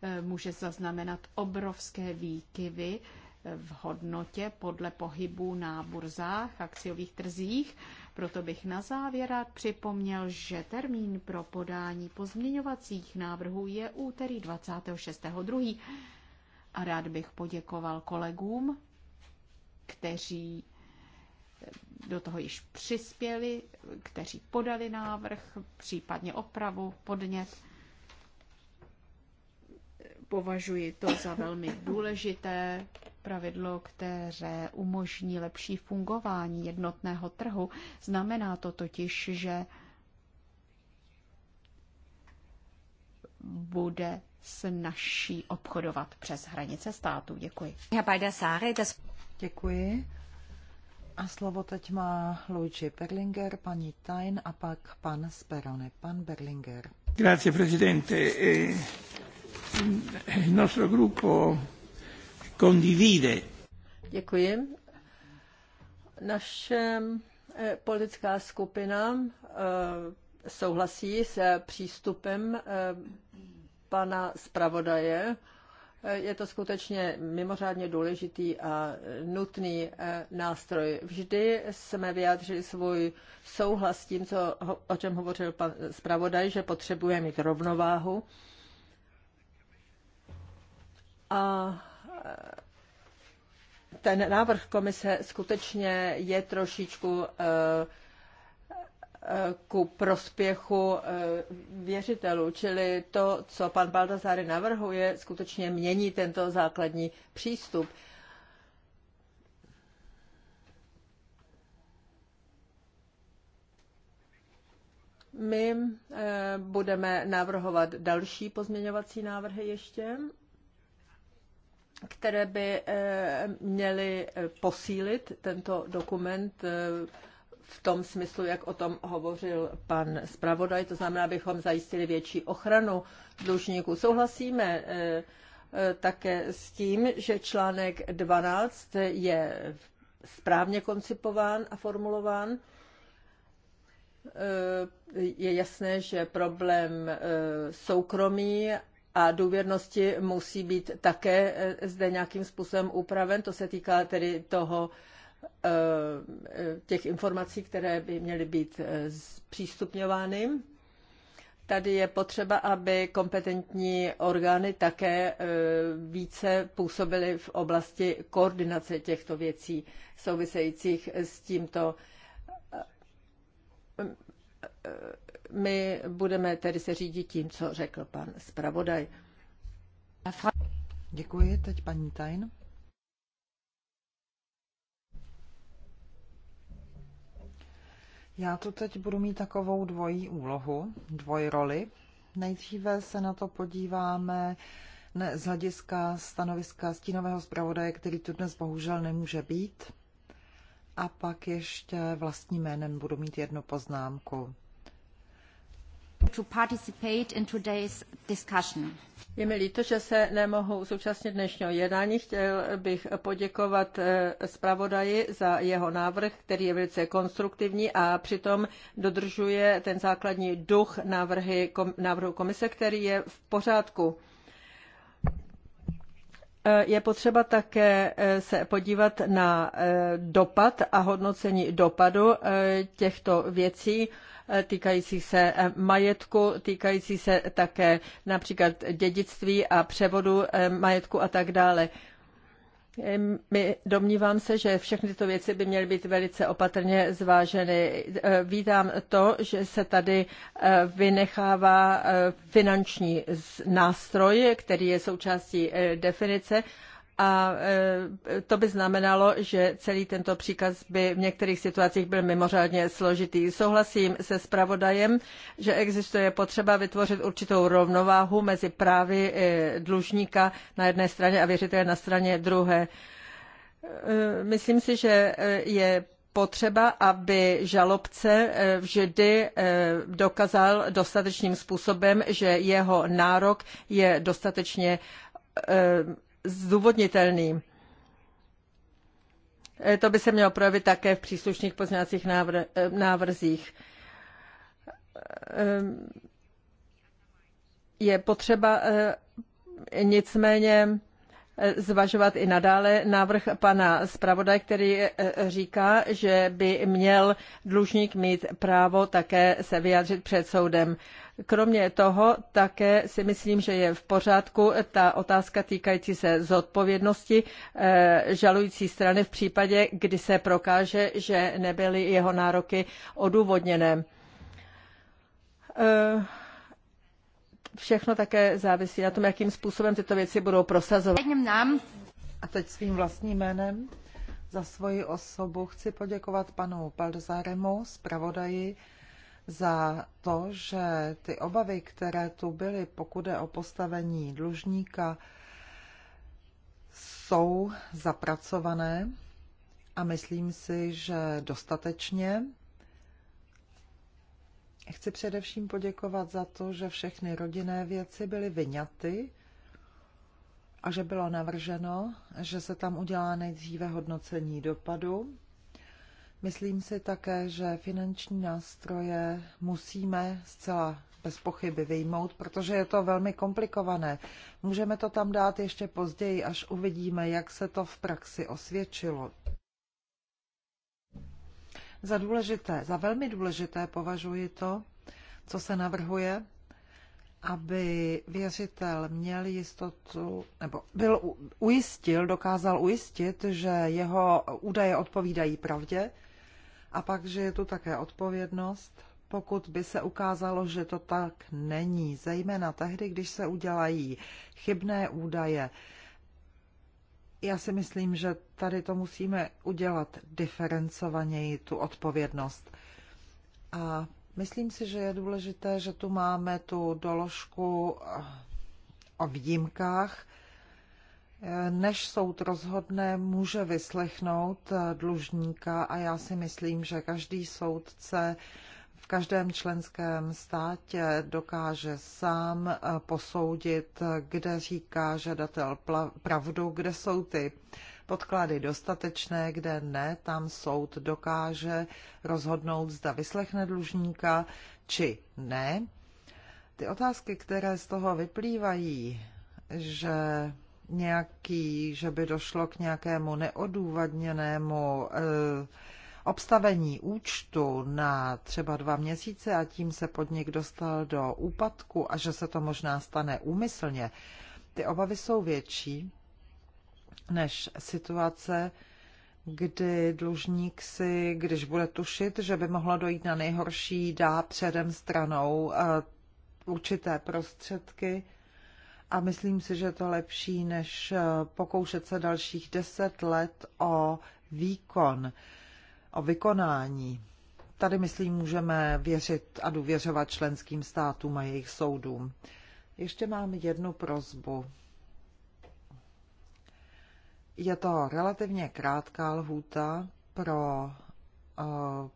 eh, může zaznamenat obrovské výkyvy eh, v hodnotě podle pohybu na burzách, akciových trzích. Proto bych na závěr připomněl, že termín pro podání pozměňovacích návrhů je úterý 26.2. A rád bych poděkoval kolegům kteří do toho již přispěli, kteří podali návrh, případně opravu, podnět. Považuji to za velmi důležité pravidlo, které umožní lepší fungování jednotného trhu. Znamená to totiž, že bude snažší obchodovat přes hranice států. Děkuji. Děkuji. A slovo teď má Luigi Berlinger, paní Tain a pak pan Sperone. Pan Berlinger. Grazie, presidente. E, e, il nostro gruppo condivide. Děkuji. Naše e, politická skupina souhlasí s přístupem pana zpravodaje je to skutečně mimořádně důležitý a nutný eh, nástroj. Vždy jsme vyjádřili svůj souhlas s tím, co, o čem hovořil pan zpravodaj, že potřebuje mít rovnováhu. A eh, ten návrh komise skutečně je trošičku uh, Eh, ku prospěchu eh, věřitelů. Čili to, co pan Baldazáry navrhuje, skutečně mění tento základní přístup. My eh, budeme navrhovat další pozměňovací návrhy ještě, které by měly posílit tento dokument v tom smyslu, jak o tom hovořil pan zpravodaj, to znamená, abychom zajistili větší ochranu dlužníků. Souhlasíme eh, eh, také s tím, že článek 12 je správně koncipován a formulován. Eh, je jasné, že problém soukromí a důvěrnosti musí být také zde nějakým způsobem upraven. To se týká tedy toho Eh, těch informací, které by měly být eh, přístupňovány. Tady je potřeba, aby kompetentní orgány také eh, více působily v oblasti koordinace těchto věcí souvisejících s tímto. My budeme tedy se řídit tím, co řekl pan zpravodaj. Děkuji, teď paní Tajn. Já tu teď budu mít takovou dvojí úlohu, dvoj roli. Nejdříve se na to podíváme ne, z hlediska stanoviska stínového zpravodaje, který tu dnes bohužel nemůže být. A pak ještě vlastním jménem budu mít jednu poznámku. Je mi líto, že se nemohu zúčastnit dnešního jednání. Chtěl bych poděkovat eh, zpravodaji za jeho návrh, který je velice konstruktivní a přitom dodržuje ten základní duch návrhy, návrhu komise, který je v pořádku. Eh, je potřeba také eh, se podívat na dopad a hodnocení dopadu těchto věcí týkající se eh, majetku, týkající se také například dědictví a převodu eh, majetku a tak dále. My domnívám se, že všechny tyto věci by měly být velice opatrně zváženy. Eh, vítám to, že se tady vynechává finanční nástroj, který je součástí definice a e, to by znamenalo, že celý tento příkaz by v některých situacích byl mimořádně složitý. Souhlasím se zpravodajem, že existuje potřeba vytvořit určitou rovnováhu mezi právy e, dlužníka na jedné straně a věřitele na straně druhé. E, myslím si, že je potřeba, aby žalobce vždy dokázal dostatečným způsobem, že jeho nárok je dostatečně zdůvodnitelný. E, to by se mělo projevit také v příslušných pozměňovacích návr- e, návrzích. E, je potřeba nicméně zvažovat i nadále návrh pana zpravodaje, který eh, eh, říká, že by měl dlužník mít právo také se vyjádřit před soudem. Kromě toho také si myslím, že je v pořádku ta otázka týkající se zodpovědnosti eh, žalující strany v případě, kdy se prokáže, že nebyly jeho nároky odůvodněné všechno také závisí na tom, jakým způsobem tyto věci budou prosazovat. A teď svým vlastním jménem za svoji osobu chci poděkovat panu Balzaremu, zpravodaji, za to, že ty obavy, které tu byly, pokud je o postavení dlužníka, jsou zapracované a myslím si, že dostatečně Chci především poděkovat za to, že všechny rodinné věci byly vyňaty a že bylo navrženo, že se tam udělá nejdříve hodnocení dopadu. Myslím si také, že finanční nástroje musíme zcela bez pochyby vyjmout, protože je to velmi komplikované. Můžeme to tam dát ještě později, až uvidíme, jak se to v praxi osvědčilo za důležité, za velmi důležité považuji to, co se navrhuje, aby věřitel měl jistotu, nebo byl ujistil, dokázal ujistit, že jeho údaje odpovídají pravdě a pak, že je tu také odpovědnost, pokud by se ukázalo, že to tak není, zejména tehdy, když se udělají chybné údaje já si myslím, že tady to musíme udělat diferencovaněji, tu odpovědnost. A myslím si, že je důležité, že tu máme tu doložku eh, o výjimkách. Než soud rozhodne, může vyslechnout eh, dlužníka a já si myslím, že každý soudce v každém členském státě dokáže sám eh, posoudit, kde říká žadatel pravdu, kde jsou ty podklady dostatečné, kde ne, tam soud dokáže rozhodnout, zda vyslechne dlužníka či ne. Ty otázky, které z toho vyplývají, že nějaký, že by došlo k nějakému neodůvodněnému eh, obstavení účtu na třeba dva měsíce a tím se podnik dostal do úpadku a že se to možná stane úmyslně, ty obavy jsou větší než situace, kdy dlužník si, když bude tušit, že by mohlo dojít na nejhorší, dá předem stranou eh, určité prostředky. A myslím si, že je to lepší, než eh, pokoušet se dalších deset let o výkon o vykonání. Tady, myslím, můžeme věřit a důvěřovat členským státům a jejich soudům. Ještě mám jednu prozbu. Je to relativně krátká lhůta pro eh,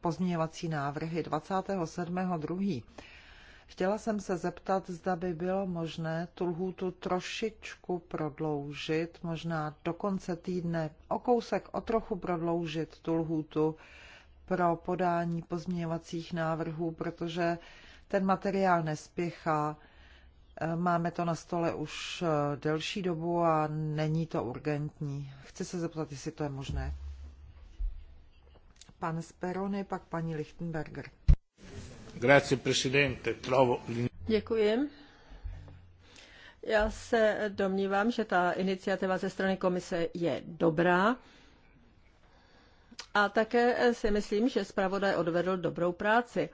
pozměňovací návrhy 27.2. Chtěla jsem se zeptat, zda by bylo možné tu lhůtu trošičku prodloužit, možná do konce týdne, o kousek, o trochu prodloužit tu lhůtu pro podání pozměňovacích návrhů, protože ten materiál nespěchá. Máme to na stole už eh, delší dobu a není to urgentní. Chci se zeptat, jestli to je možné. Pan Sperony, pak paní Lichtenberger. Děkuji. Já se domnívám, že ta iniciativa ze strany komise je dobrá. A také si myslím, že zpravodaj odvedl dobrou práci.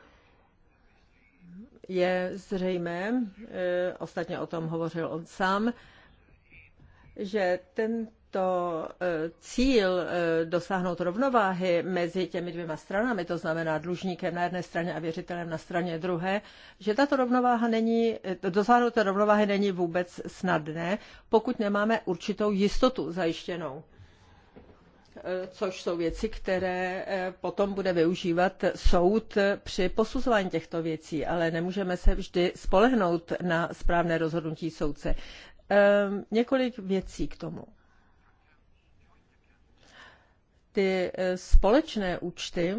Je zřejmé, eh, ostatně o tom hovořil on sám, že ten to e, cíl e, dosáhnout rovnováhy mezi těmi dvěma stranami, to znamená dlužníkem na jedné straně a věřitelem na straně druhé, že tato rovnováha není, e, dosáhnout té rovnováhy není vůbec snadné, pokud nemáme určitou jistotu zajištěnou což jsou věci, které potom bude využívat soud při posuzování těchto věcí, ale nemůžeme se vždy spolehnout na správné rozhodnutí soudce. Několik věcí k tomu ty eh, společné účty,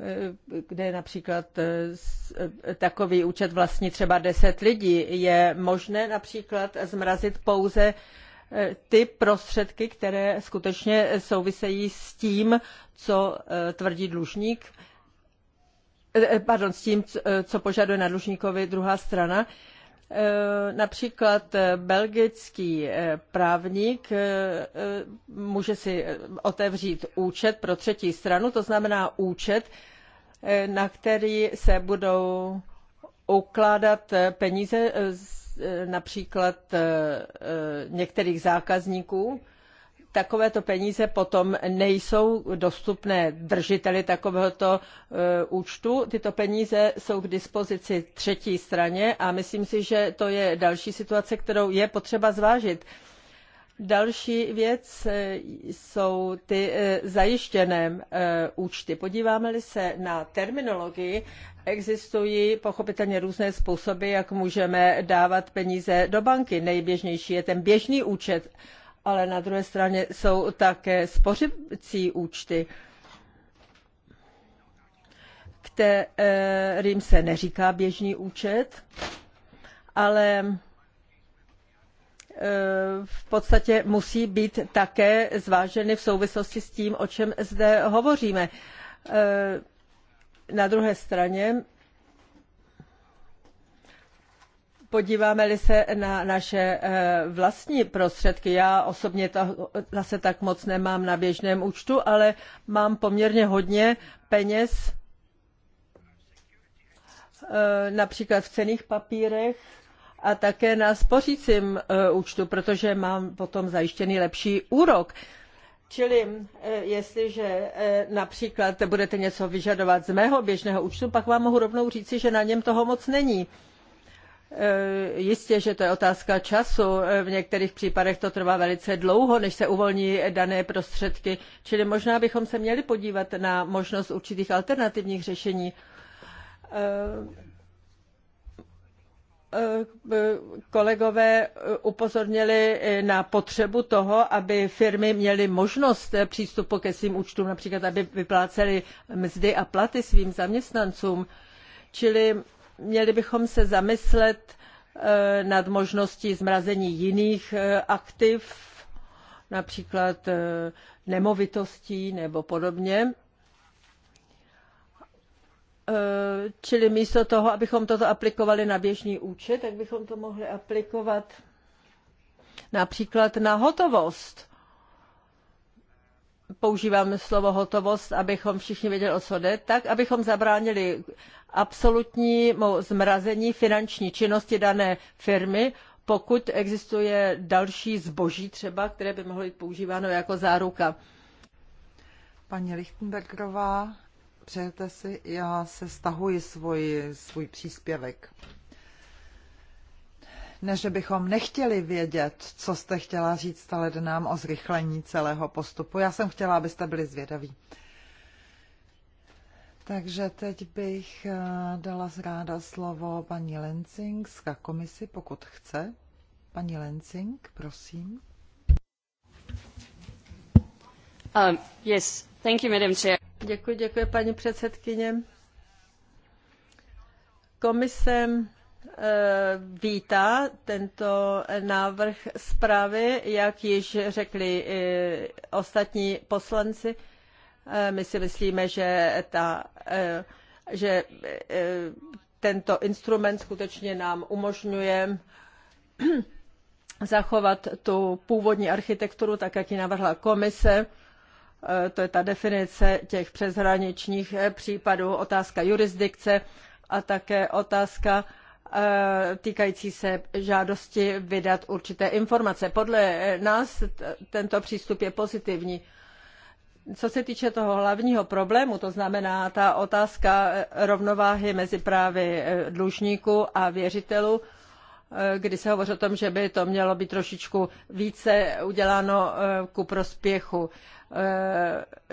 eh, kde například eh, takový účet vlastní třeba 10 lidí, je možné například zmrazit pouze ty prostředky, které skutečně souvisejí s tím, co tvrdí dlužník, pardon, s tím, co požaduje na dlužníkovi druhá strana. Eh, například eh, belgický eh, právník může si otevřít účet pro třetí stranu, to znamená účet, na který se budou ukládat peníze například některých zákazníků takovéto peníze potom nejsou dostupné držiteli takovéhoto e, účtu. Tyto peníze jsou k dispozici třetí straně a myslím si, že to je další situace, kterou je potřeba zvážit. Další věc e, jsou ty e, zajištěné účty. Podíváme-li se na terminologii, existují pochopitelně různé způsoby, jak můžeme dávat peníze do banky. Nejběžnější je ten běžný účet ale na druhé straně jsou také spořicí účty, kterým se neříká běžný účet, ale e, v podstatě musí být také zváženy v souvislosti s tím, o čem zde hovoříme. E, na druhé straně Podíváme-li se na naše eh, vlastní prostředky, já osobně to zase tak moc nemám na běžném účtu, ale mám poměrně hodně peněz eh, například v cených papírech a také na spořícím eh, účtu, protože mám potom zajištěný lepší úrok. Čili jestliže například budete něco vyžadovat z mého běžného účtu, pak vám mohu rovnou říci, že na něm toho moc není. Eh, jistě, že to je otázka času. Eh, v některých případech to trvá velice dlouho, než se uvolní dané prostředky. Čili možná bychom se měli podívat na možnost určitých alternativních řešení. Eh, kolegové upozornili na potřebu toho, aby firmy měly možnost přístupu ke svým účtům, například aby vyplácely mzdy a platy svým zaměstnancům. Čili Měli bychom se zamyslet eh, nad možností zmrazení jiných eh, aktiv, například eh, nemovitostí nebo podobně. Čili místo toho, abychom toto aplikovali na běžný účet, tak bychom to mohli aplikovat například na hotovost. Používám slovo hotovost, abychom všichni věděli, o co jde, tak abychom zabránili absolutnímu zmrazení finanční činnosti dané firmy, pokud existuje další zboží třeba, které by mohlo být používáno jako záruka. Paní Lichtenbergerová, přejete si, já se stahuji svůj svůj příspěvek. Ne, že bychom nechtěli vědět, co jste chtěla říct, ale jde nám o zrychlení celého postupu. Já jsem chtěla, abyste byli zvědaví. Takže teď bych eh, dala ráda slovo paní Lensing z komisi, pokud chce. Paní Lensing, prosím. Um, yes, thank you, madam chair. Děkuji, děkuji, paní předsedkyně. Komise eh, vítá tento návrh zprávy, jak již řekli eh, ostatní poslanci. My si myslíme, že, ta, eh, že eh, tento instrument skutečně nám umožňuje zachovat tu původní architekturu, tak jak ji navrhla komise. Eh, to je ta definice těch přeshraničních případů, otázka jurisdikce a také otázka týkající se žádosti vydat určité informace. Podle nás tento přístup je pozitivní co se týče toho hlavního problému, to znamená ta otázka eh, rovnováhy mezi právy eh, dlužníků a věřitelů, eh, kdy se hovoří o tom, že by to mělo být trošičku více uděláno ku prospěchu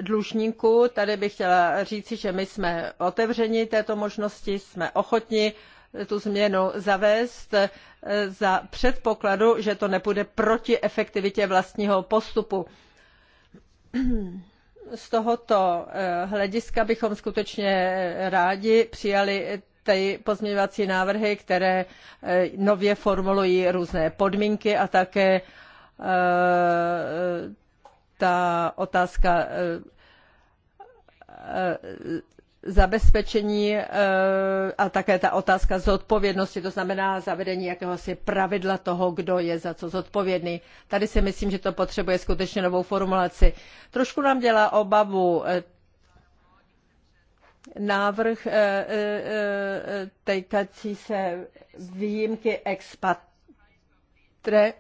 dlužníků. Tady bych chtěla říci, že my jsme otevřeni této možnosti, jsme ochotni tu změnu zavést za předpokladu, že to nepůjde proti efektivitě vlastního postupu. z tohoto eh, hlediska bychom skutečně rádi přijali ty pozměňovací návrhy, které eh, nově formulují různé podmínky a také eh, ta otázka zabezpečení eh, a také ta otázka zodpovědnosti, to znamená zavedení jakéhosi pravidla toho, kdo je za co zodpovědný. Tady si myslím, že to potřebuje skutečně novou formulaci. Trošku nám dělá obavu eh, návrh eh, týkající se výjimky expatre.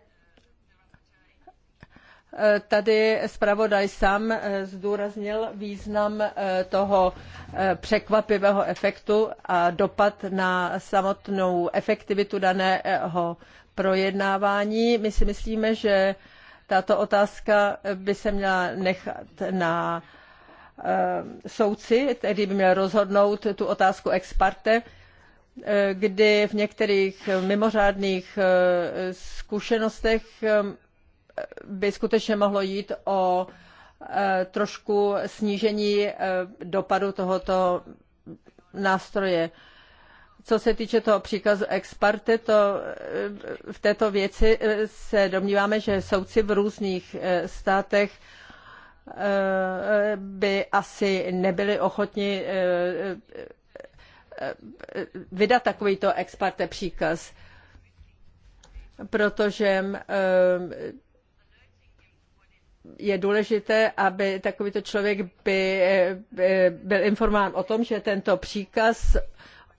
Tady zpravodaj sám eh, zdůraznil význam eh, toho eh, překvapivého efektu a dopad na samotnou efektivitu daného projednávání. My si myslíme, že tato otázka by se měla nechat na soudci, který by měl rozhodnout tu otázku ex parte, kdy v některých mimořádných zkušenostech by skutečně mohlo jít o e, trošku snížení e, dopadu tohoto nástroje. Co se týče toho příkazu ex parte, to e, v této věci se domníváme, že soudci v různých státech by asi nebyli ochotni vydat takovýto ex parte příkaz, protože je důležité, aby takovýto člověk by, eh, by byl informován o tom, že tento příkaz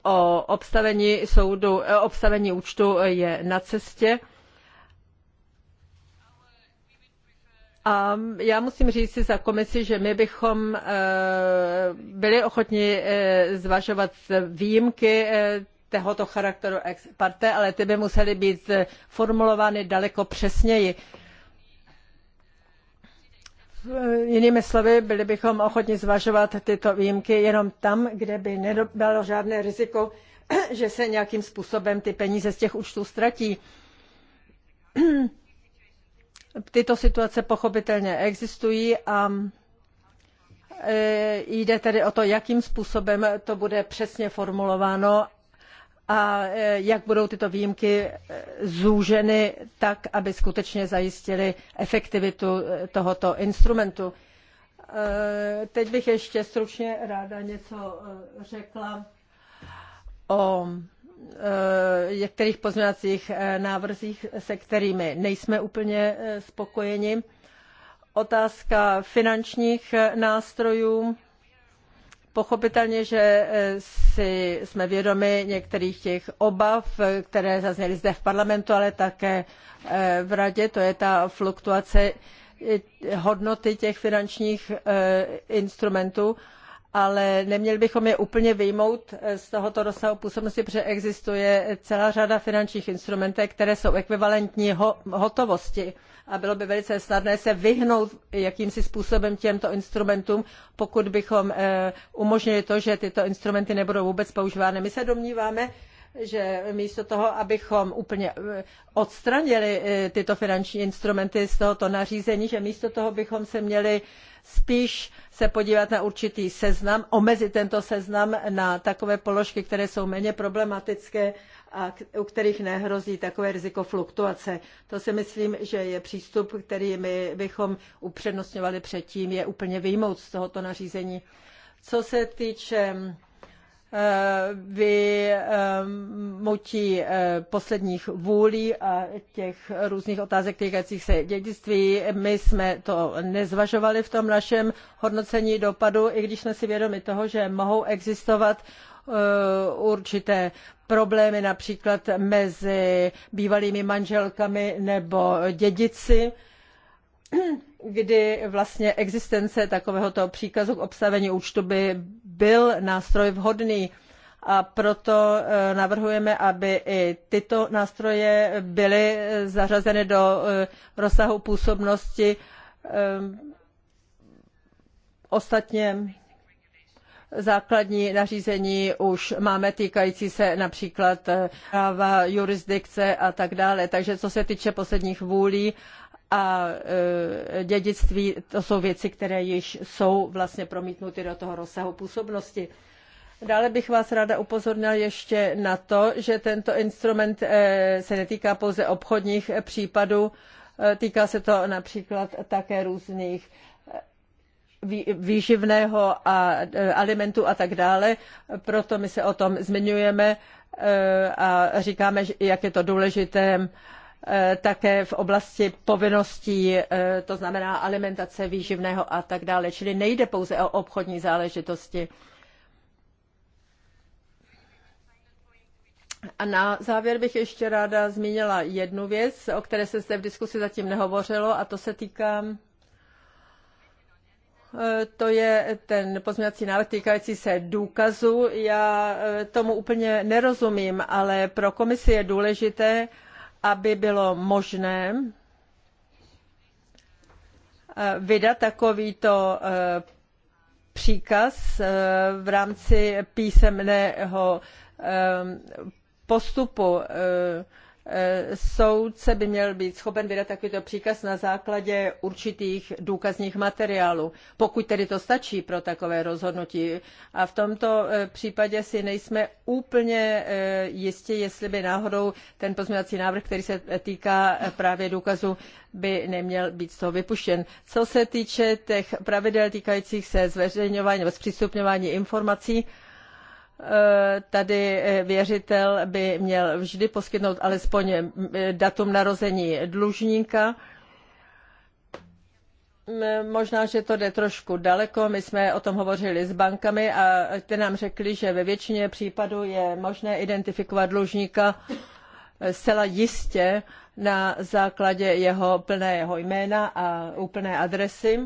o obstavení soudu, o eh, obstavení účtu je na cestě. A já musím říct si za komisi, že my bychom eh, byli ochotni zvažovat výjimky tohoto charakteru ex parte, ale ty by musely být formulovány daleko přesněji. Eh, jinými slovy, byli bychom ochotni zvažovat tyto výjimky jenom tam, kde by nebylo žádné riziko, že se nějakým způsobem ty peníze z těch účtů ztratí. Tyto situace pochopitelně existují a eh, jde tedy o to, jakým způsobem to bude přesně formulováno a e, jak budou tyto výjimky e, zúženy tak, aby skutečně zajistily efektivitu e, tohoto instrumentu. Teď bych ještě stručně ráda něco řekla o některých pozměňovacích návrzích, se kterými nejsme úplně spokojeni. Otázka finančních nástrojů Pochopitelně, že eh, si jsme vědomi některých těch obav, které zazněly zde v parlamentu, ale také eh, v radě, to je ta fluktuace eh, hodnoty těch finančních instrumentů, ale neměli bychom je úplně vyjmout z tohoto rozsahu působnosti, protože existuje celá řada finančních instrumentů, které jsou ekvivalentní hotovosti a bylo by velice snadné se vyhnout jakýmsi způsobem těmto instrumentům, pokud bychom eh, umožnili to, že tyto instrumenty nebudou vůbec používány. My se domníváme, že místo toho, abychom úplně eh, odstranili eh, tyto finanční instrumenty z tohoto nařízení, že místo toho bychom se měli spíš se podívat na určitý seznam, omezit tento seznam na takové položky, které jsou méně problematické a u kterých nehrozí takové riziko fluktuace. To si myslím, že je přístup, který my bychom upřednostňovali předtím, je úplně vyjmout z tohoto nařízení. Co se týče eh, vymutí eh, posledních vůlí a těch různých otázek týkajících se dědictví. My jsme to nezvažovali v tom našem hodnocení dopadu, i když jsme si vědomi toho, že mohou existovat Eh, určité problémy například mezi bývalými manželkami nebo dědici kdy vlastně existence takovéhoto příkazu k obstavení účtu by byl nástroj vhodný a proto eh, navrhujeme, aby i tyto nástroje byly zařazeny do eh, rozsahu působnosti. Ostatně Základní nařízení už máme týkající se například eh, práva, jurisdikce a tak dále. Takže co se týče posledních vůlí a eh, dědictví, to jsou věci, které již jsou vlastně promítnuty do toho rozsahu působnosti. Dále bych vás ráda upozornila ještě na to, že tento instrument eh, se netýká pouze obchodních případů, týká se to například také různých výživného a e, alimentu a tak dále. Proto my se o tom zmiňujeme e, a říkáme, jak je to důležité e, také v oblasti povinností, to znamená alimentace výživného a tak dále. Čili nejde pouze o obchodní záležitosti. A na závěr bych ještě ráda zmínila jednu věc, o které se zde v diskusi zatím nehovořilo, a to se týká Eh, to je ten pozměňovací návrh týkající se důkazu. Já eh, tomu úplně nerozumím, ale pro komisi je důležité, aby bylo možné eh, vydat takovýto příkaz v rámci písemného postupu Eh, soudce by měl být schopen vydat takovýto příkaz na základě určitých důkazních materiálů, pokud tedy to stačí pro takové rozhodnutí. A v tomto eh, případě si nejsme úplně eh, jisti jestli by náhodou ten pozměňovací návrh, který se týká právě důkazu, by neměl být z toho vypuštěn. Co se týče těch pravidel týkajících se zveřejňování nebo zpřístupňování informací, Eh, tady eh, věřitel by měl vždy poskytnout alespoň eh, datum narození dlužníka. Možná, že to jde trošku daleko. My jsme o tom hovořili s bankami a ty nám řekli, že ve většině případů je možné identifikovat dlužníka zcela jistě na základě jeho plného jména a úplné adresy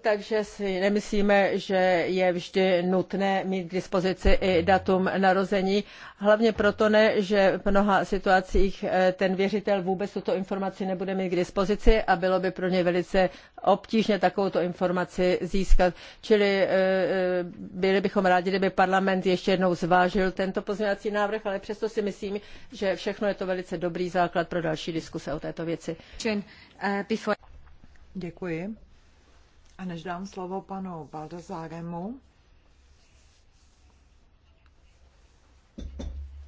takže si nemyslíme, že je vždy nutné mít k dispozici i datum narození. Hlavně proto ne, že v mnoha situacích eh, ten věřitel vůbec tuto informaci nebude mít k dispozici a bylo by pro ně velice obtížně takovouto informaci získat. Čili eh, eh, byli bychom rádi, kdyby parlament ještě jednou zvážil tento pozměňovací návrh, ale přesto si myslím, že všechno je to velice dobrý základ pro další diskuse o této věci. Děkuji. A než dám slovo panu Baldazáremu,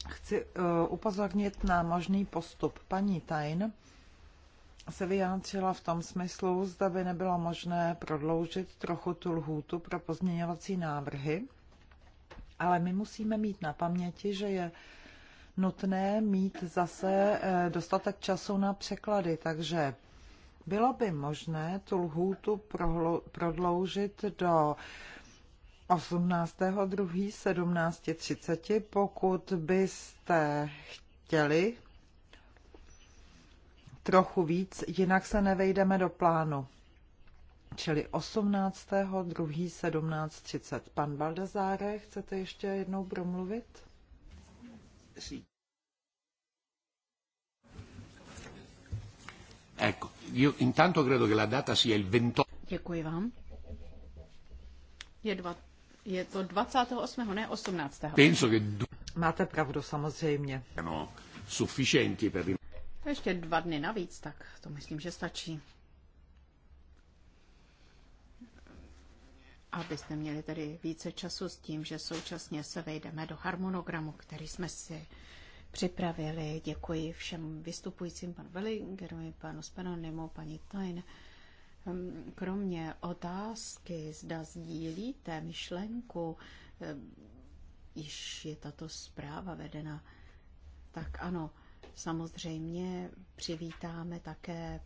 chci uh, upozornit na možný postup. Paní Tajn se vyjádřila v tom smyslu, zda by nebylo možné prodloužit trochu tu lhůtu pro pozměňovací návrhy, ale my musíme mít na paměti, že je nutné mít zase eh, dostatek času na překlady, takže bylo by možné tu lhůtu prodloužit do 18.2.17.30, pokud byste chtěli trochu víc, jinak se nevejdeme do plánu. Čili 18.2.17.30. Pan Baldazáre, chcete ještě jednou promluvit? Sí. Ecco, io intanto credo che la data sia il 28. Děkuji vám. Je, dva, je to 28. ne 18. Penso che... Máte pravdu, samozřejmě. No, sufficienti per... Ještě dva dny navíc, tak to myslím, že stačí. Abyste měli tedy více času s tím, že současně se vejdeme do harmonogramu, který jsme si připravili. Děkuji všem vystupujícím, panu Velingerovi, panu Spenonimu, paní Tain. Hm, kromě otázky, zda sdílíte myšlenku, hm, již je tato zpráva vedena, tak ano, samozřejmě přivítáme také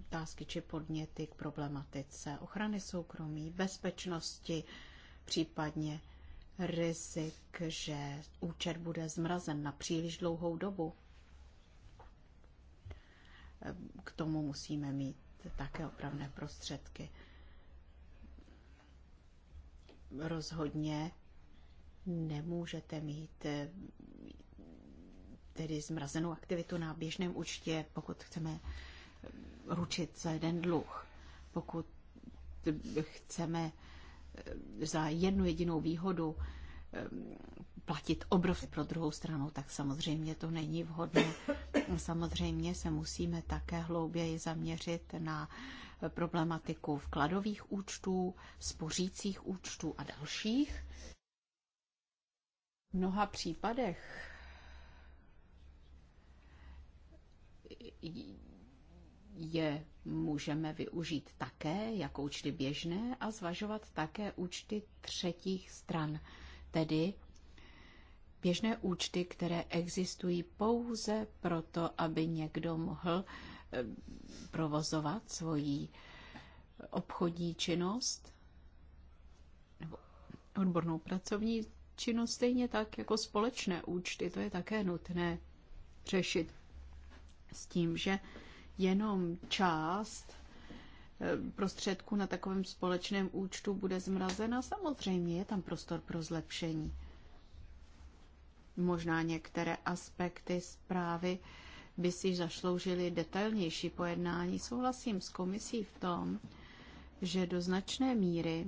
otázky či podněty k problematice ochrany soukromí, bezpečnosti, případně rizik, že účet bude zmrazen na příliš dlouhou dobu. K tomu musíme mít také opravné prostředky. Rozhodně nemůžete mít eh, tedy zmrazenou aktivitu na běžném účtě, pokud chceme eh, ručit za jeden dluh. Pokud chceme Eh, za jednu jedinou výhodu eh, platit obrovské pro druhou stranu, tak samozřejmě to není vhodné. Samozřejmě se musíme také hlouběji zaměřit na problematiku vkladových účtů, spořících účtů a dalších. V mnoha případech je můžeme využít také jako účty běžné a zvažovat také účty třetích stran, tedy běžné účty, které existují pouze proto, aby někdo mohl eh, provozovat svoji obchodní činnost nebo odbornou pracovní činnost stejně tak jako společné účty. To je také nutné řešit s tím, že jenom část eh, prostředků na takovém společném účtu bude zmrazena, samozřejmě je tam prostor pro zlepšení. Možná některé aspekty zprávy by si zasloužily detailnější pojednání. Souhlasím s komisí v tom, že do značné míry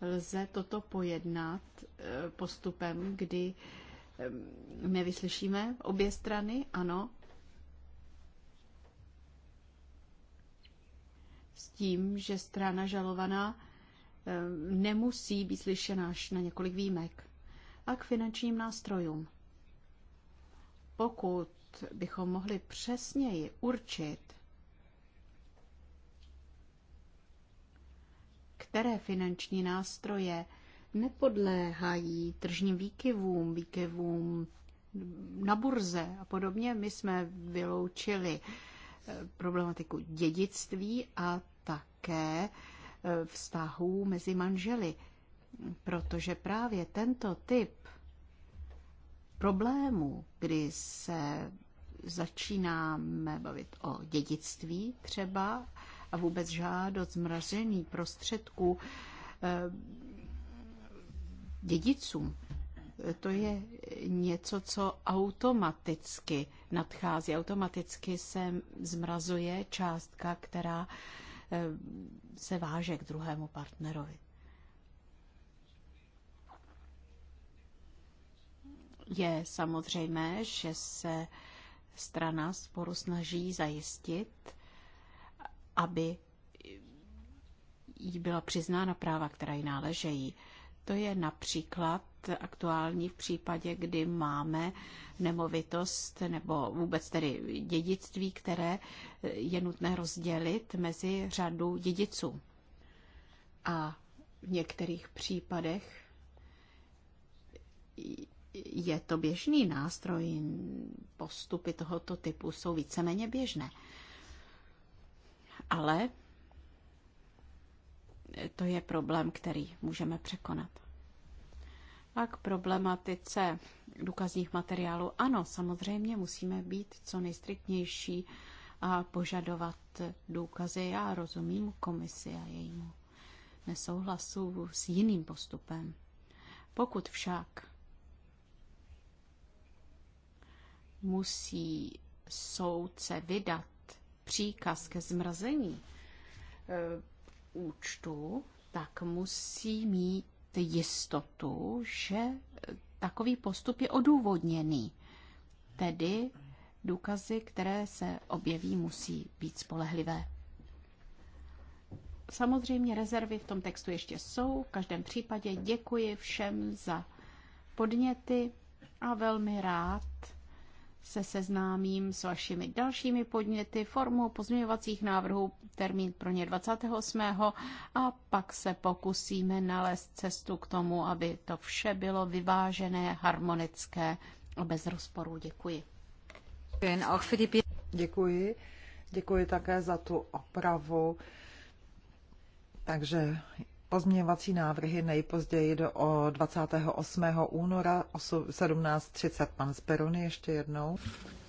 lze toto pojednat eh, postupem, kdy Ehm, my vyslyšíme obě strany, ano. S tím, že strana žalovaná ehm, nemusí být slyšená až na několik výjimek. A k finančním nástrojům. Pokud bychom mohli přesněji určit, které finanční nástroje nepodléhají tržním výkyvům, výkyvům na burze a podobně. My jsme vyloučili eh, problematiku dědictví a také eh, vztahů mezi manželi, protože právě tento typ problémů, kdy se začínáme bavit o dědictví třeba a vůbec žádost zmrazený prostředků, eh, dědicům. To je něco, co automaticky nadchází, automaticky se zmrazuje částka, která eh, se váže k druhému partnerovi. Je samozřejmé, že se strana sporu snaží zajistit, aby jí byla přiznána práva, která jí náležejí. To je například aktuální v případě, kdy máme nemovitost nebo vůbec tedy dědictví, které je nutné rozdělit mezi řadu dědiců. A v některých případech je to běžný nástroj, postupy tohoto typu jsou víceméně běžné. Ale to je problém, který můžeme překonat. A k problematice důkazních materiálů. Ano, samozřejmě musíme být co nejstriktnější a požadovat důkazy. Já rozumím komisi a jejímu nesouhlasu s jiným postupem. Pokud však musí soudce vydat příkaz ke zmrazení eh, účtu, tak musí mít jistotu, že e, takový postup je odůvodněný. Tedy důkazy, které se objeví, musí být spolehlivé. Samozřejmě rezervy v tom textu ještě jsou. V každém případě děkuji všem za podněty a velmi rád se seznámím s vašimi dalšími podněty formou pozměňovacích návrhů, termín pro ně 28. a pak se pokusíme nalézt cestu k tomu, aby to vše bylo vyvážené, harmonické a bez rozporů. Děkuji. Děkuji. Děkuji také za tu opravu. Takže pozměňovací návrhy nejpozději do 28. února 17.30. Pan Speroni ještě jednou.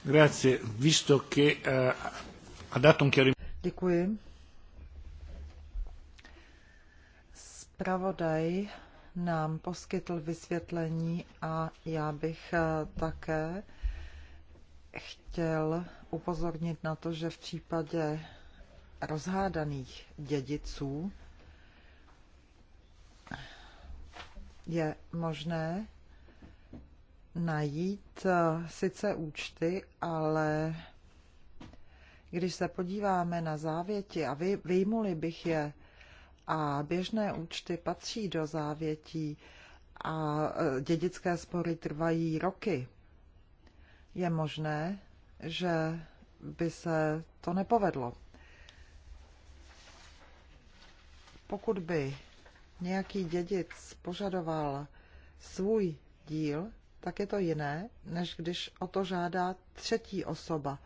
Grazie, visto che eh, ha dato un Děkuji. Spravodaj nám poskytl vysvětlení a já bych eh, také chtěl upozornit na to, že v případě rozhádaných dědiců je možné najít eh, sice účty, ale když se podíváme na závěti a vy, vyjmuli bych je, a běžné účty patří do závětí a eh, dědické spory trvají roky, je možné, že by se to nepovedlo. Pokud by nějaký dědic požadoval svůj díl, tak je to jiné, než když o to žádá třetí osoba.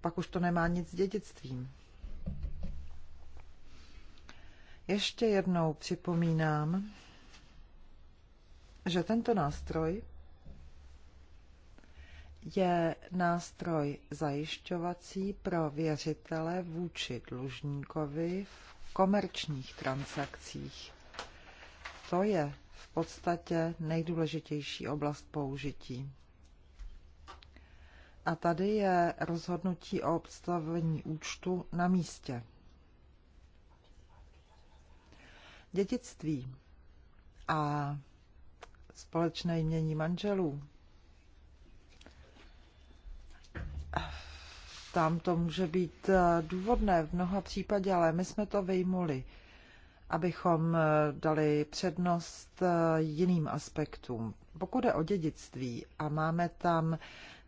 Pak už to nemá nic s dědictvím. Ještě jednou připomínám, že tento nástroj je nástroj zajišťovací pro věřitele vůči dlužníkovi v komerčních transakcích to je v podstatě nejdůležitější oblast použití. A tady je rozhodnutí o obstavení účtu na místě. Dědictví a společné jmění manželů. Tam to může být eh, důvodné v mnoha případě, ale my jsme to vyjmuli abychom eh, dali přednost eh, jiným aspektům. Pokud je o dědictví a máme tam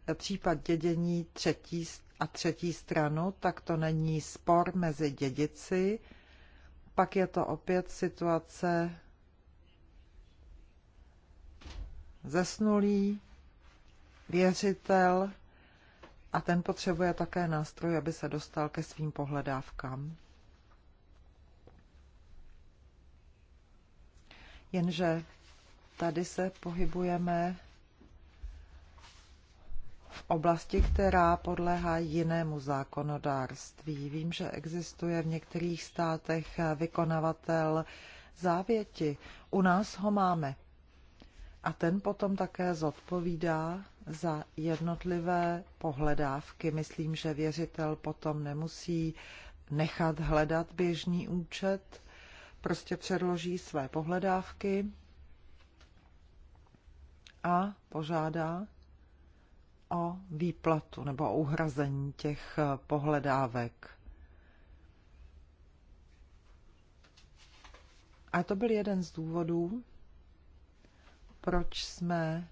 eh, případ dědění třetí a třetí stranu, tak to není spor mezi dědici, pak je to opět situace zesnulý, věřitel a ten potřebuje také nástroj, aby se dostal ke svým pohledávkám. jenže tady se pohybujeme v oblasti, která podléhá jinému zákonodárství. Vím, že existuje v některých státech vykonavatel závěti. U nás ho máme. A ten potom také zodpovídá za jednotlivé pohledávky. Myslím, že věřitel potom nemusí nechat hledat běžný účet prostě předloží své pohledávky a požádá o výplatu nebo o uhrazení těch pohledávek. A to byl jeden z důvodů, proč jsme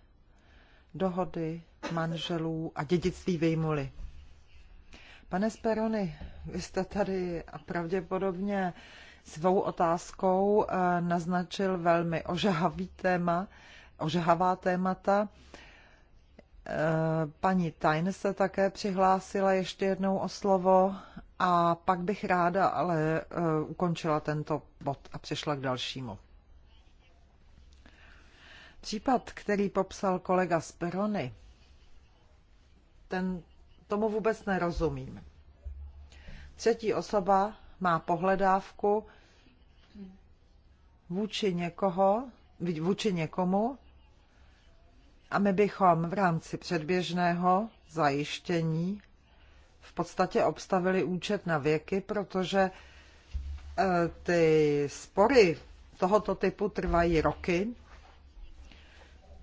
dohody manželů a dědictví vyjmuli. Pane Sperony, vy jste tady a pravděpodobně Svou otázkou eh, naznačil velmi ožahavý téma, ožahavá témata. Eh, paní Tajn se také přihlásila ještě jednou o slovo a pak bych ráda ale eh, ukončila tento bod a přešla k dalšímu. Případ, který popsal kolega Sperony, ten, tomu vůbec nerozumím. Třetí osoba má pohledávku vůči někoho, vůči někomu, a my bychom v rámci předběžného zajištění v podstatě obstavili účet na věky, protože e, ty spory tohoto typu trvají roky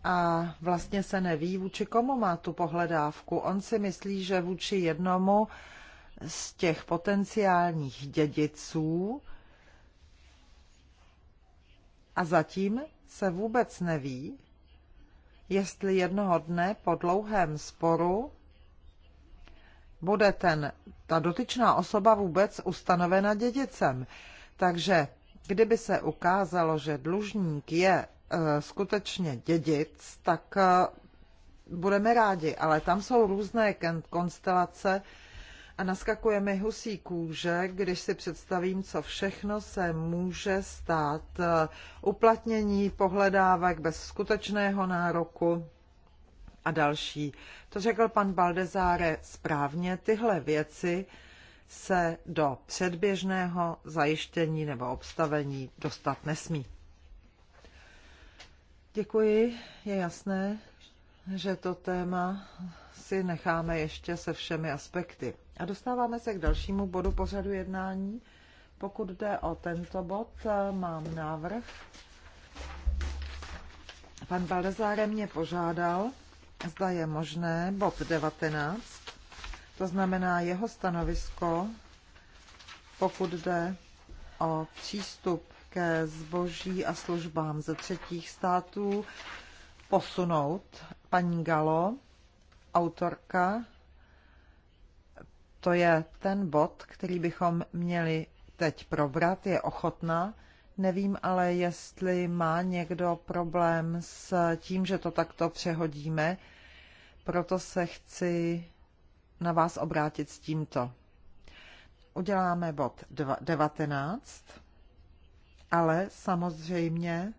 a vlastně se neví, vůči komu má tu pohledávku. On si myslí, že vůči jednomu z těch potenciálních dědiců a zatím se vůbec neví, jestli jednoho dne po dlouhém sporu bude ten, ta dotyčná osoba vůbec ustanovena dědicem. Takže kdyby se ukázalo, že dlužník je e, skutečně dědic, tak e, budeme rádi, ale tam jsou různé konstelace a naskakuje mi husí kůže, když si představím, co všechno se může stát. Uplatnění pohledávek bez skutečného nároku a další. To řekl pan Baldezáre správně. Tyhle věci se do předběžného zajištění nebo obstavení dostat nesmí. Děkuji. Je jasné, že to téma si necháme ještě se všemi aspekty. A dostáváme se k dalšímu bodu pořadu jednání. Pokud jde o tento bod, eh, mám návrh. Pan Baldezáre mě požádal, zda je možné bod 19, to znamená jeho stanovisko, pokud jde o přístup ke zboží a službám ze třetích států, posunout. Paní Galo, autorka to je ten bod, který bychom měli teď probrat, je ochotná. Nevím ale, jestli má někdo problém s tím, že to takto přehodíme, proto se chci na vás obrátit s tímto. Uděláme bod 19, ale samozřejmě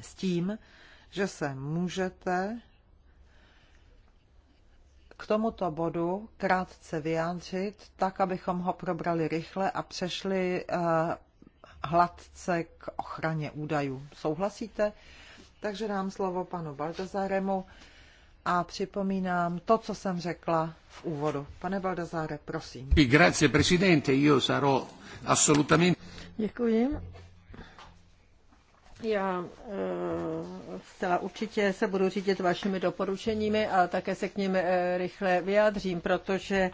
s tím, že se můžete k tomuto bodu krátce vyjádřit, tak abychom ho probrali rychle a přešli eh, hladce k ochraně údajů. Souhlasíte? Takže dám slovo panu Baldazaremu a připomínám to, co jsem řekla v úvodu. Pane Baldazáre, prosím. Grazie, presidente, io sarò assolutamente... Děkuji. Já eh, zcela určitě se budu řídit vašimi doporučeními a také se k ním eh, rychle vyjádřím, protože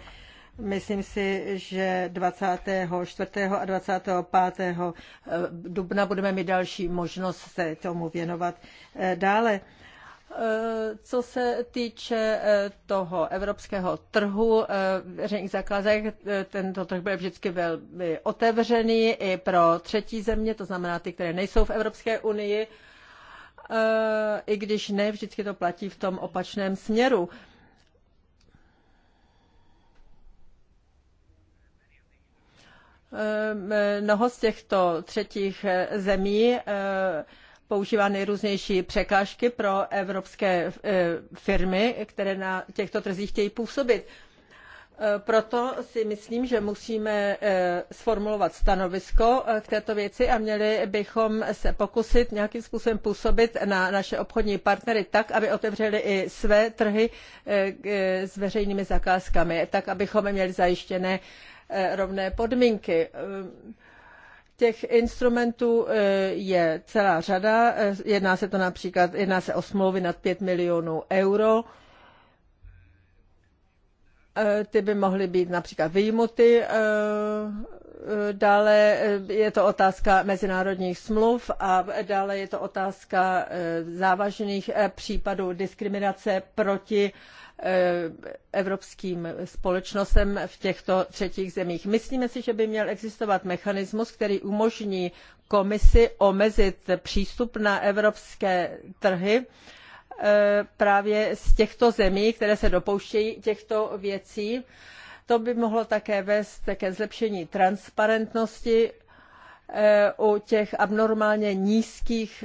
myslím si, že 24. a 25. Eh, dubna budeme mít další možnost se tomu věnovat dále. Eh, co se týče eh, toho evropského trhu eh, veřejných zakázek, tento trh byl vždycky velmi otevřený i pro třetí země, to znamená ty, které nejsou v Evropské unii, i když ne vždycky to platí v tom opačném směru. Mnoho z těchto třetích zemí používá nejrůznější překážky pro evropské eh, firmy, které na těchto trzích chtějí působit. Eh, proto si myslím, že musíme eh, sformulovat stanovisko k této věci a měli bychom se pokusit nějakým způsobem působit na naše obchodní partnery tak, aby otevřeli i své trhy s veřejnými zakázkami, tak abychom měli zajištěné rovné podmínky. Těch instrumentů e, je celá řada. E, jedná se to například, jedná se o smlouvy nad 5 milionů euro. E, ty by mohly být například výjimuty. Dále je to otázka mezinárodních smluv a dále je to otázka závažných případů diskriminace proti Eh, evropským společnostem v těchto třetích zemích. Myslíme si, že by měl existovat mechanismus, který umožní komisi omezit přístup na evropské trhy eh, právě z těchto zemí, které se dopouštějí těchto věcí. To by mohlo také vést ke zlepšení transparentnosti eh, u těch abnormálně nízkých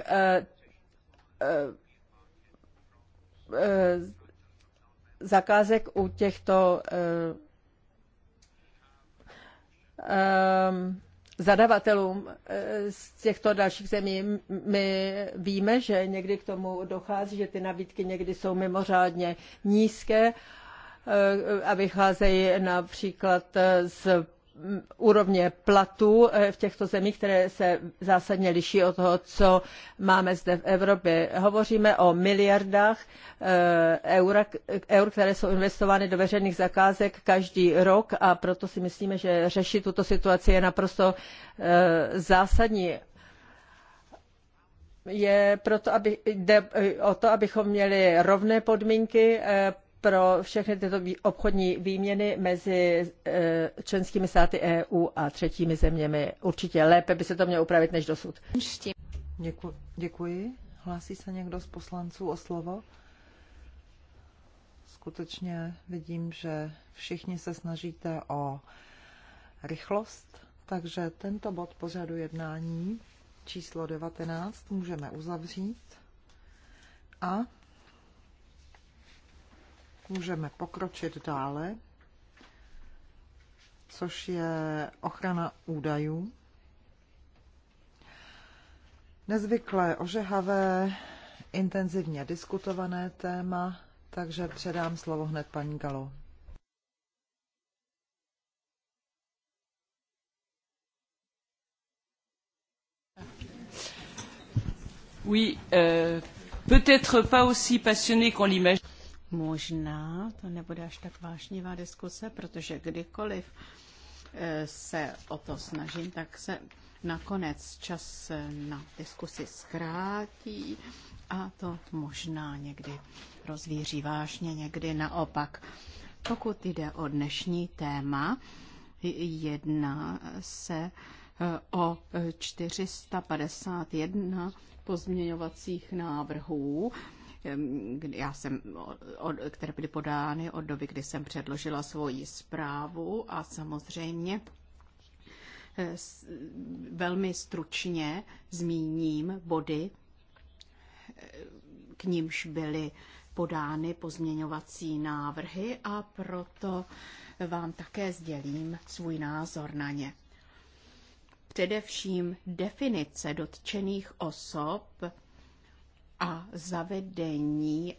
zakázek u těchto eh, ehm, zadavatelů eh, z těchto dalších zemí. My víme, že někdy k tomu dochází, že ty nabídky někdy jsou mimořádně nízké eh, a vycházejí například z Mm, úrovně platů eh, v těchto zemích, které se zásadně liší od toho, co máme zde v Evropě. Hovoříme o miliardách eh, eur, eur, které jsou investovány do veřejných zakázek každý rok a proto si myslíme, že řešit tuto situaci je naprosto eh, zásadní je proto, aby, jde o to, abychom měli rovné podmínky pro všechny tyto obchodní výměny mezi e, členskými státy EU a třetími zeměmi. Určitě lépe by se to mělo upravit než dosud. Děkuji. Děkuji. Hlásí se někdo z poslanců o slovo? Skutečně vidím, že všichni se snažíte o rychlost, takže tento bod pořadu jednání číslo 19 můžeme uzavřít. A Můžeme pokročit dále, což je ochrana údajů. Nezvykle ožehavé, intenzivně diskutované téma, takže předám slovo hned paní Galo. Oui, euh, peut-être pas aussi passionné qu'on l'imagine. Možná to nebude až tak vášnivá diskuse, protože kdykoliv eh, se o to snažím, tak se nakonec čas eh, na diskusi zkrátí a to možná někdy rozvíří vážně, někdy naopak. Pokud jde o dnešní téma, jedná se eh, o 451 pozměňovacích návrhů Ehm, já jsem, od, které byly podány od doby, kdy jsem předložila svoji zprávu a samozřejmě eh, velmi stručně zmíním body, eh, k nímž byly podány pozměňovací návrhy a proto vám také sdělím svůj názor na ně. Především definice dotčených osob a zavedení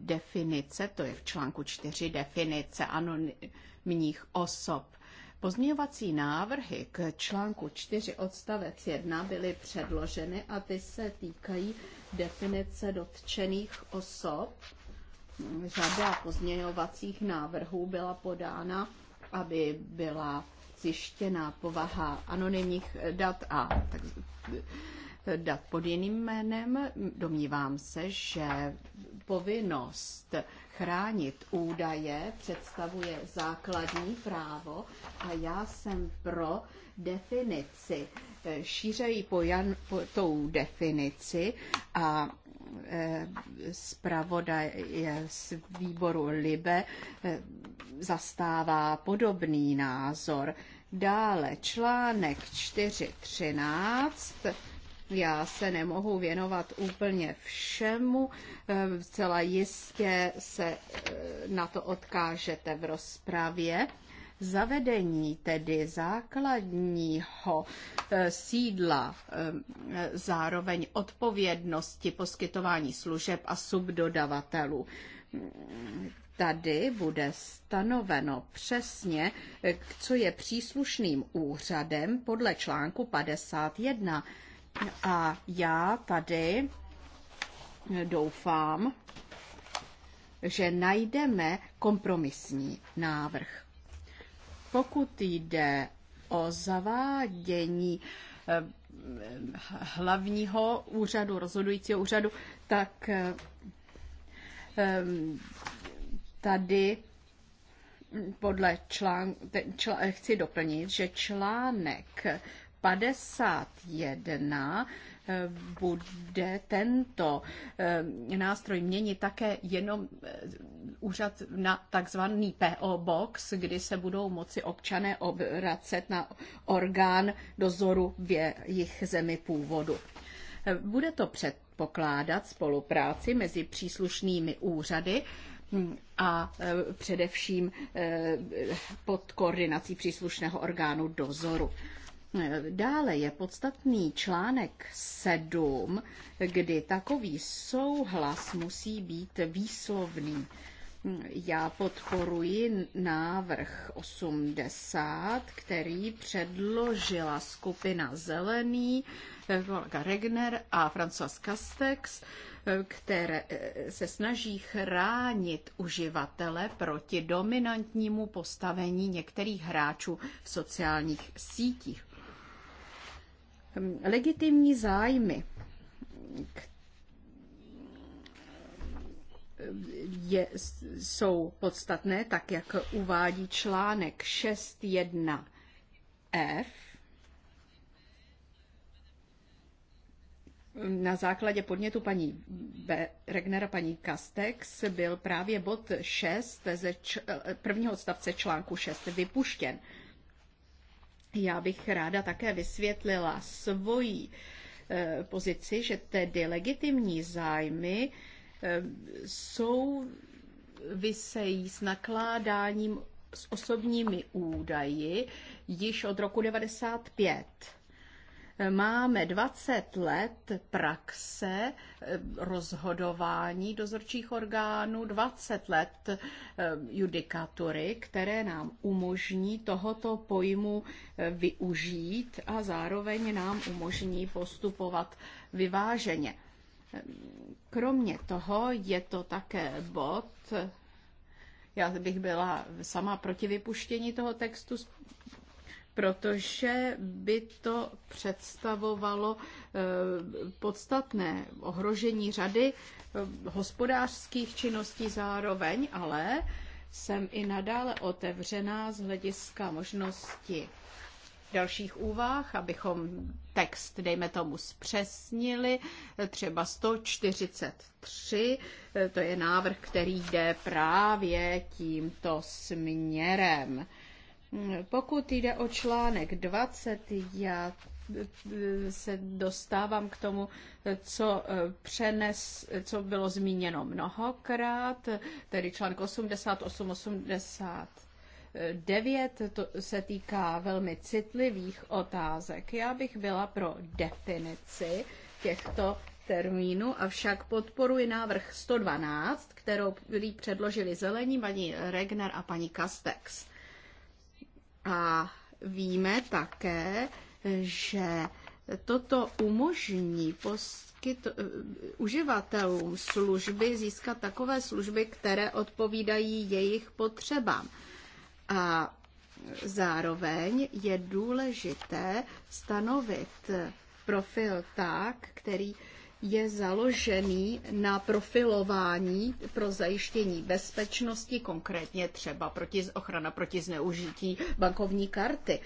definice, to je v článku 4 definice anonymních osob. Pozměňovací návrhy k článku 4 odstavec 1 byly předloženy a ty se týkají definice dotčených osob. Řada pozměňovacích návrhů byla podána, aby byla zjištěná povaha anonymních dat a tak, dat pod jiným jménem. Domnívám se, že povinnost chránit údaje představuje základní právo a já jsem pro definici. po, Jan, po tou definici a e, zpravodaj z výboru Libe e, zastává podobný názor. Dále článek 413 já se nemohu věnovat úplně všemu, ehm, Celá jistě se eh, na to odkážete v rozpravě. Zavedení tedy základního eh, sídla, ehm, zároveň odpovědnosti poskytování služeb a subdodavatelů tady bude stanoveno přesně, eh, co je příslušným úřadem podle článku 51. A já tady eh, doufám, že najdeme kompromisní návrh. Pokud jde o zavádění eh, hlavního úřadu, rozhodujícího úřadu, tak eh, tady podle článku, chci doplnit, že článek 51 eh, bude tento eh, nástroj měnit také jenom eh, úřad na takzvaný PO Box, kdy se budou moci občané obracet na orgán dozoru v jejich zemi původu. Bude to předpokládat spolupráci mezi příslušnými úřady hm, a především pod koordinací příslušného orgánu dozoru. Dále je podstatný článek 7, kdy takový souhlas musí být výslovný. Já podporuji návrh 80, který předložila skupina Zelený, kolega eh, Regner a Francois Castex, eh, které eh, se snaží chránit uživatele proti dominantnímu postavení některých hráčů v sociálních sítích. Hm, legitimní zájmy, je, jsou podstatné, tak jak uvádí článek 6.1f, Na základě podnětu paní Regnera paní Kastex byl právě bod 6 ze č- prvního odstavce článku 6 vypuštěn. Já bych ráda také vysvětlila svoji eh, pozici, že tedy legitimní zájmy jsou eh, vysejí s nakládáním s osobními údaji již od roku 95. Máme 20 let praxe eh, rozhodování dozorčích orgánů, 20 let eh, judikatury, které nám umožní tohoto pojmu eh, využít a zároveň nám umožní postupovat vyváženě. Kromě toho je to také bod, já bych byla sama proti vypuštění toho textu protože by to představovalo eh, podstatné ohrožení řady eh, hospodářských činností zároveň, ale jsem i nadále otevřená z hlediska možnosti dalších úvah, abychom text, dejme tomu, zpřesnili. Třeba 143, eh, to je návrh, který jde právě tímto směrem. Pokud jde o článek 20, já eh, se dostávám k tomu, co, eh, přenes, co bylo zmíněno mnohokrát, tedy článek 88, 80 9 to se týká velmi citlivých otázek. Já bych byla pro definici těchto termínů, avšak podporuji návrh 112, kterou, který předložili zelení paní Regner a paní Kastex. A víme také, že toto umožní poskyt, eh, uživatelům služby získat takové služby, které odpovídají jejich potřebám. A zároveň je důležité stanovit profil tak, který je založený na profilování pro zajištění bezpečnosti, konkrétně třeba proti, ochrana proti zneužití bankovní karty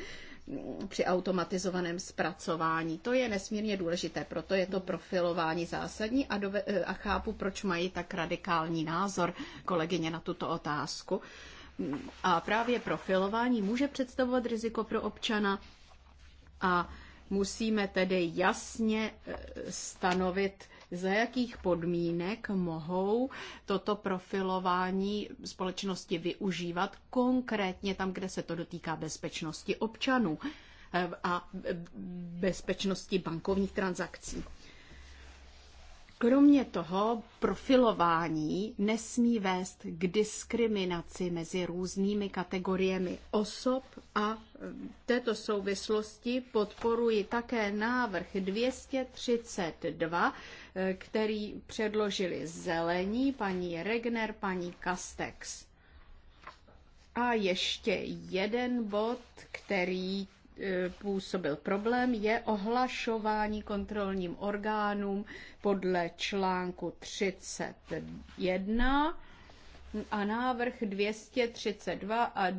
při automatizovaném zpracování. To je nesmírně důležité, proto je to profilování zásadní a, dove, a chápu, proč mají tak radikální názor kolegyně na tuto otázku. A právě profilování může představovat riziko pro občana a Musíme tedy jasně eh, stanovit, za jakých podmínek mohou toto profilování společnosti využívat, konkrétně tam, kde se to dotýká bezpečnosti občanů eh, a bezpečnosti bankovních transakcí. Kromě toho profilování nesmí vést k diskriminaci mezi různými kategoriemi osob a v této souvislosti podporuji také návrh 232, který předložili zelení paní Regner, paní Kastex. A ještě jeden bod, který E, působil problém, je ohlašování kontrolním orgánům podle článku 31 a návrh 232 a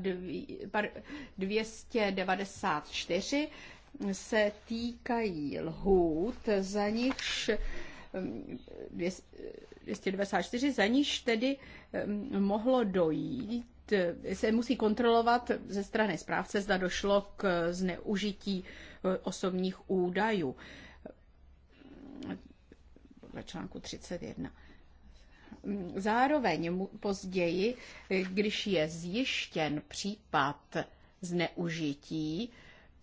294 se týkají lhůt, za nich 294, za níž tedy mohlo dojít Eh, se musí kontrolovat ze strany správce, zda došlo k zneužití eh, osobních údajů. Ve článku 31. Zároveň později, eh, když je zjištěn případ zneužití,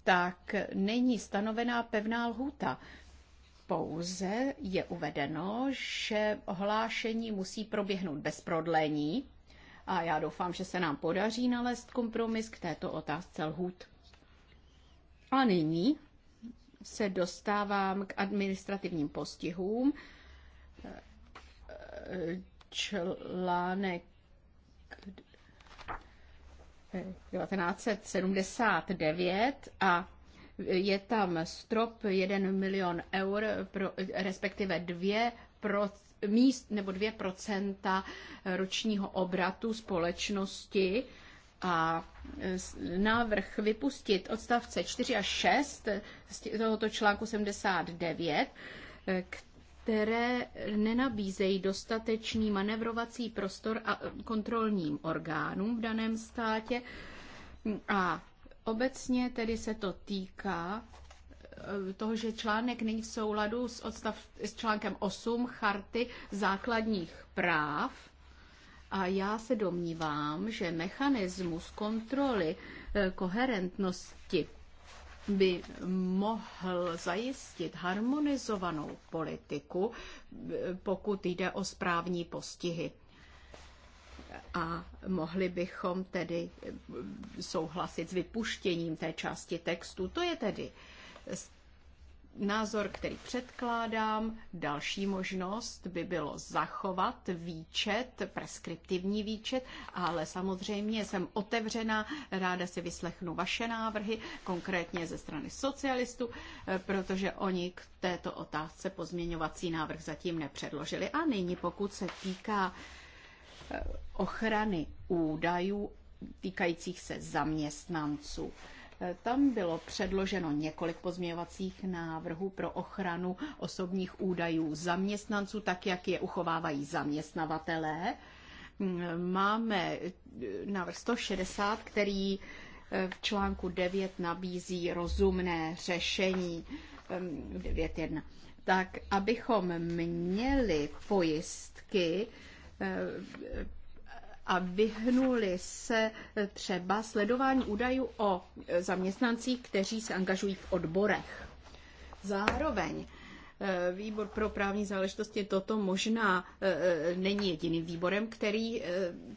tak není stanovená pevná lhůta. Pouze je uvedeno, že ohlášení musí proběhnout bez prodlení a já doufám, že se nám podaří nalézt kompromis k této otázce lhůt. A nyní se dostávám k administrativním postihům. Článek 1979 a je tam strop 1 milion eur, pro, respektive 2 pro, míst nebo 2% ročního obratu společnosti a e, návrh vypustit odstavce 4 a 6 z tohoto článku 79, e, které nenabízejí dostatečný manevrovací prostor a e, kontrolním orgánům v daném státě. A obecně tedy se to týká Eh, toho, že článek není v souladu s, odstav, s článkem 8 Charty základních práv. A já se domnívám, že mechanismus kontroly eh, koherentnosti by mohl zajistit harmonizovanou politiku, eh, pokud jde o správní postihy. A mohli bychom tedy souhlasit s vypuštěním té části textu. To je tedy názor, který předkládám, další možnost by bylo zachovat výčet, preskriptivní výčet, ale samozřejmě jsem otevřena, ráda si vyslechnu vaše návrhy, konkrétně ze strany socialistů, protože oni k této otázce pozměňovací návrh zatím nepředložili. A nyní, pokud se týká eh, ochrany údajů týkajících se zaměstnanců. Tam bylo předloženo několik pozměňovacích návrhů pro ochranu osobních údajů zaměstnanců, tak jak je uchovávají zaměstnavatelé. Máme návrh 160, který eh, v článku 9 nabízí rozumné řešení 9.1. Eh, tak abychom měli pojistky eh, a vyhnuli se třeba sledování údajů o zaměstnancích, kteří se angažují v odborech. Zároveň eh, Výbor pro právní záležitosti toto možná eh, není jediným výborem, který eh,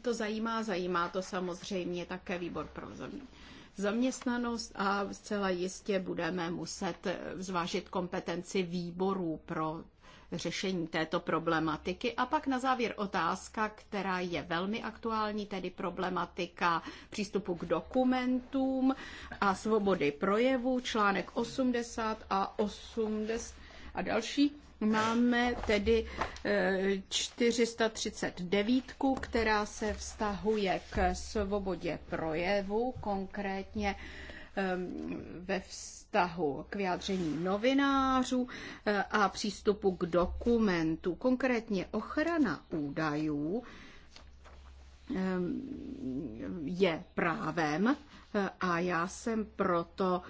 to zajímá. Zajímá to samozřejmě také výbor pro zaměstnanost a zcela jistě budeme muset zvážit kompetenci výborů pro řešení této problematiky. A pak na závěr otázka, která je velmi aktuální, tedy problematika přístupu k dokumentům a svobody projevu, článek 80 a 80 a další. Máme tedy 439, eh, která se vztahuje k svobodě projevu, konkrétně ehm, ve vztahu vztahu k vyjádření novinářů eh, a přístupu k dokumentu, konkrétně ochrana údajů eh, je právem eh, a já jsem proto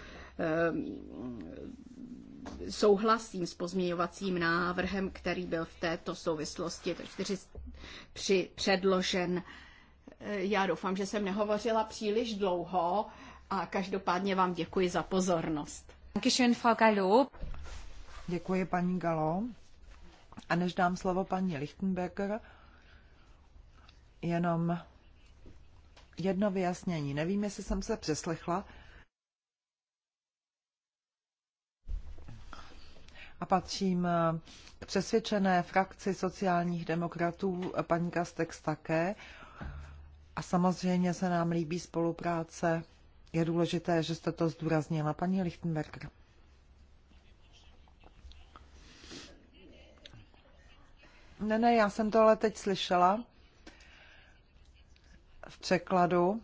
souhlasím s pozměňovacím návrhem, který byl v této souvislosti to při, předložen. Já doufám, že jsem nehovořila příliš dlouho a každopádně vám děkuji za pozornost. Děkuji paní Galo. A než dám slovo paní Lichtenberger, jenom jedno vyjasnění. Nevím, jestli jsem se přeslechla. A patřím eh, k přesvědčené frakci sociálních demokratů, eh, paní Kastex také. A samozřejmě se nám líbí spolupráce je důležité, že jste to zdůraznila, paní Lichtenberger. Ne, ne, já jsem to ale teď slyšela v překladu.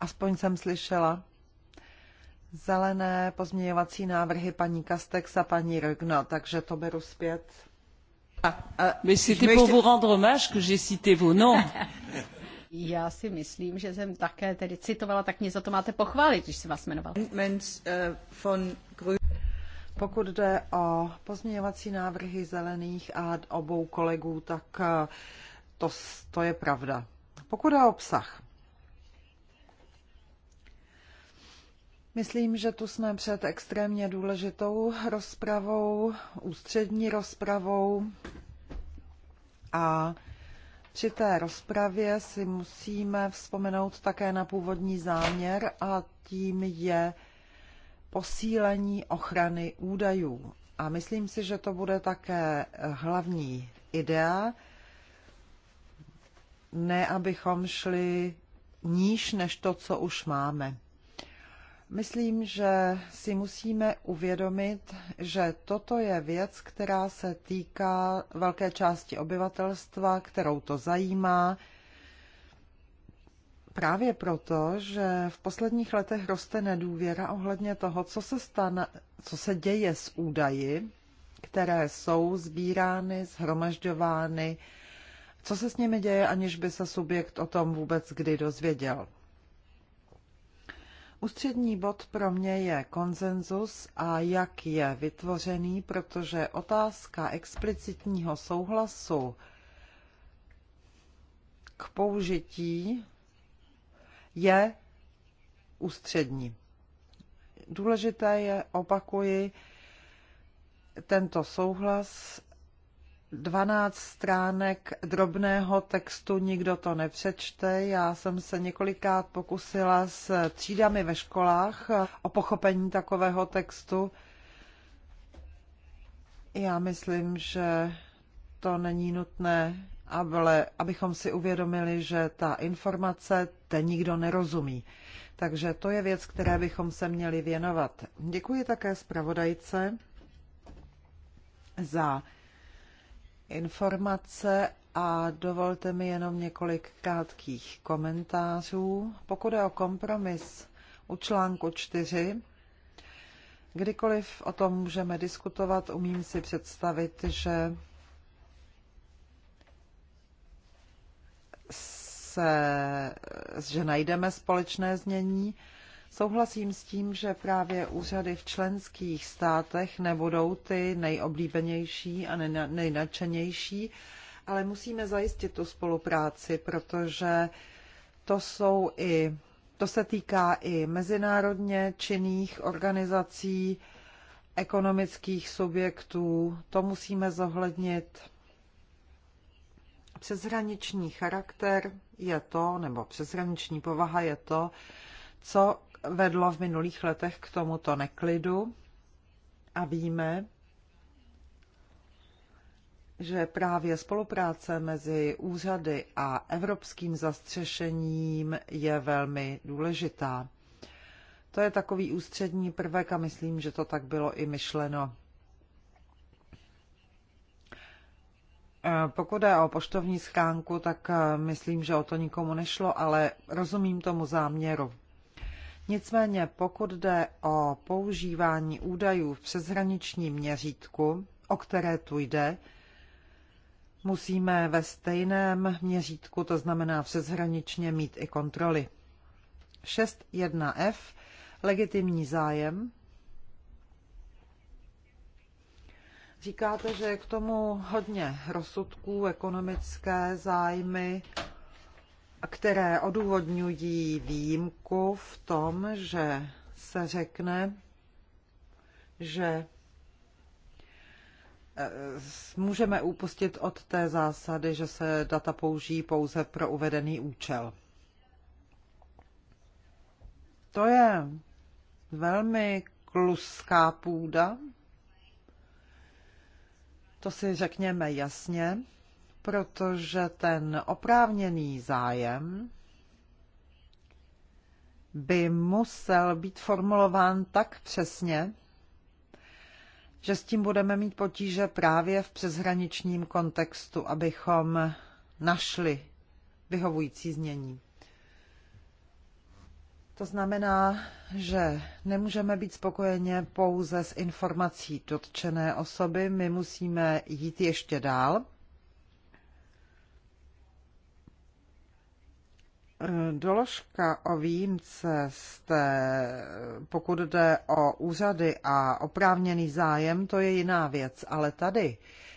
Aspoň jsem slyšela. Zelené pozměňovací návrhy paní Kastex a paní Rögna, takže to beru zpět. Ah, ah, mais c'était pour vous rendre hommage que j'ai cité vos noms. Já si myslím, že jsem také tedy citovala, tak mě za to máte pochválit, když jsem vás jmenovala. Eh, Pokud jde o pozměňovací návrhy zelených a obou kolegů, tak eh, to, to je pravda. Pokud jde o obsah, Myslím, že tu jsme před extrémně důležitou rozpravou, ústřední rozpravou a při té rozpravě si musíme vzpomenout také na původní záměr a tím je posílení ochrany údajů. A myslím si, že to bude také hlavní idea, ne abychom šli níž než to, co už máme. Myslím, že si musíme uvědomit, že toto je věc, která se týká velké části obyvatelstva, kterou to zajímá. Právě proto, že v posledních letech roste nedůvěra ohledně toho, co se, stane, co se děje s údaji, které jsou sbírány, zhromažďovány, co se s nimi děje, aniž by se subjekt o tom vůbec kdy dozvěděl. Ústřední bod pro mě je konsenzus a jak je vytvořený, protože otázka explicitního souhlasu k použití je ústřední. Důležité je, opakuji, tento souhlas 12 stránek drobného textu, nikdo to nepřečte. Já jsem se několikrát pokusila s třídami ve školách o pochopení takového textu. Já myslím, že to není nutné, ale abychom si uvědomili, že ta informace te nikdo nerozumí. Takže to je věc, které bychom se měli věnovat. Děkuji také zpravodajce za informace a dovolte mi jenom několik krátkých komentářů. Pokud je o kompromis u článku 4, kdykoliv o tom můžeme diskutovat, umím si představit, že se, že najdeme společné znění. Souhlasím s tím, že právě úřady v členských státech nebudou ty nejoblíbenější a nejnačenější, ale musíme zajistit tu spolupráci, protože to jsou i to se týká i mezinárodně činných organizací, ekonomických subjektů. To musíme zohlednit. Přeshraniční charakter je to, nebo přeshraniční povaha je to, co vedlo v minulých letech k tomuto neklidu a víme, že právě spolupráce mezi úřady a evropským zastřešením je velmi důležitá. To je takový ústřední prvek a myslím, že to tak bylo i myšleno. Pokud je o poštovní schránku, tak myslím, že o to nikomu nešlo, ale rozumím tomu záměru. Nicméně pokud jde o používání údajů v přeshraničním měřítku, o které tu jde, musíme ve stejném měřítku, to znamená přeshraničně, mít i kontroly. 6.1f. Legitimní zájem. Říkáte, že je k tomu hodně rozsudků, ekonomické zájmy, které odůvodňují výjimku v tom, že se řekne, že e, můžeme upustit od té zásady, že se data použijí pouze pro uvedený účel. To je velmi kluská půda. To si řekněme jasně protože ten oprávněný zájem by musel být formulován tak přesně, že s tím budeme mít potíže právě v přeshraničním kontextu, abychom našli vyhovující znění. To znamená, že nemůžeme být spokojeně pouze s informací dotčené osoby, my musíme jít ještě dál Doložka o výjimce z té, pokud jde o úřady a oprávněný zájem, to je jiná věc, ale tady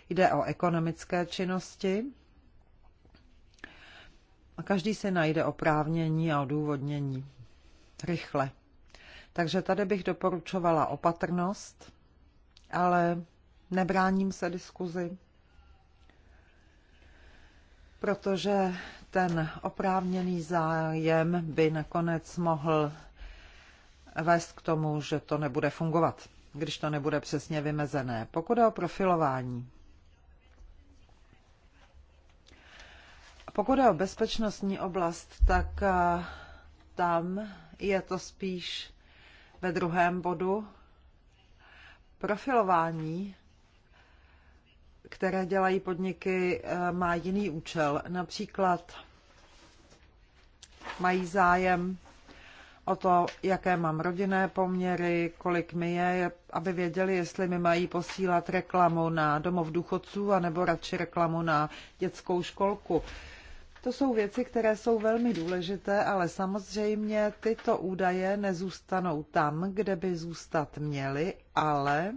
jde o ekonomické činnosti a každý se najde oprávnění a odůvodnění rychle. Takže tady bych doporučovala opatrnost, ale nebráním se diskuzi, protože ten oprávněný zájem by nakonec mohl vést k tomu, že to nebude fungovat, když to nebude přesně vymezené. Pokud je o profilování, Pokud je o bezpečnostní oblast, tak eh, tam je to spíš ve druhém bodu. Profilování které dělají podniky, eh, má jiný účel. Například mají zájem o to, jaké mám rodinné poměry, kolik mi je, aby věděli, jestli mi mají posílat reklamu na domov důchodců, anebo radši reklamu na dětskou školku. To jsou věci, které jsou velmi důležité, ale samozřejmě tyto údaje nezůstanou tam, kde by zůstat měly, ale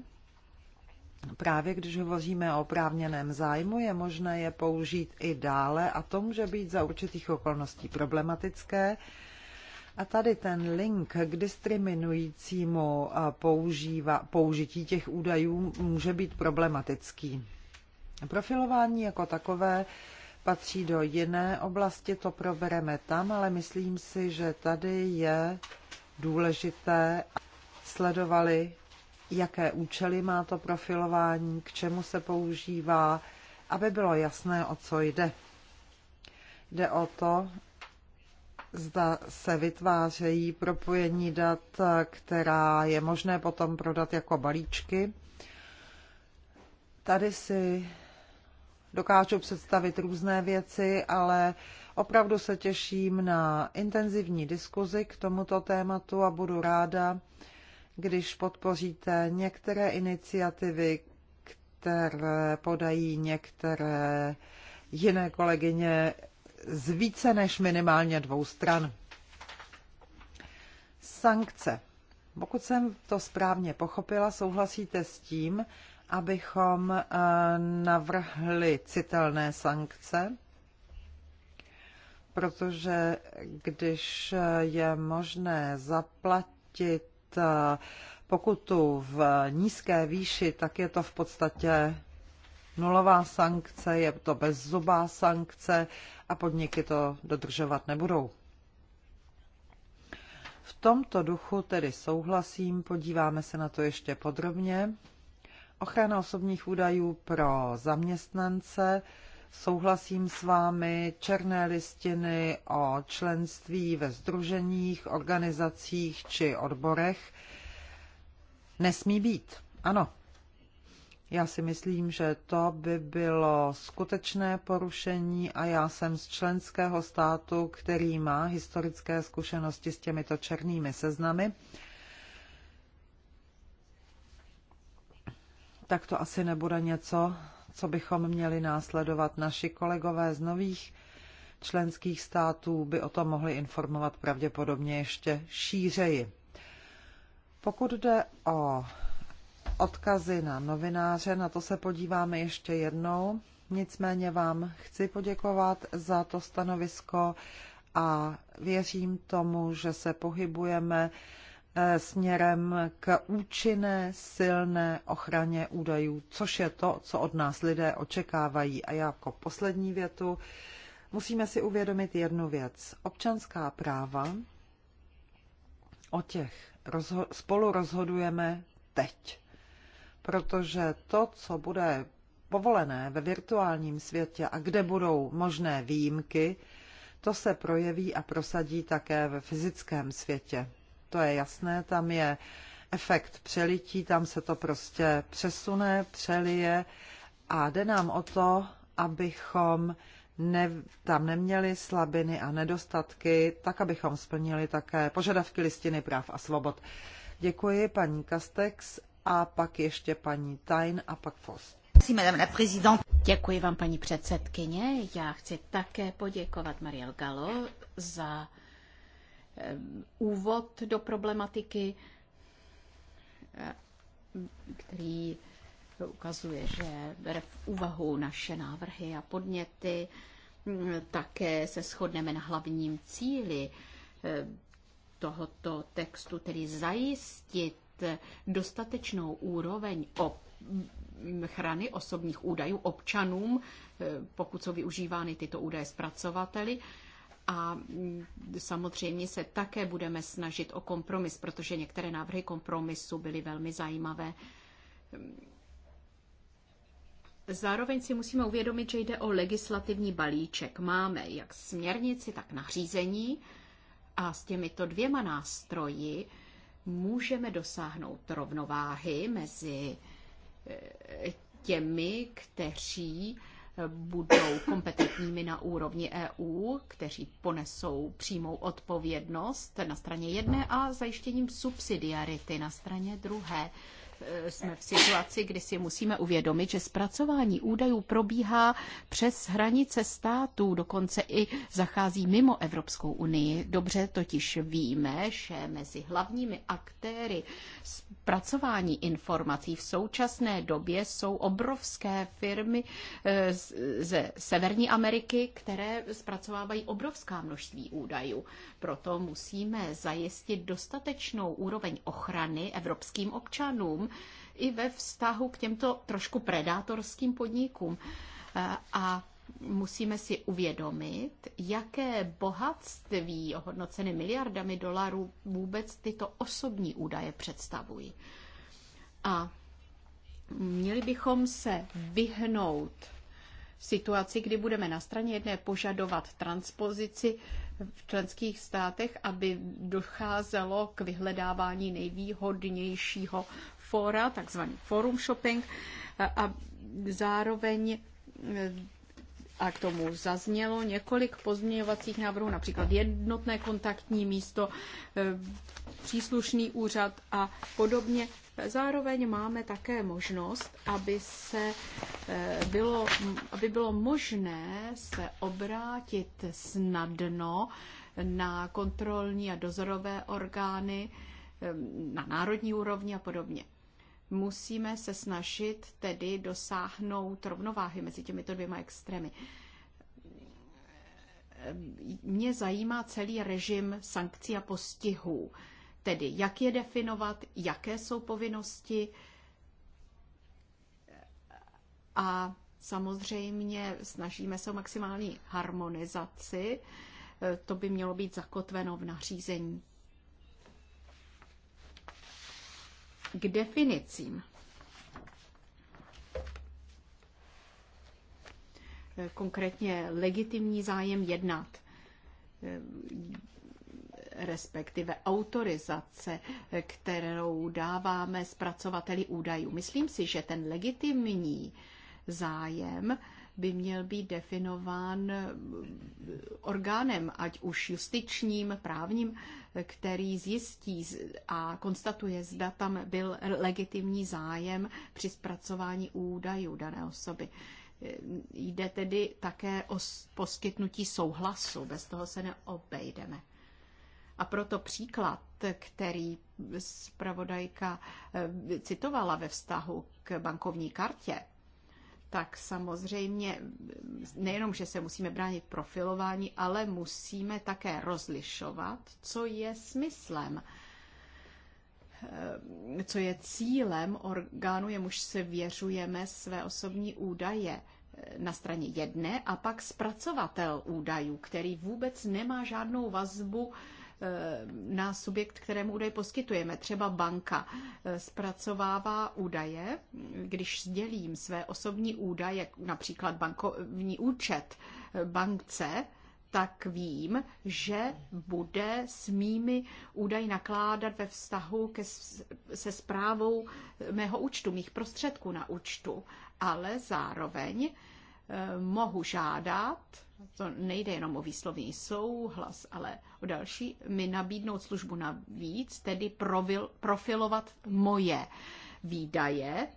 Právě když hovoříme o oprávněném zájmu, je možné je použít i dále a to může být za určitých okolností problematické. A tady ten link k diskriminujícímu použití těch údajů může být problematický. Profilování jako takové patří do jiné oblasti, to probereme tam, ale myslím si, že tady je důležité, sledovali jaké účely má to profilování, k čemu se používá, aby bylo jasné, o co jde. Jde o to, zda se vytvářejí propojení dat, která je možné potom prodat jako balíčky. Tady si dokážu představit různé věci, ale opravdu se těším na intenzivní diskuzi k tomuto tématu a budu ráda, když podpoříte některé iniciativy, které podají některé jiné kolegyně z více než minimálně dvou stran. Sankce. Pokud jsem to správně pochopila, souhlasíte s tím, abychom eh, navrhli citelné sankce, protože když je možné zaplatit Eh, pokutu v nízké výši, tak je to v podstatě nulová sankce, je to bezzubá sankce a podniky to dodržovat nebudou. V tomto duchu tedy souhlasím, podíváme se na to ještě podrobně. Ochrana osobních údajů pro zaměstnance Souhlasím s vámi, černé listiny o členství ve združeních, organizacích či odborech nesmí být. Ano. Já si myslím, že to by bylo skutečné porušení a já jsem z členského státu, který má historické zkušenosti s těmito černými seznamy. Tak to asi nebude něco, co bychom měli následovat. Naši kolegové z nových členských států by o tom mohli informovat pravděpodobně ještě šířeji. Pokud jde o odkazy na novináře, na to se podíváme ještě jednou. Nicméně vám chci poděkovat za to stanovisko a věřím tomu, že se pohybujeme Eh, směrem k účinné, silné ochraně údajů, což je to, co od nás lidé očekávají. A já jako poslední větu musíme si uvědomit jednu věc. Občanská práva, o těch spolu rozhodujeme teď, protože to, co bude povolené ve virtuálním světě a kde budou možné výjimky, to se projeví a prosadí také ve fyzickém světě to je jasné, tam je efekt přelití, tam se to prostě přesune, přelije a jde nám o to, abychom ne, tam neměli slabiny a nedostatky, tak abychom splnili také požadavky listiny práv a svobod. Děkuji paní Kastex a pak ještě paní Tajn a pak Fos. Děkuji vám, paní předsedkyně. Já chci také poděkovat Mariel Galo za Eh, úvod do problematiky, eh, který ukazuje, že bere v úvahu naše návrhy a podněty. Mm, také se shodneme na hlavním cíli eh, tohoto textu, tedy zajistit dostatečnou úroveň ochrany osobních údajů občanům, pokud jsou využívány tyto údaje zpracovateli, a mm, samozřejmě se také budeme snažit o kompromis, protože některé návrhy kompromisu byly velmi zajímavé. Zároveň si musíme uvědomit, že jde o legislativní balíček. Máme jak směrnici, tak nařízení a s těmito dvěma nástroji můžeme dosáhnout rovnováhy mezi eh, těmi, kteří budou kompetentními na úrovni EU, kteří ponesou přímou odpovědnost na straně jedné a zajištěním subsidiarity na straně druhé jsme v situaci, kdy si musíme uvědomit, že zpracování údajů probíhá přes hranice států, dokonce i zachází mimo Evropskou unii. Dobře totiž víme, že mezi hlavními aktéry zpracování informací v současné době jsou obrovské firmy eh, ze Severní Ameriky, které zpracovávají obrovská množství údajů. Proto musíme zajistit dostatečnou úroveň ochrany evropským občanům i ve vztahu k těmto trošku predátorským podnikům. A musíme si uvědomit, jaké bohatství ohodnocené miliardami dolarů vůbec tyto osobní údaje představují. A měli bychom se vyhnout situaci, kdy budeme na straně jedné požadovat transpozici v členských státech, aby docházelo k vyhledávání nejvýhodnějšího fora, takzvaný forum shopping, a zároveň eh, a k tomu zaznělo několik pozměňovacích návrhů, například jednotné kontaktní místo, e, příslušný úřad a podobně. Zároveň máme také možnost, aby, se e, bylo, aby bylo možné se obrátit snadno na kontrolní a dozorové orgány e, na národní úrovni a podobně. Musíme se snažit tedy dosáhnout rovnováhy mezi těmito dvěma extrémy. Mě zajímá celý režim sankcí a postihů, tedy jak je definovat, jaké jsou povinnosti a samozřejmě snažíme se o maximální harmonizaci. To by mělo být zakotveno v nařízení. k definicím. Konkrétně legitimní zájem jednat, respektive autorizace, kterou dáváme zpracovateli údajů. Myslím si, že ten legitimní zájem by měl být definován orgánem, ať už justičním, právním, který zjistí a konstatuje, zda tam byl legitimní zájem při zpracování údajů dané osoby. Jde tedy také o poskytnutí souhlasu, bez toho se neobejdeme. A proto příklad, který zpravodajka eh, citovala ve vztahu k bankovní kartě, tak samozřejmě nejenom, že se musíme bránit profilování, ale musíme také rozlišovat, co je smyslem ehm, co je cílem orgánu, jemuž se věřujeme své osobní údaje e, na straně jedné a pak zpracovatel údajů, který vůbec nemá žádnou vazbu Eh, na subjekt, kterému údaj poskytujeme. Třeba banka eh, zpracovává údaje, když sdělím své osobní údaje, například bankovní účet eh, bankce, tak vím, že bude s mými údaji nakládat ve vztahu ke, se zprávou mého účtu, mých prostředků na účtu. Ale zároveň mohu žádat, to nejde jenom o výslovný souhlas, ale o další, mi nabídnout službu navíc, tedy provil, profilovat moje výdaje,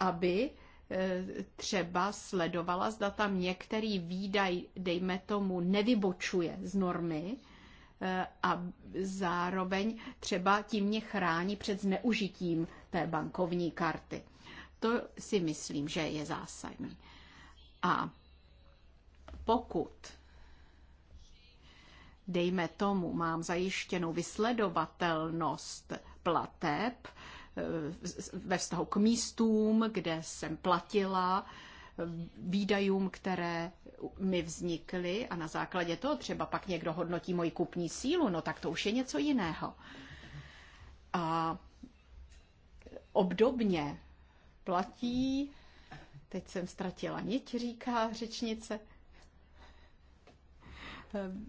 aby e, třeba sledovala, zda tam některý výdaj, dejme tomu, nevybočuje z normy e, a zároveň třeba tím mě chrání před zneužitím té bankovní karty. To si myslím, že je zásadní. A pokud dejme tomu, mám zajištěnou vysledovatelnost plateb eh, ve vztahu k místům, kde jsem platila, eh, výdajům, které mi vznikly a na základě toho třeba pak někdo hodnotí moji kupní sílu, no tak to už je něco jiného. A obdobně platí Teď jsem ztratila niť, říká řečnice. Ehm,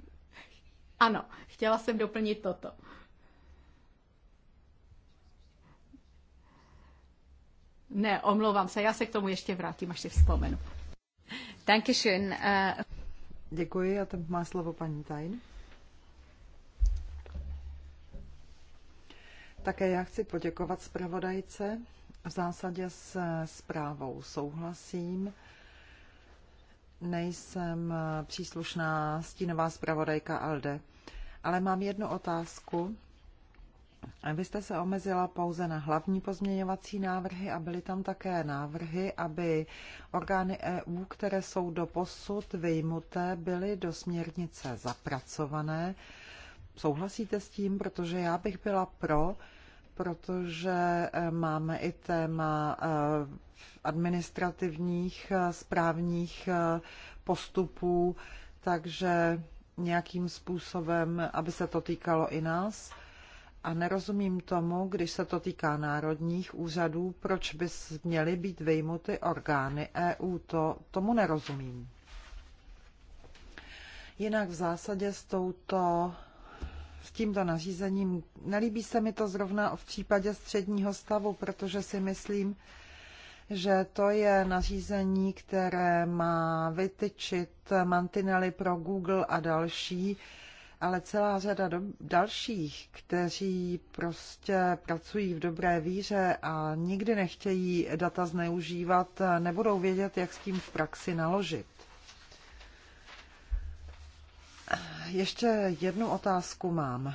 ano, chtěla jsem doplnit toto. Ne, omlouvám se, já se k tomu ještě vrátím, až si vzpomenu. Dankeschön. Eh. Děkuji a tam má slovo paní Tajn. Také já chci poděkovat zpravodajce v zásadě se zprávou souhlasím. Nejsem příslušná stínová zpravodajka Alde, ale mám jednu otázku. Vy jste se omezila pouze na hlavní pozměňovací návrhy a byly tam také návrhy, aby orgány EU, které jsou do posud vyjmuté, byly do směrnice zapracované. Souhlasíte s tím, protože já bych byla pro, protože eh, máme i téma eh, administrativních eh, správních postupů, takže nějakým způsobem, aby se to týkalo i nás. A nerozumím tomu, když se to týká národních úřadů, proč by měly být vyjmuty orgány EU. To, tomu nerozumím. Jinak v zásadě s touto s tímto nařízením. Nelíbí se mi to zrovna v případě středního stavu, protože si myslím, že to je nařízení, které má vytyčit mantinely pro Google a další, ale celá řada do- dalších, kteří prostě pracují v dobré víře a nikdy nechtějí data zneužívat, nebudou vědět, jak s tím v praxi naložit. ještě jednu otázku mám.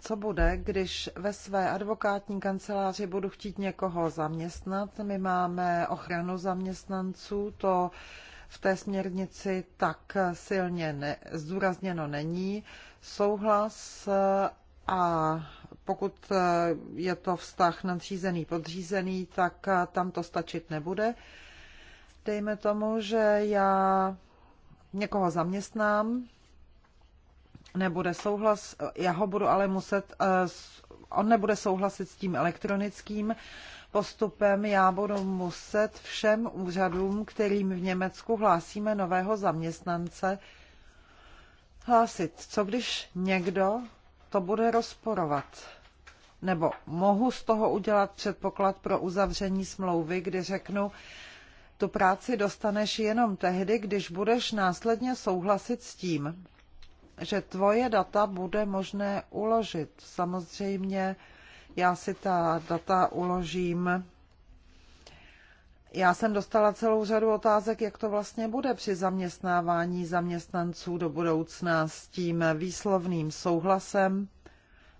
Co bude, když ve své advokátní kanceláři budu chtít někoho zaměstnat? My máme ochranu zaměstnanců, to v té směrnici tak silně ne, zdůrazněno není. Souhlas a pokud je to vztah nadřízený, podřízený, tak tam to stačit nebude. Dejme tomu, že já někoho zaměstnám, nebude souhlas, já ho budu ale muset, eh, on nebude souhlasit s tím elektronickým postupem, já budu muset všem úřadům, kterým v Německu hlásíme nového zaměstnance, hlásit. Co když někdo to bude rozporovat? Nebo mohu z toho udělat předpoklad pro uzavření smlouvy, kdy řeknu, tu práci dostaneš jenom tehdy, když budeš následně souhlasit s tím, že tvoje data bude možné uložit. Samozřejmě já si ta data uložím. Já jsem dostala celou řadu otázek, jak to vlastně bude při zaměstnávání zaměstnanců do budoucna s tím výslovným souhlasem.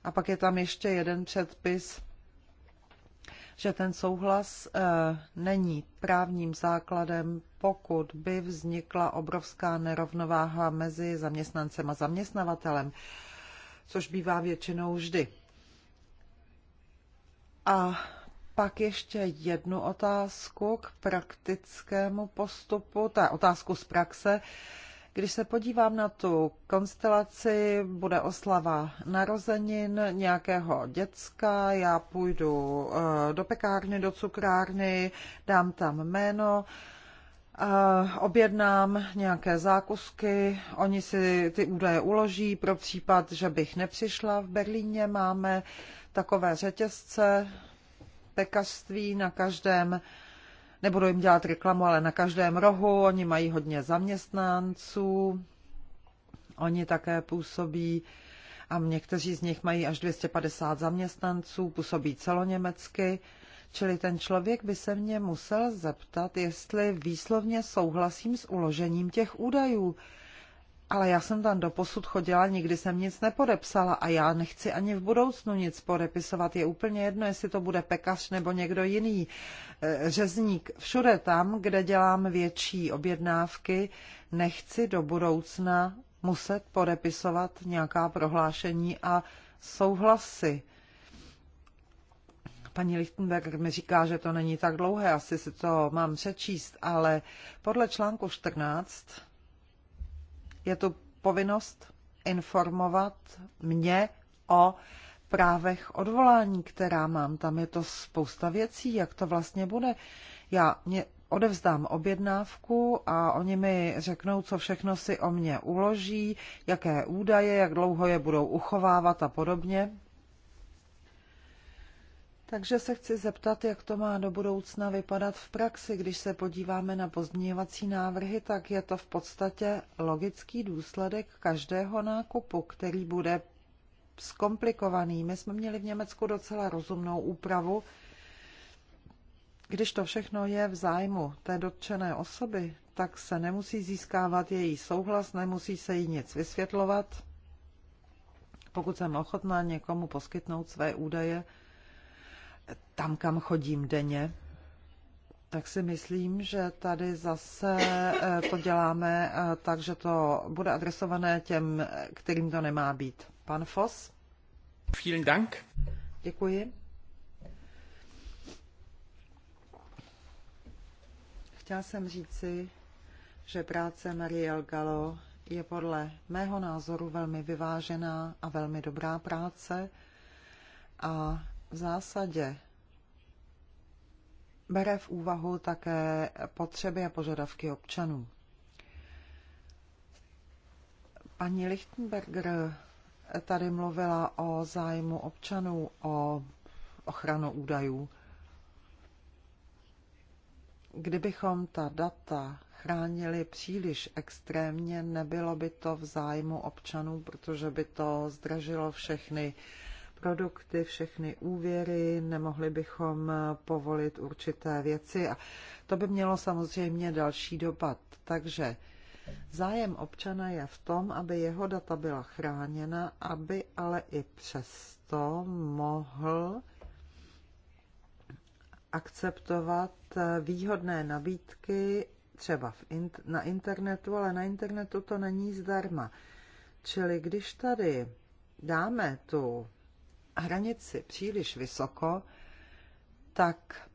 A pak je tam ještě jeden předpis, že ten souhlas eh, není právním základem, pokud by vznikla obrovská nerovnováha mezi zaměstnancem a zaměstnavatelem, což bývá většinou vždy. A pak ještě jednu otázku k praktickému postupu, ta otázku z praxe. Když se podívám na tu konstelaci, bude oslava narozenin nějakého děcka, já půjdu eh, do pekárny, do cukrárny, dám tam jméno, eh, objednám nějaké zákusky, oni si ty údaje uloží pro případ, že bych nepřišla. V Berlíně máme takové řetězce pekařství na každém nebudu jim dělat reklamu, ale na každém rohu, oni mají hodně zaměstnanců, oni také působí a někteří z nich mají až 250 zaměstnanců, působí celoněmecky, čili ten člověk by se mě musel zeptat, jestli výslovně souhlasím s uložením těch údajů ale já jsem tam doposud chodila, nikdy jsem nic nepodepsala a já nechci ani v budoucnu nic podepisovat. Je úplně jedno, jestli to bude pekař nebo někdo jiný e, řezník. Všude tam, kde dělám větší objednávky, nechci do budoucna muset podepisovat nějaká prohlášení a souhlasy. Paní Lichtenberg mi říká, že to není tak dlouhé, asi si to mám přečíst, ale podle článku 14 je tu povinnost informovat mě o právech odvolání, která mám. Tam je to spousta věcí, jak to vlastně bude. Já mě odevzdám objednávku a oni mi řeknou, co všechno si o mě uloží, jaké údaje, jak dlouho je budou uchovávat a podobně. Takže se chci zeptat, jak to má do budoucna vypadat v praxi. Když se podíváme na pozměňovací návrhy, tak je to v podstatě logický důsledek každého nákupu, který bude zkomplikovaný. My jsme měli v Německu docela rozumnou úpravu, když to všechno je v zájmu té dotčené osoby, tak se nemusí získávat její souhlas, nemusí se jí nic vysvětlovat. Pokud jsem ochotná někomu poskytnout své údaje, tam, kam chodím denně, tak si myslím, že tady zase eh, to děláme eh, tak, že to bude adresované těm, kterým to nemá být. Pan Foss? Vielen Dank. Děkuji. Chtěla jsem říci, že práce Mariel Galo je podle mého názoru velmi vyvážená a velmi dobrá práce a v zásadě bere v úvahu také potřeby a požadavky občanů. Paní Lichtenberger tady mluvila o zájmu občanů, o ochranu údajů. Kdybychom ta data chránili příliš extrémně, nebylo by to v zájmu občanů, protože by to zdražilo všechny uh, produkty, všechny úvěry, nemohli bychom povolit určité věci a to by mělo samozřejmě další dopad. Takže zájem občana je v tom, aby jeho data byla chráněna, aby ale i přesto mohl akceptovat výhodné nabídky třeba v in- na internetu, ale na internetu to není zdarma. Čili když tady dáme tu hranici příliš vysoko, tak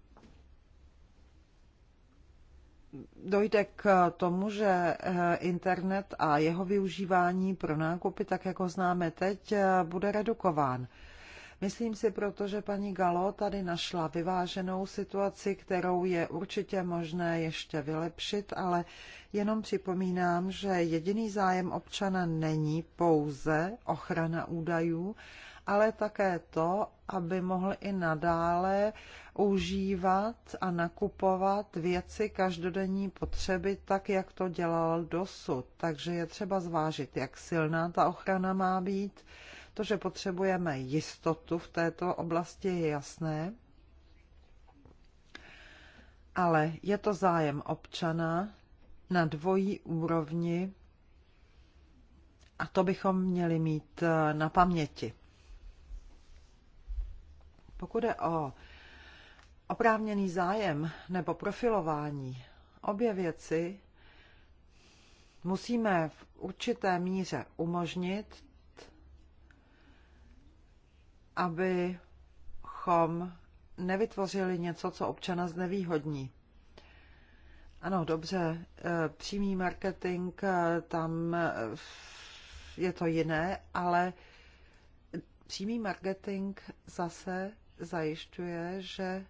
dojde k tomu, že eh, internet a jeho využívání pro nákupy, tak jako známe teď, eh, bude redukován. Myslím si proto, že paní Galo tady našla vyváženou situaci, kterou je určitě možné ještě vylepšit, ale jenom připomínám, že jediný zájem občana není pouze ochrana údajů, ale také to, aby mohl i nadále užívat a nakupovat věci každodenní potřeby tak, jak to dělal dosud. Takže je třeba zvážit, jak silná ta ochrana má být. To, že potřebujeme jistotu v této oblasti, je jasné. Ale je to zájem občana na dvojí úrovni a to bychom měli mít eh, na paměti. Pokud je o oprávněný zájem nebo profilování, obě věci musíme v určité míře umožnit, abychom nevytvořili něco, co občana znevýhodní. Ano, dobře, eh, přímý marketing, eh, tam eh, je to jiné, ale přímý marketing zase zajišťuje, že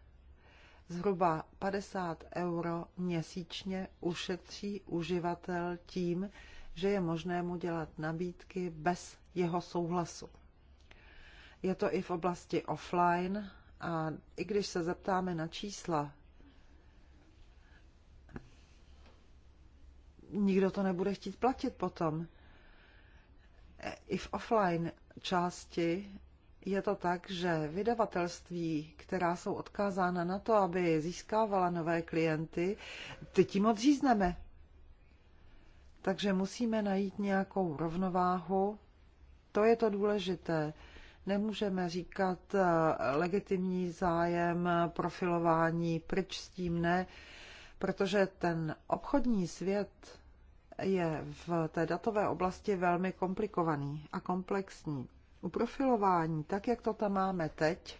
zhruba 50 euro měsíčně ušetří uživatel tím, že je možné mu dělat nabídky bez jeho souhlasu. Je to i v oblasti offline a i když se zeptáme na čísla, nikdo to nebude chtít platit potom. I v offline části je to tak, že vydavatelství, která jsou odkázána na to, aby získávala nové klienty, ty tím odřízneme. Takže musíme najít nějakou rovnováhu. To je to důležité. Nemůžeme říkat eh, legitimní zájem, profilování, pryč s tím ne, protože ten obchodní svět je v té datové oblasti velmi komplikovaný a komplexní u profilování, tak jak to tam máme teď,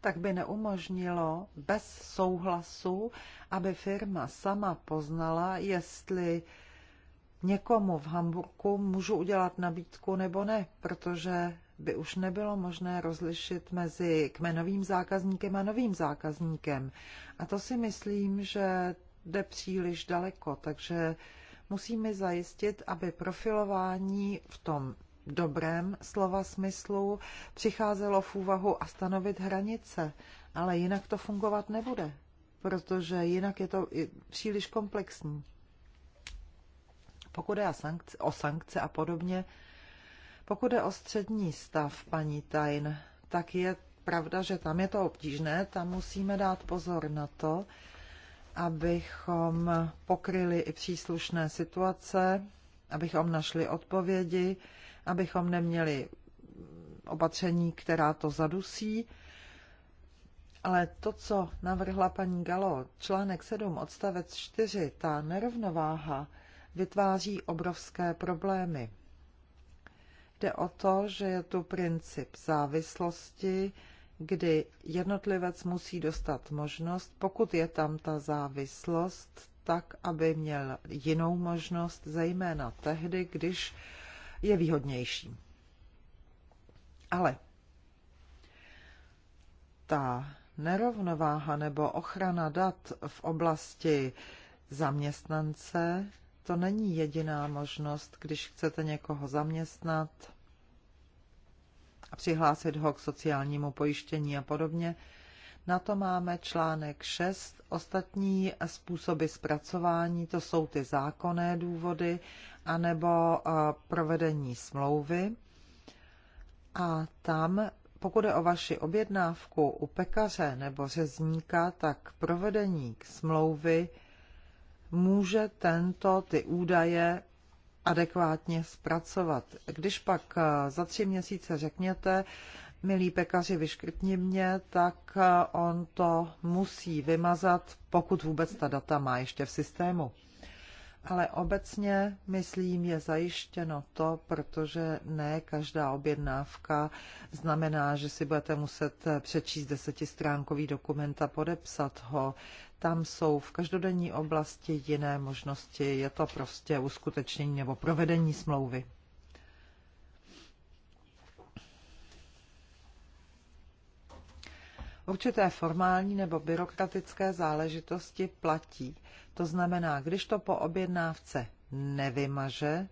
tak by neumožnilo bez souhlasu, aby firma sama poznala, jestli někomu v Hamburku můžu udělat nabídku nebo ne, protože by už nebylo možné rozlišit mezi kmenovým zákazníkem a novým zákazníkem. A to si myslím, že jde příliš daleko, takže musíme zajistit, aby profilování v tom dobrém slova smyslu přicházelo v úvahu a stanovit hranice, ale jinak to fungovat nebude, protože jinak je to příliš komplexní. Pokud je o sankce a podobně, pokud je o střední stav, paní Tajn, tak je pravda, že tam je to obtížné, tam musíme dát pozor na to, abychom pokryli i příslušné situace, abychom našli odpovědi abychom neměli opatření, která to zadusí. Ale to, co navrhla paní Galo, článek 7, odstavec 4, ta nerovnováha vytváří obrovské problémy. Jde o to, že je tu princip závislosti, kdy jednotlivec musí dostat možnost, pokud je tam ta závislost, tak, aby měl jinou možnost, zejména tehdy, když je výhodnější. Ale ta nerovnováha nebo ochrana dat v oblasti zaměstnance, to není jediná možnost, když chcete někoho zaměstnat a přihlásit ho k sociálnímu pojištění a podobně. Na to máme článek 6. Ostatní způsoby zpracování, to jsou ty zákonné důvody, anebo eh, provedení smlouvy. A tam, pokud je o vaši objednávku u pekaře nebo řezníka, tak provedení k smlouvy může tento ty údaje adekvátně zpracovat. Když pak eh, za tři měsíce řekněte, milí pekaři, vyškrtni mě, tak eh, on to musí vymazat, pokud vůbec ta data má ještě v systému. Ale obecně, myslím, je zajištěno to, protože ne každá objednávka znamená, že si budete muset eh, přečíst desetistránkový dokument a podepsat ho. Tam jsou v každodenní oblasti jiné možnosti. Je to prostě uskutečnění nebo provedení smlouvy. určité formální nebo byrokratické záležitosti platí. To znamená, když to po objednávce nevymaže,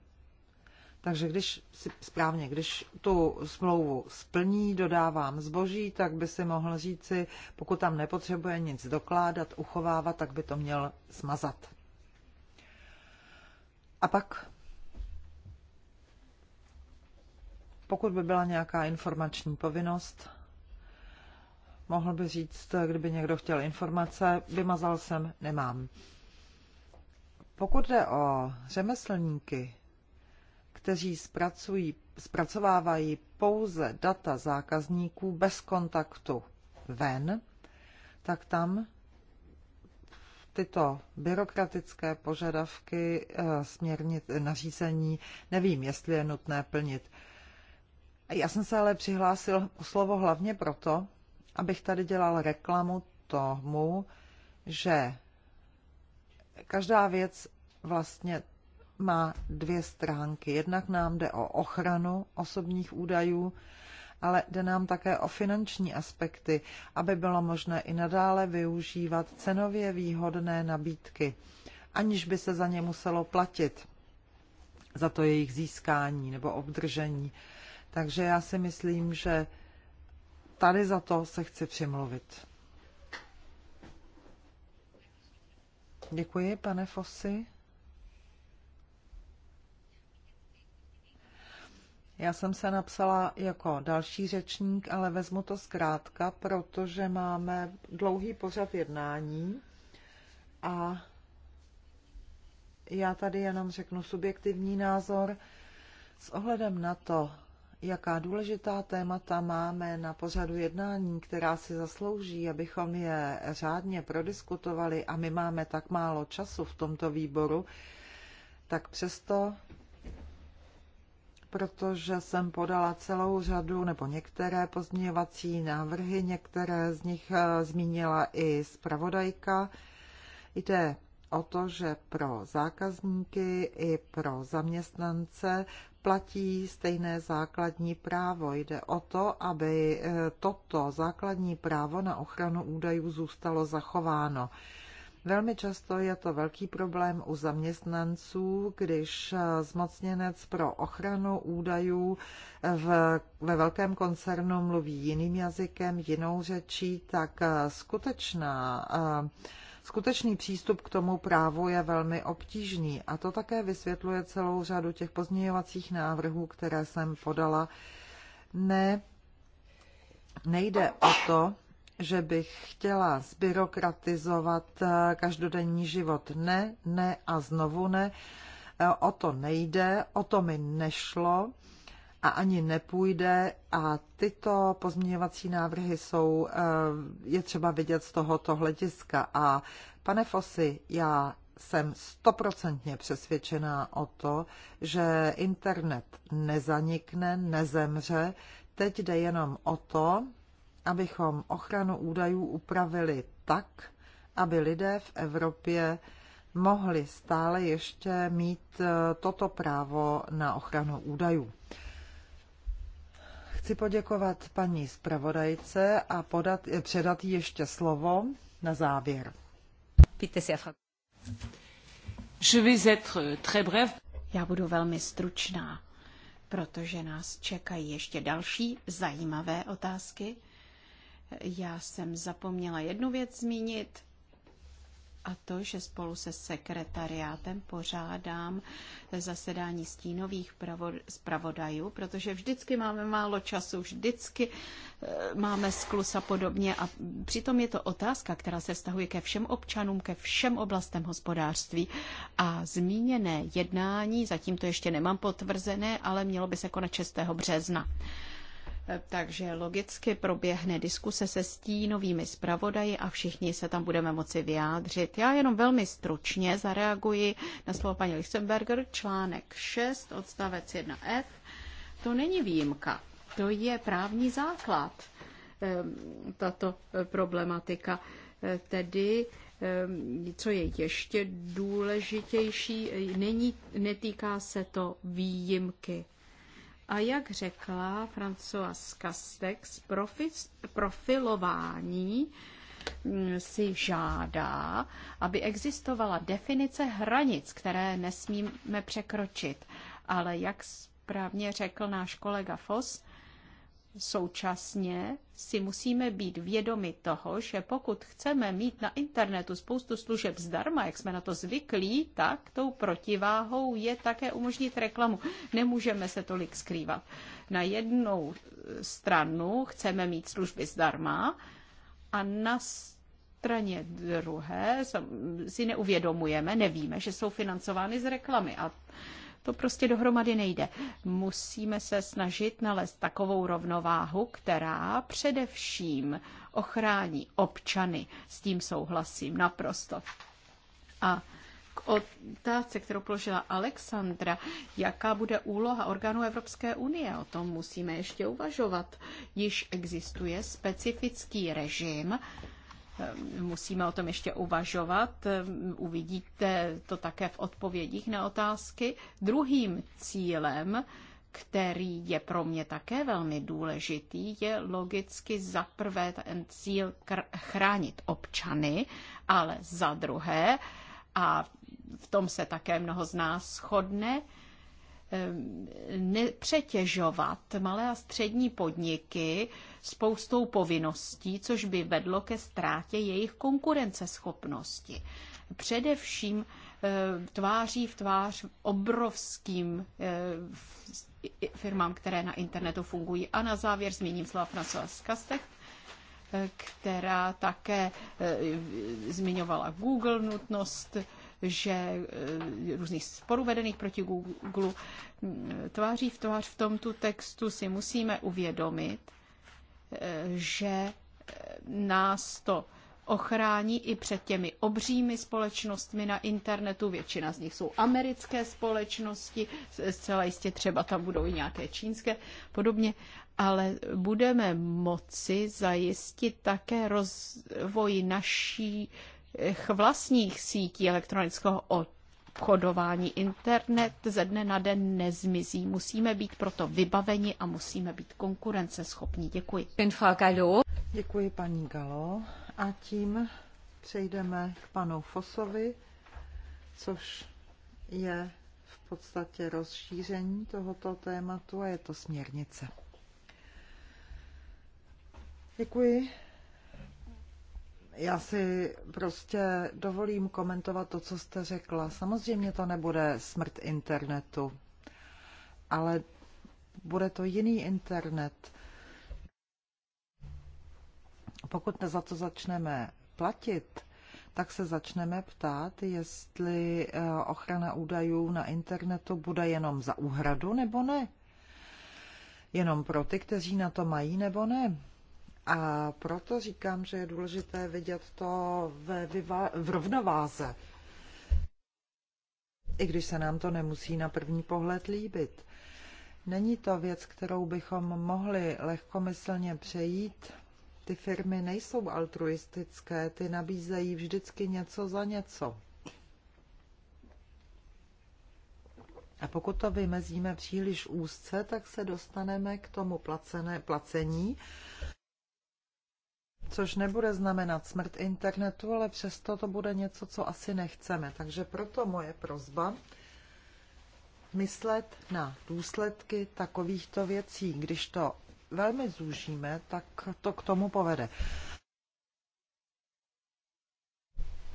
takže když správně, když tu smlouvu splní, dodávám zboží, tak by si mohl říci, pokud tam nepotřebuje nic dokládat, uchovávat, tak by to měl smazat. A pak, pokud by byla nějaká informační povinnost, Mohl by říct, kdyby někdo chtěl informace, vymazal jsem, nemám. Pokud jde o řemeslníky, kteří zpracují, zpracovávají pouze data zákazníků bez kontaktu ven, tak tam tyto byrokratické požadavky eh, směrnit nařízení nevím, jestli je nutné plnit. Já jsem se ale přihlásil o slovo hlavně proto, abych tady dělal reklamu tomu, že každá věc vlastně má dvě stránky. Jednak nám jde o ochranu osobních údajů, ale jde nám také o finanční aspekty, aby bylo možné i nadále využívat cenově výhodné nabídky, aniž by se za ně muselo platit za to jejich získání nebo obdržení. Takže já si myslím, že tady za to se chci přimluvit. Děkuji, pane Fosy. Já jsem se napsala jako další řečník, ale vezmu to zkrátka, protože máme dlouhý pořad jednání a já tady jenom řeknu subjektivní názor. S ohledem na to, jaká důležitá témata máme na pořadu jednání, která si zaslouží, abychom je řádně prodiskutovali a my máme tak málo času v tomto výboru, tak přesto, protože jsem podala celou řadu nebo některé pozměňovací návrhy, některé z nich eh, zmínila i zpravodajka, jde o to, že pro zákazníky i pro zaměstnance platí stejné základní právo. Jde o to, aby eh, toto základní právo na ochranu údajů zůstalo zachováno. Velmi často je to velký problém u zaměstnanců, když eh, zmocněnec pro ochranu údajů eh, v, ve velkém koncernu mluví jiným jazykem, jinou řečí, tak skutečná uh, Skutečný přístup k tomu právu je velmi obtížný a to také vysvětluje celou řadu těch pozměňovacích návrhů, které jsem podala. Ne, nejde o to, že bych chtěla zbyrokratizovat eh, každodenní život. Ne, ne a znovu ne. Eh, o to nejde, o to mi nešlo a ani nepůjde a tyto pozměňovací návrhy jsou, eh, je třeba vidět z tohoto hlediska. A pane Fosy, já jsem stoprocentně přesvědčená o to, že internet nezanikne, nezemře. Teď jde jenom o to, abychom ochranu údajů upravili tak, aby lidé v Evropě mohli stále ještě mít eh, toto právo na ochranu údajů. Chci poděkovat paní zpravodajce a podat, předat jí ještě slovo na závěr. Já budu velmi stručná, protože nás čekají ještě další zajímavé otázky. Já jsem zapomněla jednu věc zmínit a to, že spolu se sekretariátem pořádám zasedání stínových zpravodajů, protože vždycky máme málo času, vždycky eh, máme sklus a podobně a přitom je to otázka, která se vztahuje ke všem občanům, ke všem oblastem hospodářství a zmíněné jednání, zatím to ještě nemám potvrzené, ale mělo by se konat 6. března takže logicky proběhne diskuse se stínovými zpravodaji a všichni se tam budeme moci vyjádřit. Já jenom velmi stručně zareaguji na slovo paní Lichtenberger, článek 6, odstavec 1f. To není výjimka, to je právní základ, ehm, tato problematika. Eh, tedy ehm, co je ještě důležitější, eh, není, netýká se to výjimky. A jak řekla Francois Castex, profilování mm, si žádá, aby existovala definice hranic, které nesmíme překročit. Ale jak správně řekl náš kolega Foss, Současně si musíme být vědomi toho, že pokud chceme mít na internetu spoustu služeb zdarma, jak jsme na to zvyklí, tak tou protiváhou je také umožnit reklamu. Nemůžeme se tolik skrývat. Na jednu stranu chceme mít služby zdarma a na straně druhé si neuvědomujeme, nevíme, že jsou financovány z reklamy. A to prostě dohromady nejde. Musíme se snažit nalézt takovou rovnováhu, která především ochrání občany. S tím souhlasím naprosto. A k otázce, kterou položila Alexandra, jaká bude úloha orgánů Evropské unie. O tom musíme ještě uvažovat. Již existuje specifický režim Musíme o tom ještě uvažovat. Uvidíte to také v odpovědích na otázky. Druhým cílem který je pro mě také velmi důležitý, je logicky za prvé ten cíl chránit občany, ale za druhé, a v tom se také mnoho z nás shodne, nepřetěžovat malé a střední podniky spoustou povinností, což by vedlo ke ztrátě jejich konkurenceschopnosti. Především tváří v tvář obrovským firmám, které na internetu fungují. A na závěr zmíním slova Francois Kastech, která také zmiňovala Google nutnost že eh, různých sporů vedených proti Google mm, tváří v tvář v tomto textu si musíme uvědomit, eh, že eh, nás to ochrání i před těmi obřími společnostmi na internetu. Většina z nich jsou americké společnosti, zcela jistě třeba tam budou i nějaké čínské podobně, ale budeme moci zajistit také rozvoj naší Eh, vlastních sítí elektronického obchodování. Internet ze dne na den nezmizí. Musíme být proto vybaveni a musíme být konkurenceschopní. Děkuji. Děkuji paní Galo. A tím přejdeme k panu Fosovi, což je v podstatě rozšíření tohoto tématu a je to směrnice. Děkuji, já si prostě dovolím komentovat to, co jste řekla. Samozřejmě to nebude smrt internetu, ale bude to jiný internet. Pokud za to začneme platit, tak se začneme ptát, jestli eh, ochrana údajů na internetu bude jenom za úhradu nebo ne. Jenom pro ty, kteří na to mají nebo ne. A proto říkám, že je důležité vidět to v, v rovnováze. I když se nám to nemusí na první pohled líbit. Není to věc, kterou bychom mohli lehkomyslně přejít. Ty firmy nejsou altruistické, ty nabízejí vždycky něco za něco. A pokud to vymezíme příliš úzce, tak se dostaneme k tomu placené, placení, což nebude znamenat smrt internetu, ale přesto to bude něco, co asi nechceme. Takže proto moje prozba myslet na důsledky takovýchto věcí. Když to velmi zúžíme, tak to k tomu povede.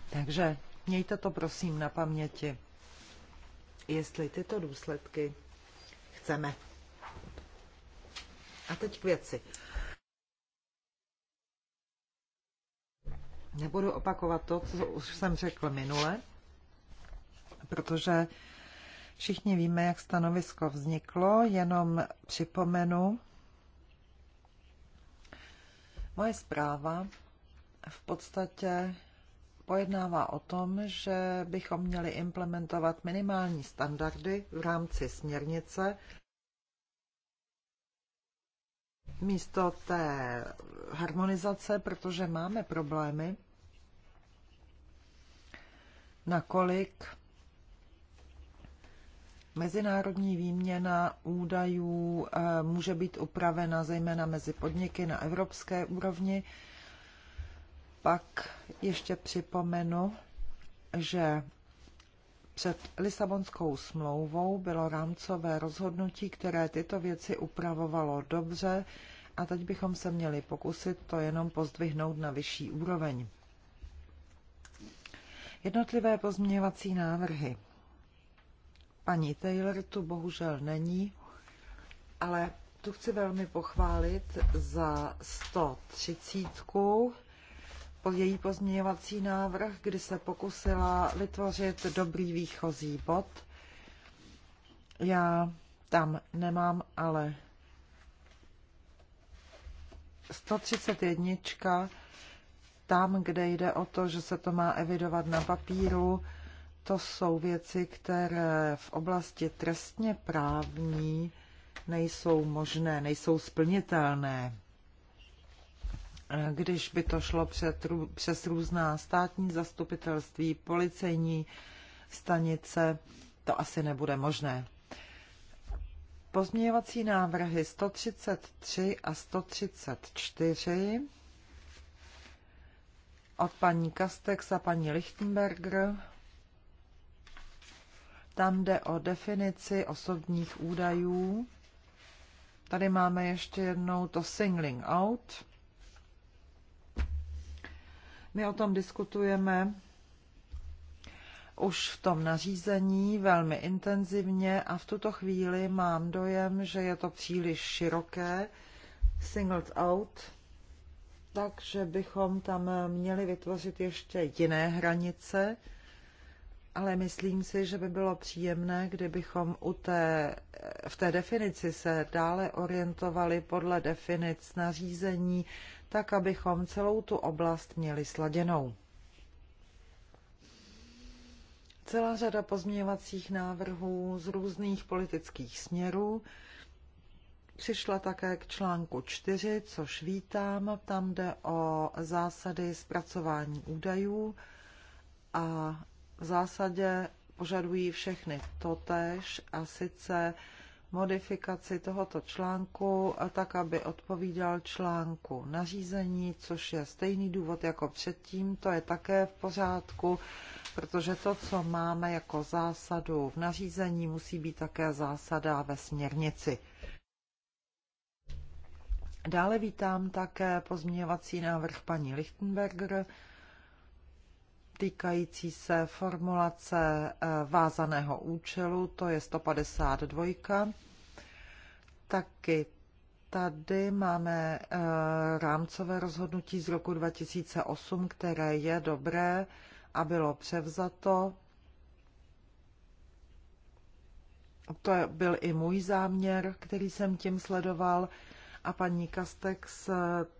Takže mějte to prosím na paměti, jestli tyto důsledky chceme. A teď k věci. Nebudu opakovat to, co už jsem řekl minule, protože všichni víme, jak stanovisko vzniklo, jenom připomenu. Moje zpráva v podstatě pojednává o tom, že bychom měli implementovat minimální standardy v rámci směrnice místo té harmonizace, protože máme problémy, nakolik mezinárodní výměna údajů eh, může být upravena zejména mezi podniky na evropské úrovni. Pak ještě připomenu, že před Lisabonskou smlouvou bylo rámcové rozhodnutí, které tyto věci upravovalo dobře a teď bychom se měli pokusit to jenom pozdvihnout na vyšší úroveň. Jednotlivé pozměňovací návrhy. Paní Taylor tu bohužel není, ale tu chci velmi pochválit za 130 její pozměňovací návrh, kdy se pokusila vytvořit dobrý výchozí bod. Já tam nemám, ale 131, tam, kde jde o to, že se to má evidovat na papíru, to jsou věci, které v oblasti trestně právní nejsou možné, nejsou splnitelné když by to šlo před, přes různá státní zastupitelství, policejní stanice, to asi nebude možné. Pozměňovací návrhy 133 a 134 od paní Kastex a paní Lichtenberger. Tam jde o definici osobních údajů. Tady máme ještě jednou to singling out. My o tom diskutujeme už v tom nařízení velmi intenzivně a v tuto chvíli mám dojem, že je to příliš široké, singled out, takže bychom tam měli vytvořit ještě jiné hranice, ale myslím si, že by bylo příjemné, kdybychom u té, v té definici se dále orientovali podle definic nařízení, tak abychom celou tu oblast měli sladěnou. Celá řada pozměňovacích návrhů z různých politických směrů přišla také k článku 4, což vítám. Tam jde o zásady zpracování údajů a v zásadě požadují všechny totéž a sice modifikaci tohoto článku a tak, aby odpovídal článku nařízení, což je stejný důvod jako předtím. To je také v pořádku, protože to, co máme jako zásadu v nařízení, musí být také zásada ve směrnici. Dále vítám také pozměňovací návrh paní Lichtenberger, týkající se formulace eh, vázaného účelu, to je 152. Taky tady máme eh, rámcové rozhodnutí z roku 2008, které je dobré a bylo převzato. To byl i můj záměr, který jsem tím sledoval a paní Kastex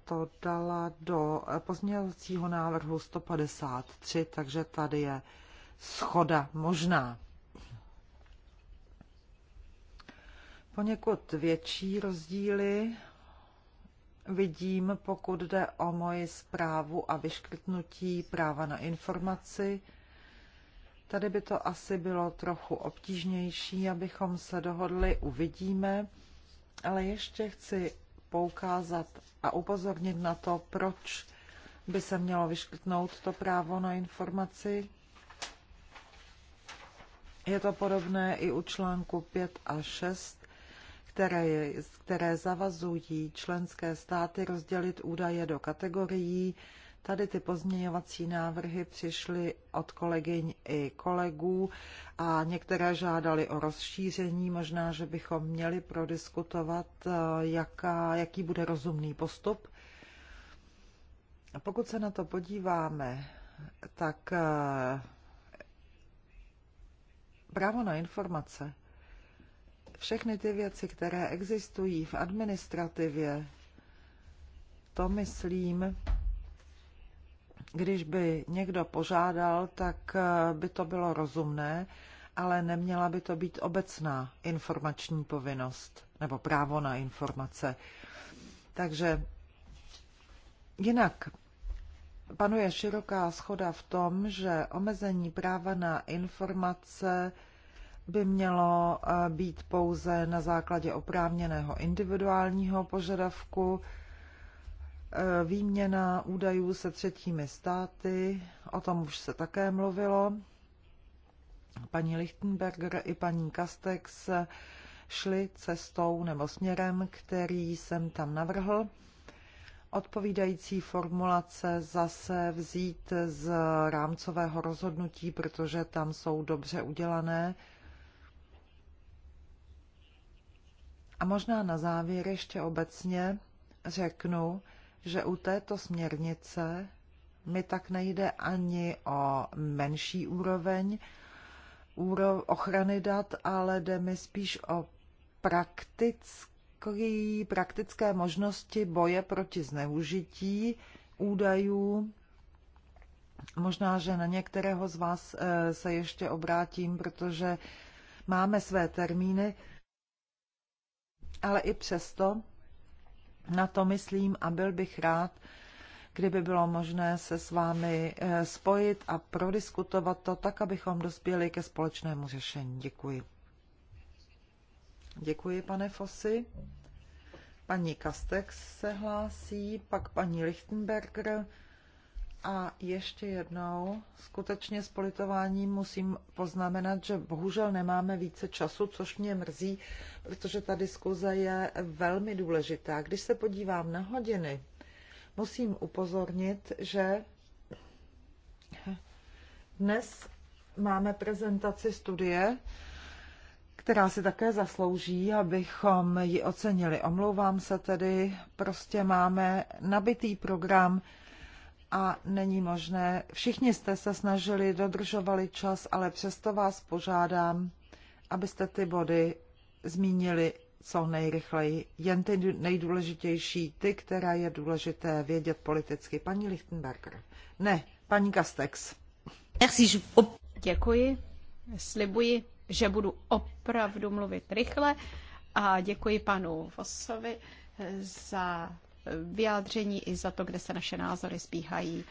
to dala do pozměňovacího návrhu 153, takže tady je schoda možná. Poněkud větší rozdíly vidím, pokud jde o moji zprávu a vyškrtnutí práva na informaci. Tady by to asi bylo trochu obtížnější, abychom se dohodli, uvidíme. Ale ještě chci poukázat a upozornit na to, proč by se mělo vyškrtnout to právo na informaci. Je to podobné i u článku 5 a 6, které, je, které zavazují členské státy rozdělit údaje do kategorií, Tady ty pozměňovací návrhy přišly od kolegyň i kolegů a některé žádali o rozšíření. Možná, že bychom měli prodiskutovat, eh, jaká, jaký bude rozumný postup. A pokud se na to podíváme, tak eh, právo na informace, všechny ty věci, které existují v administrativě, to myslím, když by někdo požádal, tak eh, by to bylo rozumné, ale neměla by to být obecná informační povinnost nebo právo na informace. Takže jinak panuje široká schoda v tom, že omezení práva na informace by mělo eh, být pouze na základě oprávněného individuálního požadavku, Eh, výměna údajů se třetími státy, o tom už se také mluvilo. Paní Lichtenberger i paní Kastex šli cestou nebo směrem, který jsem tam navrhl. Odpovídající formulace zase vzít z rámcového rozhodnutí, protože tam jsou dobře udělané. A možná na závěr ještě obecně řeknu, že u této směrnice mi tak nejde ani o menší úroveň ochrany dat, ale jde mi spíš o praktický, praktické možnosti boje proti zneužití údajů. Možná, že na některého z vás eh, se ještě obrátím, protože máme své termíny, ale i přesto na to myslím a byl bych rád, kdyby bylo možné se s vámi eh, spojit a prodiskutovat to tak, abychom dospěli ke společnému řešení. Děkuji. Děkuji, pane Fosy. Paní Kastex se hlásí, pak paní Lichtenberger. A ještě jednou, skutečně s politováním musím poznamenat, že bohužel nemáme více času, což mě mrzí, protože ta diskuze je velmi důležitá. Když se podívám na hodiny, musím upozornit, že dnes máme prezentaci studie, která si také zaslouží, abychom ji ocenili. Omlouvám se tedy, prostě máme nabitý program a není možné. Všichni jste se snažili, dodržovali čas, ale přesto vás požádám, abyste ty body zmínili co nejrychleji. Jen ty nejdůležitější, ty, které je důležité vědět politicky. Paní Lichtenberger. Ne, paní Kastex. Děkuji. Slibuji, že budu opravdu mluvit rychle a děkuji panu Vosovi za vyjádření i za to, kde se naše názory spíhají.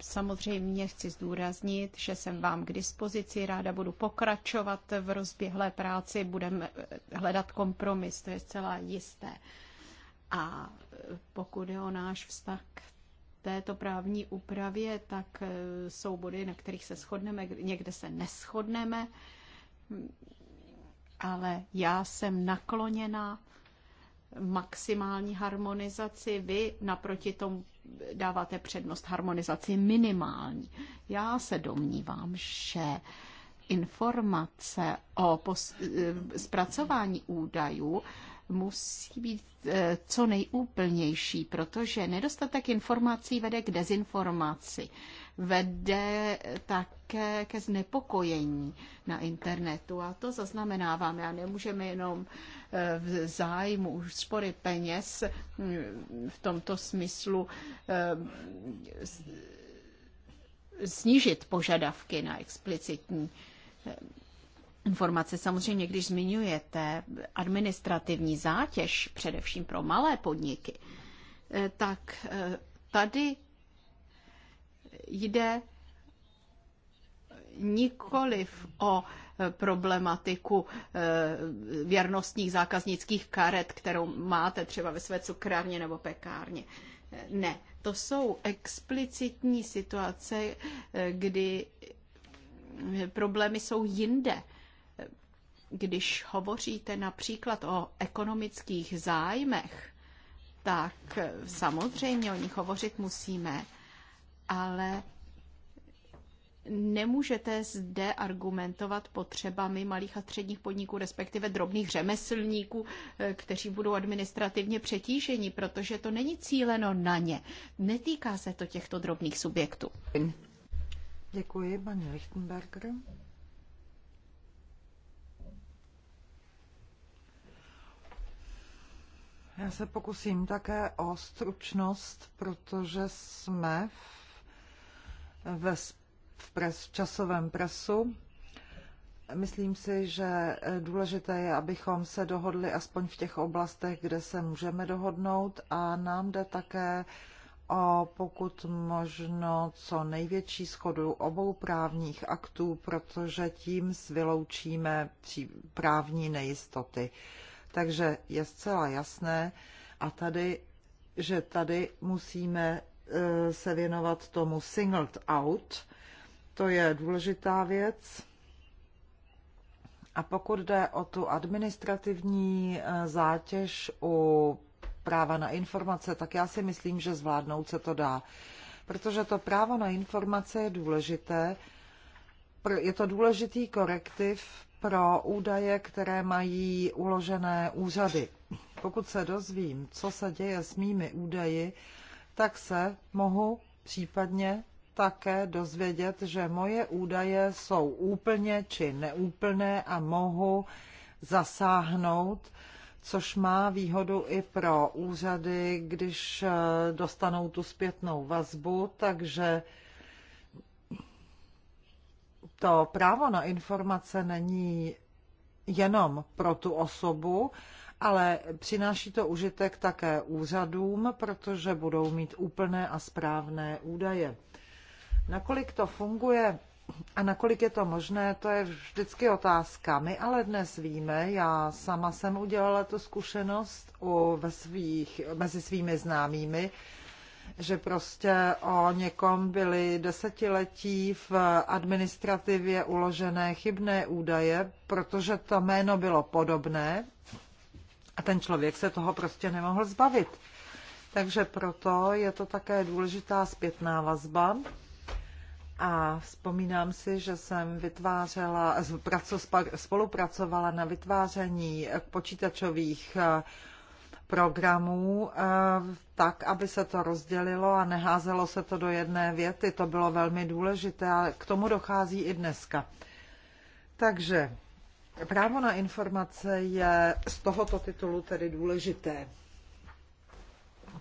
Samozřejmě chci zdůraznit, že jsem vám k dispozici, ráda budu pokračovat v rozběhlé práci, budeme hledat kompromis, to je zcela jisté. A pokud je o náš vztah k této právní úpravě, tak e, jsou body, na kterých se shodneme, někde se neschodneme, ale já jsem nakloněna maximální harmonizaci, vy naproti tomu dáváte přednost harmonizaci minimální. Já se domnívám, že informace o eh, zpracování údajů musí být eh, co nejúplnější, protože nedostatek informací vede k dezinformaci vede také ke znepokojení na internetu. A to zaznamenávám. Já nemůžeme jenom eh, v zájmu spory peněz hm, v tomto smyslu eh, snížit požadavky na explicitní eh, informace. Samozřejmě, když zmiňujete administrativní zátěž, především pro malé podniky, tak tady jde nikoliv o problematiku eh, věrnostních zákaznických karet, kterou máte třeba ve své cukrárně nebo pekárně. Eh, ne, to jsou explicitní situace, eh, kdy problémy jsou jinde. Když hovoříte například o ekonomických zájmech, tak samozřejmě o nich hovořit musíme ale nemůžete zde argumentovat potřebami malých a středních podniků, respektive drobných řemeslníků, eh, kteří budou administrativně přetíženi, protože to není cíleno na ně. Netýká se to těchto drobných subjektů. Děkuji, paní Lichtenberger. Já se pokusím také o stručnost, protože jsme v ve, v, pres, v časovém presu. Myslím si, že eh, důležité je, abychom se dohodli aspoň v těch oblastech, kde se můžeme dohodnout a nám jde také o pokud možno co největší schodu obou právních aktů, protože tím vyloučíme právní nejistoty. Takže je zcela jasné a tady, že tady musíme Eh, se věnovat tomu singled out. To je důležitá věc. A pokud jde o tu administrativní eh, zátěž u práva na informace, tak já si myslím, že zvládnout se to dá. Protože to právo na informace je důležité. Je to důležitý korektiv pro údaje, které mají uložené úřady. Pokud se dozvím, co se děje s mými údaji, tak se mohu případně také dozvědět, že moje údaje jsou úplně či neúplné a mohu zasáhnout, což má výhodu i pro úřady, když eh, dostanou tu zpětnou vazbu, takže to právo na informace není jenom pro tu osobu, ale přináší to užitek také úřadům, protože budou mít úplné a správné údaje. Nakolik to funguje a nakolik je to možné, to je vždycky otázka. My ale dnes víme, já sama jsem udělala tu zkušenost u, ve svých, mezi svými známými, že prostě o někom byly desetiletí v administrativě uložené chybné údaje, protože to jméno bylo podobné a ten člověk se toho prostě nemohl zbavit. Takže proto je to také důležitá zpětná vazba. A vzpomínám si, že jsem vytvářela, spolupracovala na vytváření počítačových eh, programů eh, tak, aby se to rozdělilo a neházelo se to do jedné věty. To bylo velmi důležité a k tomu dochází i dneska. Takže Právo na informace je z tohoto titulu tedy důležité.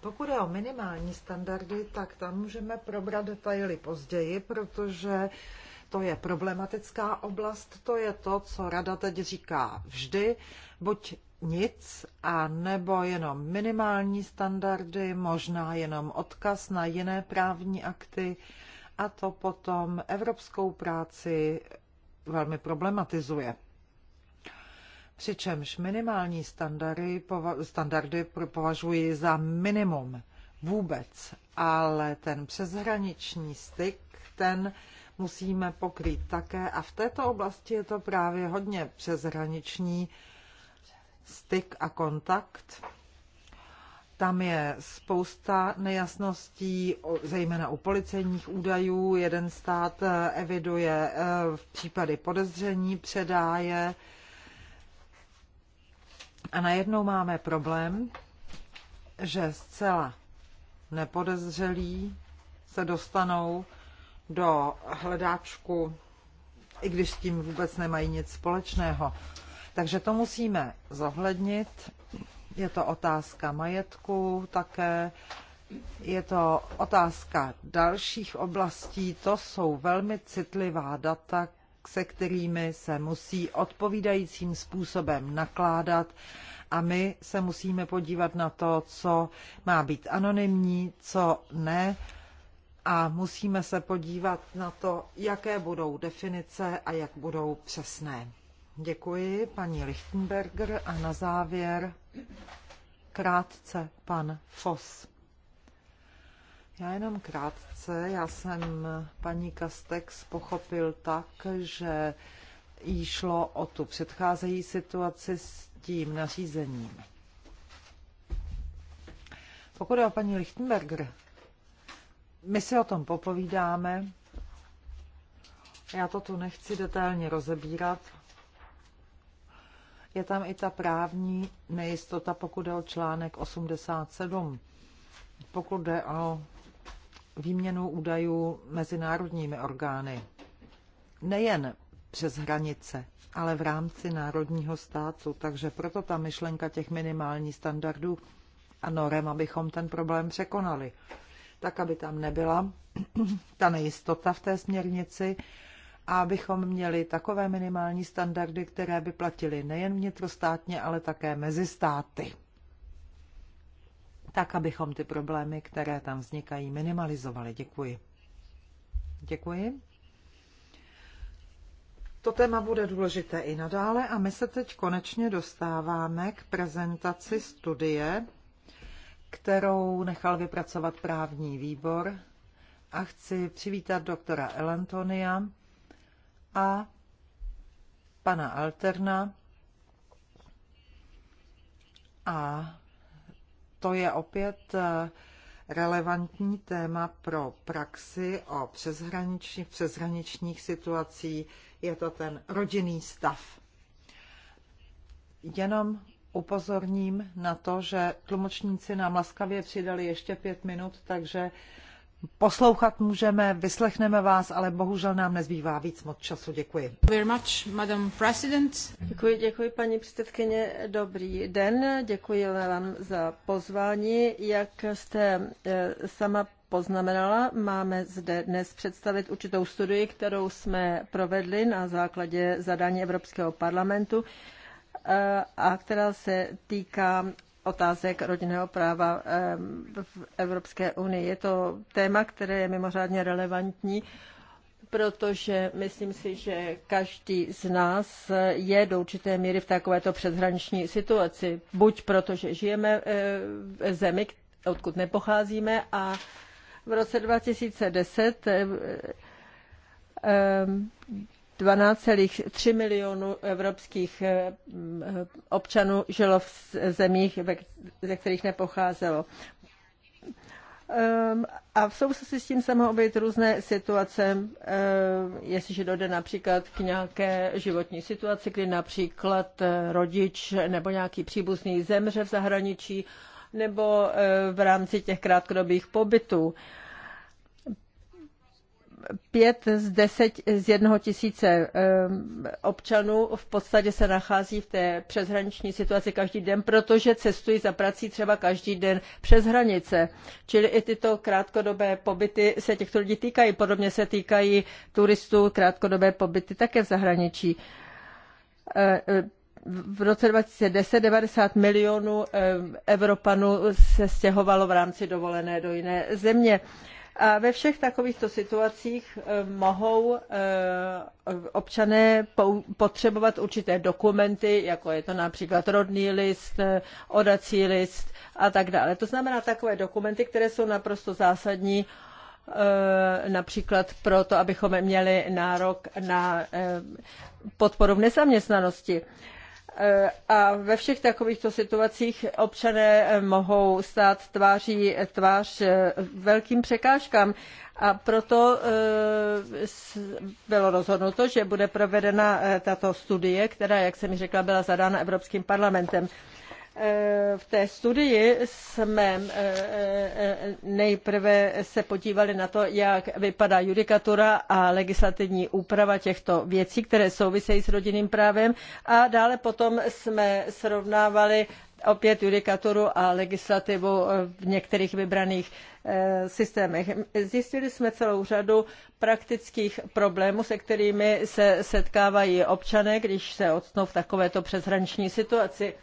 Pokud je o minimální standardy, tak tam můžeme probrat detaily později, protože to je problematická oblast, to je to, co rada teď říká vždy, buď nic, a nebo jenom minimální standardy, možná jenom odkaz na jiné právní akty a to potom evropskou práci velmi problematizuje přičemž minimální standardy, pova- standardy považuji za minimum vůbec, ale ten přeshraniční styk, ten musíme pokrýt také a v této oblasti je to právě hodně přeshraniční styk a kontakt. Tam je spousta nejasností, zejména u policejních údajů. Jeden stát eh, eviduje eh, v případy podezření, předá je a najednou máme problém, že zcela nepodezřelí se dostanou do hledáčku, i když s tím vůbec nemají nic společného. Takže to musíme zohlednit. Je to otázka majetku také, je to otázka dalších oblastí. To jsou velmi citlivá data, se kterými se musí odpovídajícím způsobem nakládat a my se musíme podívat na to, co má být anonymní, co ne a musíme se podívat na to, jaké budou definice a jak budou přesné. Děkuji, paní Lichtenberger. A na závěr krátce pan Foss. Já jenom krátce, já jsem paní Kastex pochopil tak, že jí šlo o tu předcházejí situaci s tím nařízením. Pokud je o paní Lichtenberger, my si o tom popovídáme. Já to tu nechci detailně rozebírat. Je tam i ta právní nejistota, pokud je o článek 87. Pokud jde o výměnu údajů mezinárodními orgány. Nejen přes hranice, ale v rámci národního státu. Takže proto ta myšlenka těch minimálních standardů a norem, abychom ten problém překonali. Tak, aby tam nebyla ta nejistota v té směrnici a abychom měli takové minimální standardy, které by platily nejen vnitrostátně, ale také mezi státy tak abychom ty problémy, které tam vznikají, minimalizovali. Děkuji. Děkuji. To téma bude důležité i nadále a my se teď konečně dostáváme k prezentaci studie, kterou nechal vypracovat právní výbor a chci přivítat doktora Elantonia a pana Alterna a to je opět eh, relevantní téma pro praxi o přeshraniční, v přeshraničních situací. Je to ten rodinný stav. Jenom upozorním na to, že tlumočníci nám laskavě přidali ještě pět minut, takže Poslouchat můžeme, vyslechneme vás, ale bohužel nám nezbývá víc moc času. Děkuji. Very much, Madam President. Děkuji, děkuji, paní předsedkyně. Dobrý den, děkuji vám za pozvání. Jak jste eh, sama poznamenala, máme zde dnes představit určitou studii, kterou jsme provedli na základě zadání Evropského parlamentu eh, a která se týká otázek rodinného práva v Evropské unii. Je to téma, které je mimořádně relevantní, protože myslím si, že každý z nás je do určité míry v takovéto přeshraniční situaci. Buď protože žijeme eh, v zemi, odkud nepocházíme a v roce 2010 12,3 milionů evropských eh, občanů žilo v zemích, ze kterých nepocházelo. Ehm, a v souvislosti s tím se mohou být různé situace, ehm, jestliže dojde například k nějaké životní situaci, kdy například eh, rodič nebo nějaký příbuzný zemře v zahraničí, nebo eh, v rámci těch krátkodobých pobytů pět z deset z jednoho tisíce ehm, občanů v podstatě se nachází v té přeshraniční situaci každý den, protože cestují za prací třeba každý den přes hranice. Čili i tyto krátkodobé pobyty se těchto lidí týkají. Podobně se týkají turistů krátkodobé pobyty také v zahraničí ehm, v roce 2010 90 milionů ehm, Evropanů se stěhovalo v rámci dovolené do jiné země. A ve všech takovýchto situacích eh, mohou eh, občané potřebovat určité dokumenty, jako je to například rodný list, eh, odací list a tak dále. To znamená takové dokumenty, které jsou naprosto zásadní například proto, abychom měli nárok na podporu v nezaměstnanosti. Eh, a ve všech takovýchto situacích občané eh, mohou stát tváří eh, tvář velkým překážkám. A proto bylo rozhodnuto, že bude provedena tato studie, která, jak jsem mi řekla, byla zadána Evropským parlamentem. Eh, v té studii jsme eh, eh, nejprve se podívali na to, jak vypadá judikatura a legislativní úprava těchto věcí, které souvisejí s rodinným právem a dále potom jsme srovnávali opět judikaturu a legislativu v některých vybraných systémech. Zjistili jsme celou řadu praktických problémů, se kterými se setkávají občané, když se odstnou v takovéto přeshraniční situaci.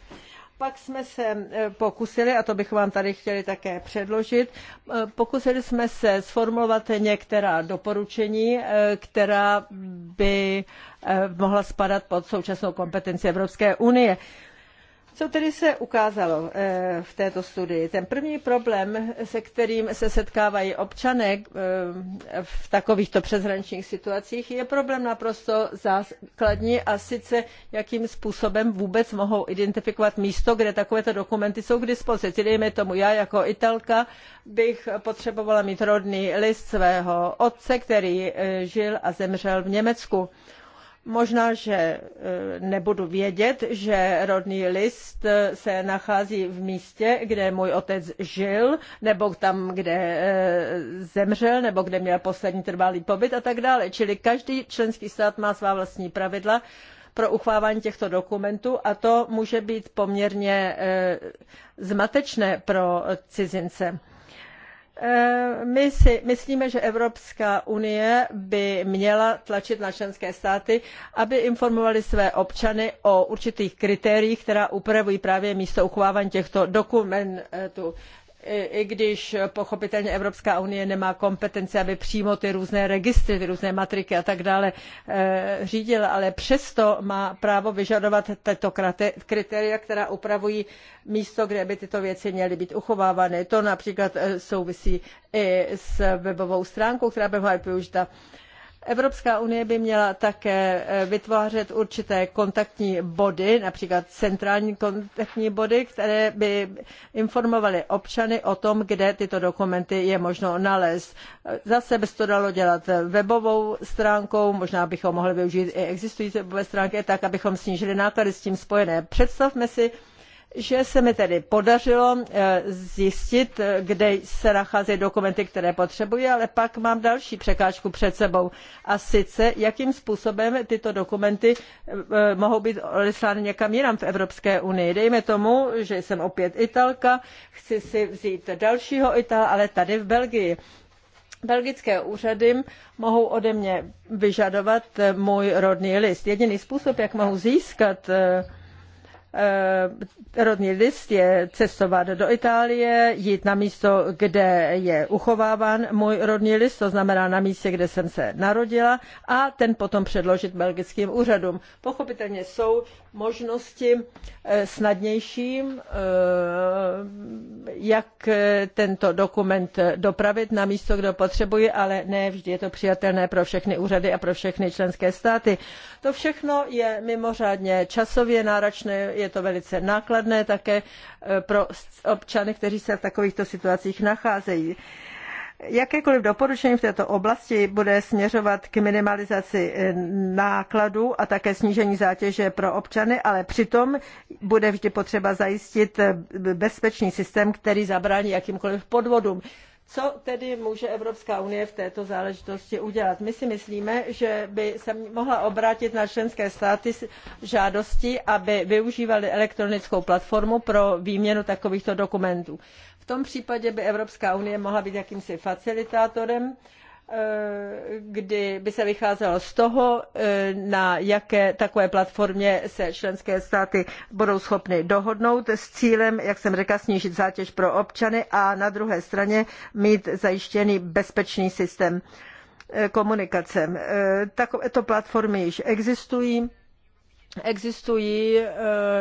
Pak jsme se e, pokusili, a to bych vám tady chtěli také předložit, e, pokusili jsme se sformulovat některá doporučení, e, která by mohla spadat pod současnou kompetenci Evropské unie. Co tedy se ukázalo eh, v této studii? Ten první problém, se kterým se setkávají občané eh, v takovýchto přeshraničních situacích, je problém naprosto základní a sice jakým způsobem vůbec mohou identifikovat místo, kde takovéto dokumenty jsou k dispozici. Dejme tomu, já jako Italka bych potřebovala mít rodný list svého otce, který eh, žil a zemřel v Německu. Možná, že e, nebudu vědět, že rodný list e, se nachází v místě, kde můj otec žil, nebo tam, kde e, zemřel, nebo kde měl poslední trvalý pobyt a tak dále. Čili každý členský stát má svá vlastní pravidla pro uchvávání těchto dokumentů a to může být poměrně zmatečné pro cizince. Eh, my si myslíme, že Evropská unie by měla tlačit na členské státy, aby informovali své občany o určitých kritériích, která upravují právě místo uchovávání těchto dokumentů i když pochopitelně Evropská unie nemá kompetence, aby přímo ty různé registry, ty různé matriky a tak dále eh, řídila, ale přesto má právo vyžadovat tato kritéria, která upravují místo, kde by tyto věci měly být uchovávány. To například eh, souvisí i s webovou stránkou, která by mohla být využita Evropská unie by měla také eh, vytvářet určité kontaktní body, například centrální kontaktní body, které by informovaly občany o tom, kde tyto dokumenty je možno nalézt. Zase by se to dalo dělat webovou stránkou, možná bychom mohli využít i existující webové stránky, tak abychom snížili náklady s tím spojené. Představme si, že se mi tedy podařilo eh, zjistit, eh, kde se nacházejí dokumenty, které potřebuji, ale pak mám další překážku před sebou. A sice, jakým způsobem tyto dokumenty eh, mohou být odeslány někam jinam v Evropské unii. Dejme tomu, že jsem opět Italka, chci si vzít dalšího Itala, ale tady v Belgii. Belgické úřady mohou ode mě vyžadovat můj rodný list. Jediný způsob, jak mohu získat Eh, rodný list je cestovat do Itálie, jít na místo, kde je uchováván můj rodný list, to znamená na místě, kde jsem se narodila, a ten potom předložit belgickým úřadům. Pochopitelně jsou možnosti eh, snadnější, eh, jak tento dokument dopravit na místo, kde potřebuji, ale ne vždy je to přijatelné pro všechny úřady a pro všechny členské státy. To všechno je mimořádně časově náročné, je to velice nákladné také e, pro občany, kteří se v takovýchto situacích nacházejí. Jakékoliv doporučení v této oblasti bude směřovat k minimalizaci e, nákladů a také snížení zátěže pro občany, ale přitom bude vždy potřeba zajistit e, bezpečný systém, který zabrání jakýmkoliv podvodům. Co tedy může Evropská unie v této záležitosti udělat? My si myslíme, že by se mohla obrátit na členské státy s žádostí, aby využívali elektronickou platformu pro výměnu takovýchto dokumentů. V tom případě by Evropská unie mohla být jakýmsi facilitátorem Eh, kdy by se vycházelo z toho, eh, na jaké takové platformě se členské státy budou schopny dohodnout s cílem, jak jsem řekla, snížit zátěž pro občany a na druhé straně mít zajištěný bezpečný systém eh, komunikace. Takovéto platformy již existují existují eh,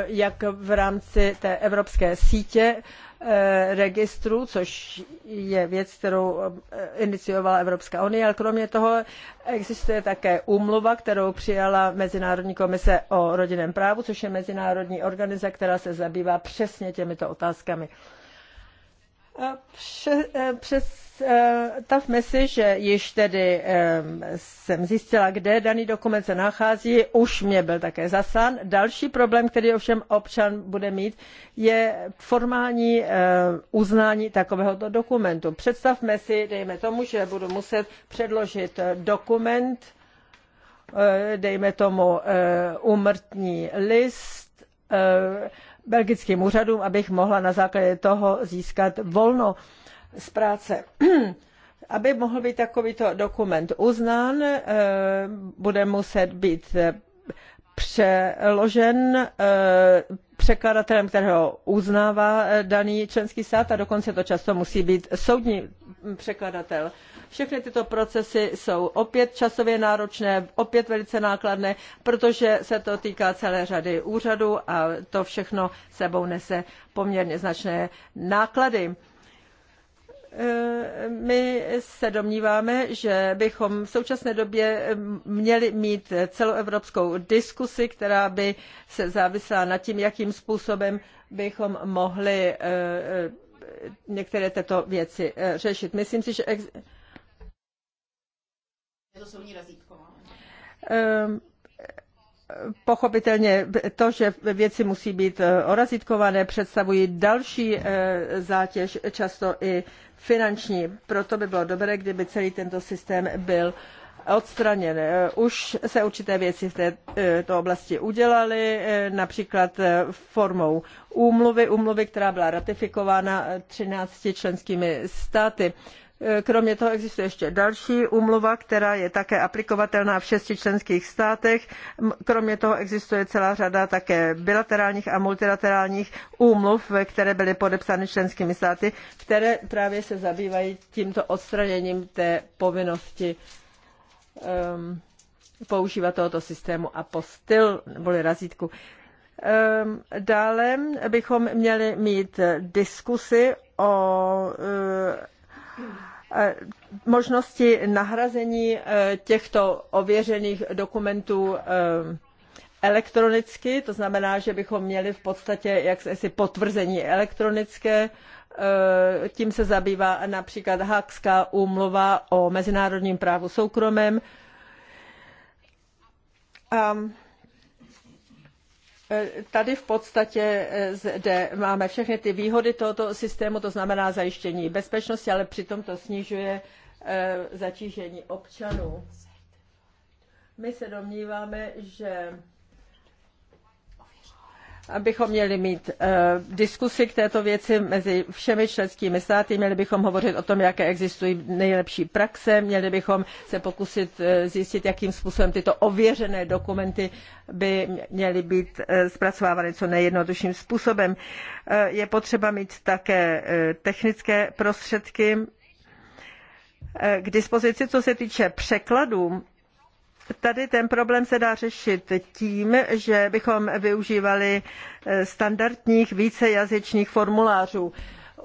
jak v rámci té evropské sítě eh, registrů, což je věc, kterou eh, iniciovala Evropská unie, ale kromě toho existuje také úmluva, kterou přijala Mezinárodní komise o rodinném právu, což je mezinárodní organizace, která se zabývá přesně těmito otázkami. Eh, eh, přes Představme eh, si, že již tedy jsem zjistila, kde daný dokument se nachází, už mě byl také zasán. Další problém, který ovšem občan bude mít, je formální uznání takovéhoto dokumentu. Představme si, dejme tomu, že budu muset předložit dokument, dejme tomu umrtní list, belgickým úřadům, abych mohla na základě toho získat volno z práce. Aby mohl být takovýto dokument uznán, eh, bude muset být eh, přeložen eh, překladatelem, kterého uznává daný členský stát a dokonce to často musí být soudní mm, překladatel. Všechny tyto procesy jsou opět časově náročné, opět velice nákladné, protože se to týká celé řady úřadů a to všechno sebou nese poměrně značné náklady e, my se domníváme, že bychom v současné době měli mít celoevropskou diskusi, která by se závisela na tím, jakým způsobem bychom mohli e, e, některé tyto věci řešit. Myslím si, že to razítko. Um, Pochopitelně to, že věci musí být eh, orazitkované, představují další eh, zátěž, často i finanční. Proto by bylo dobré, kdyby celý tento systém byl odstraněn. Eh, už se určité věci v této oblasti udělaly, například formou úmluvy, úmluvy, která byla ratifikována 13 členskými státy. Kromě toho existuje ještě další úmluva která je také aplikovatelná v šesti členských státech. Kromě toho existuje celá řada také bilaterálních a multilaterálních úmluv, které byly podepsány členskými státy, které právě se zabývají tímto odstraněním té povinnosti um, používat tohoto systému apostil neboli razítku. Ehm, dále bychom měli mít diskusy o eh, Eh, možnosti nahrazení eh, těchto ověřených dokumentů eh, elektronicky, to znamená, že bychom měli v podstatě jaksi potvrzení elektronické, tím se zabývá například Hákská úmluva o mezinárodním právu soukromém. A Tady v podstatě eh, zde máme všechny ty výhody tohoto systému, to znamená zajištění bezpečnosti, ale přitom to snižuje eh, zatížení občanů. My se domníváme, že abychom měli mít uh, diskusy k této věci mezi všemi členskými státy, měli bychom hovořit o tom, jaké existují nejlepší praxe, měli bychom se pokusit uh, zjistit, jakým způsobem tyto ověřené dokumenty by měly být uh, zpracovávány co nejjednodušším způsobem. Uh, je potřeba mít také uh, technické prostředky k dispozici, co se týče překladů tady ten problém se dá řešit tím, že bychom využívali eh, standardních vícejazyčních formulářů. Eh,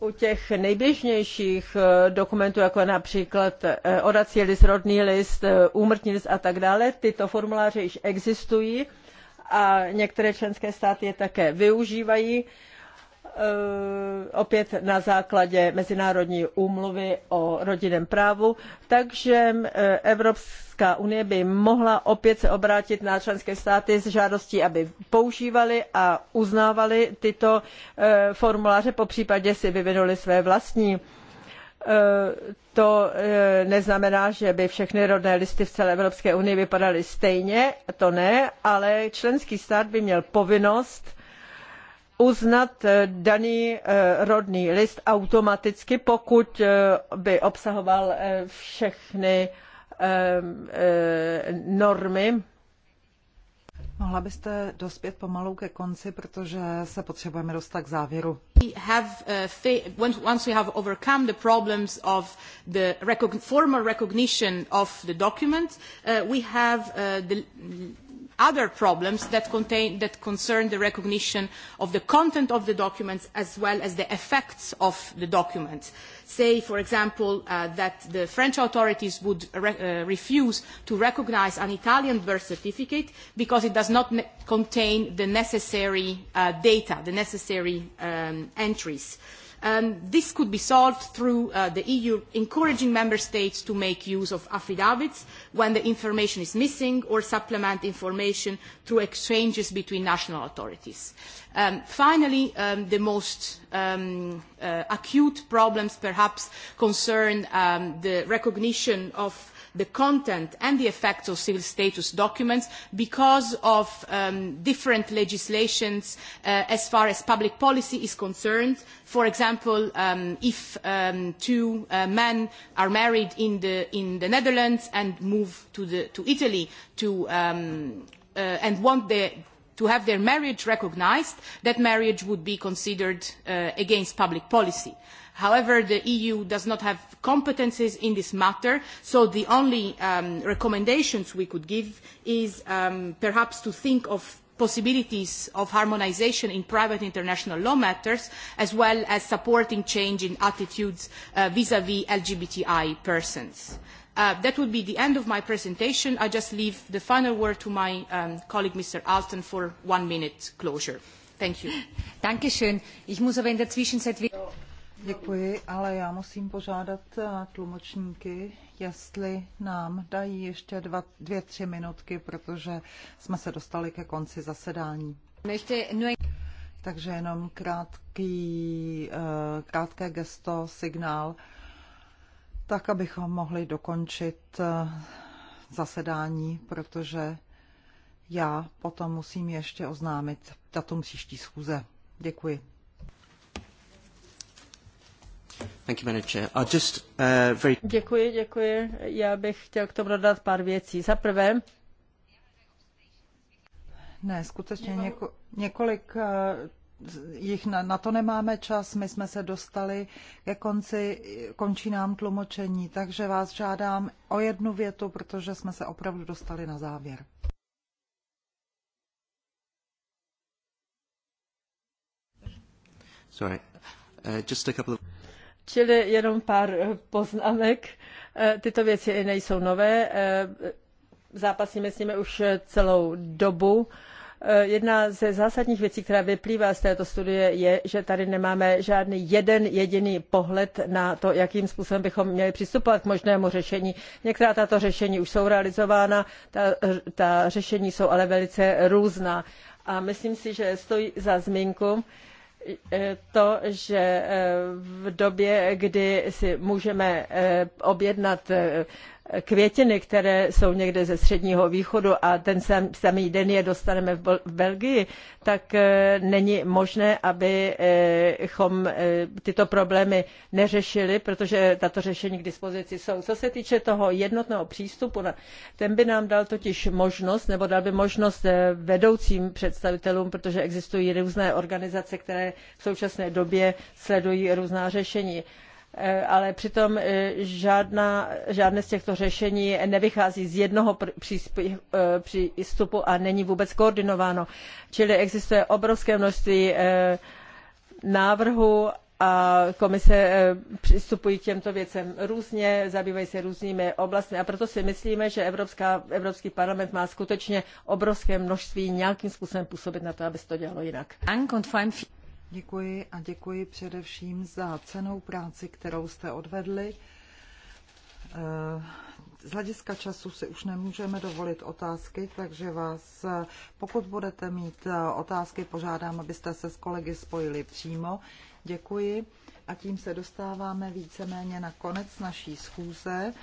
u těch nejběžnějších eh, dokumentů, jako například orací list, rodný list, úmrtní list a tak dále, tyto formuláře již existují a některé členské státy je také využívají. Eh, opět na základě Mezinárodní úmluvy o rodinném právu, takže eh, Evropská unie by mohla opět se obrátit na členské státy s žádostí, aby používali a uznávali tyto eh, formuláře, popřípadě si vyvinuli své vlastní to neznamená, že by všechny rodné listy v celé Evropské unii vypadaly stejně, to ne, ale členský stát by měl povinnost uznat eh, daný eh, rodný list automaticky, pokud eh, by obsahoval všechny normy. Mohla byste dospět pomalu ke konci, protože se potřebujeme dostat k závěru. Have, uh, once we have overcome the problems of the recog formal recognition of the document, uh, we have uh, the other problems that, contain, that concern the recognition of the content of the documents as well as the effects of the documents. Say, for example, uh, that the French authorities would re uh, refuse to recognize an Italian birth certificate because it does not contain the necessary uh, data, the necessary um, entries. Um, this could be solved through uh, the EU encouraging member states to make use of affidavits when the information is missing or supplement information through exchanges between national authorities. Um, finally, um, the most um, uh, acute problems perhaps concern um, the recognition of the content and the effects of civil status documents because of um, different legislations uh, as far as public policy is concerned. For example, um, if um, two uh, men are married in the, in the Netherlands and move to, the, to Italy to, um, uh, and want the, to have their marriage recognised, that marriage would be considered uh, against public policy. However, the EU does not have competences in this matter, so the only um, recommendations we could give is um, perhaps to think of possibilities of harmonisation in private international law matters, as well as supporting change in attitudes uh, vis-à-vis uh, -vis LGBTI persons. Uh, that would be the end of my presentation. I just leave the final word to my um, colleague, Mr. Alton, for one minute closure. Thank you. Dankeschön. Ich muss aber in der Zwischenzeit... Děkuji, ale já musím požádat eh, tlumočníky, jestli nám dají ještě dva, dvě, tři minutky, protože jsme se dostali ke konci zasedání. Takže jenom krátký, eh, krátké gesto, signál, tak abychom mohli dokončit eh, zasedání, protože já potom musím ještě oznámit datum příští schůze. Děkuji. Uh, děkuji, děkuji. Já bych chtěl k tomu dodat pár věcí. Za prvé, ne, skutečně něko, několik uh, jich na, na to nemáme čas, my jsme se dostali ke konci, končí nám tlumočení, takže vás žádám o jednu větu, protože jsme se opravdu dostali na závěr. Sorry. Uh, just a couple of... Čili jenom pár eh, poznámek. Eh, tyto věci nejsou nové. Eh, zápasíme s nimi už celou dobu. Jedna ze zásadních věcí, která vyplývá z této studie, je, že tady nemáme žádný jeden jediný pohled na to, jakým způsobem bychom měli přistupovat k možnému řešení. Některá tato řešení už jsou realizována, ta, ta řešení jsou ale velice různá. A myslím si, že stojí za zmínku, E, to, že e, v době, kdy si můžeme e, objednat květiny, které jsou někde ze středního východu a ten sam, samý den je dostaneme v, Belgii, tak eh, není možné, abychom eh, eh, tyto problémy neřešili, protože tato řešení k dispozici jsou. Co se týče toho jednotného přístupu, ten by nám dal totiž možnost, nebo dal by možnost vedoucím představitelům, protože existují různé organizace, které v současné době sledují různá řešení. Eh, ale přitom eh, žádná, žádné z těchto řešení nevychází z jednoho eh, přístupu a není vůbec koordinováno. Čili existuje obrovské množství návrhů a komise přistupují k těmto věcem různě, zabývají se různými oblastmi a proto si myslíme, že Evropská, Evropský parlament má skutečně obrovské množství nějakým způsobem působit na to, aby se to dělalo jinak. Děkuji a děkuji především za cenou práci, kterou jste odvedli. Eh, z hlediska času si už nemůžeme dovolit otázky, takže vás, eh, pokud budete mít eh, otázky, požádám, abyste se s kolegy spojili přímo. Děkuji a tím se dostáváme víceméně na konec naší schůze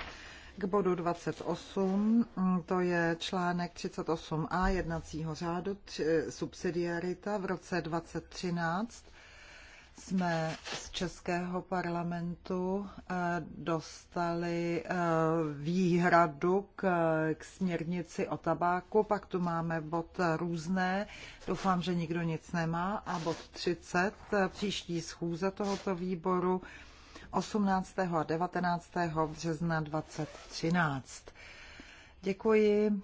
k bodu 28, mm, to je článek 38a jednacího řádu, eh, subsidiarita v roce 2013 jsme z Českého parlamentu eh, dostali eh, výhradu k, k směrnici o tabáku, pak tu máme bod různé, doufám, že nikdo nic nemá, a bod 30, příští schůze tohoto výboru 18. a 19. března 2013. Děkuji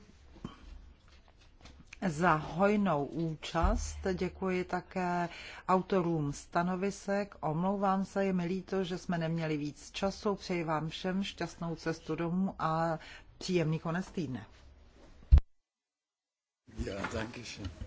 za hojnou účast. Děkuji také autorům stanovisek. Omlouvám se, je mi líto, že jsme neměli víc času. Přeji vám všem šťastnou cestu domů a příjemný konec týdne. Ja, danke schön.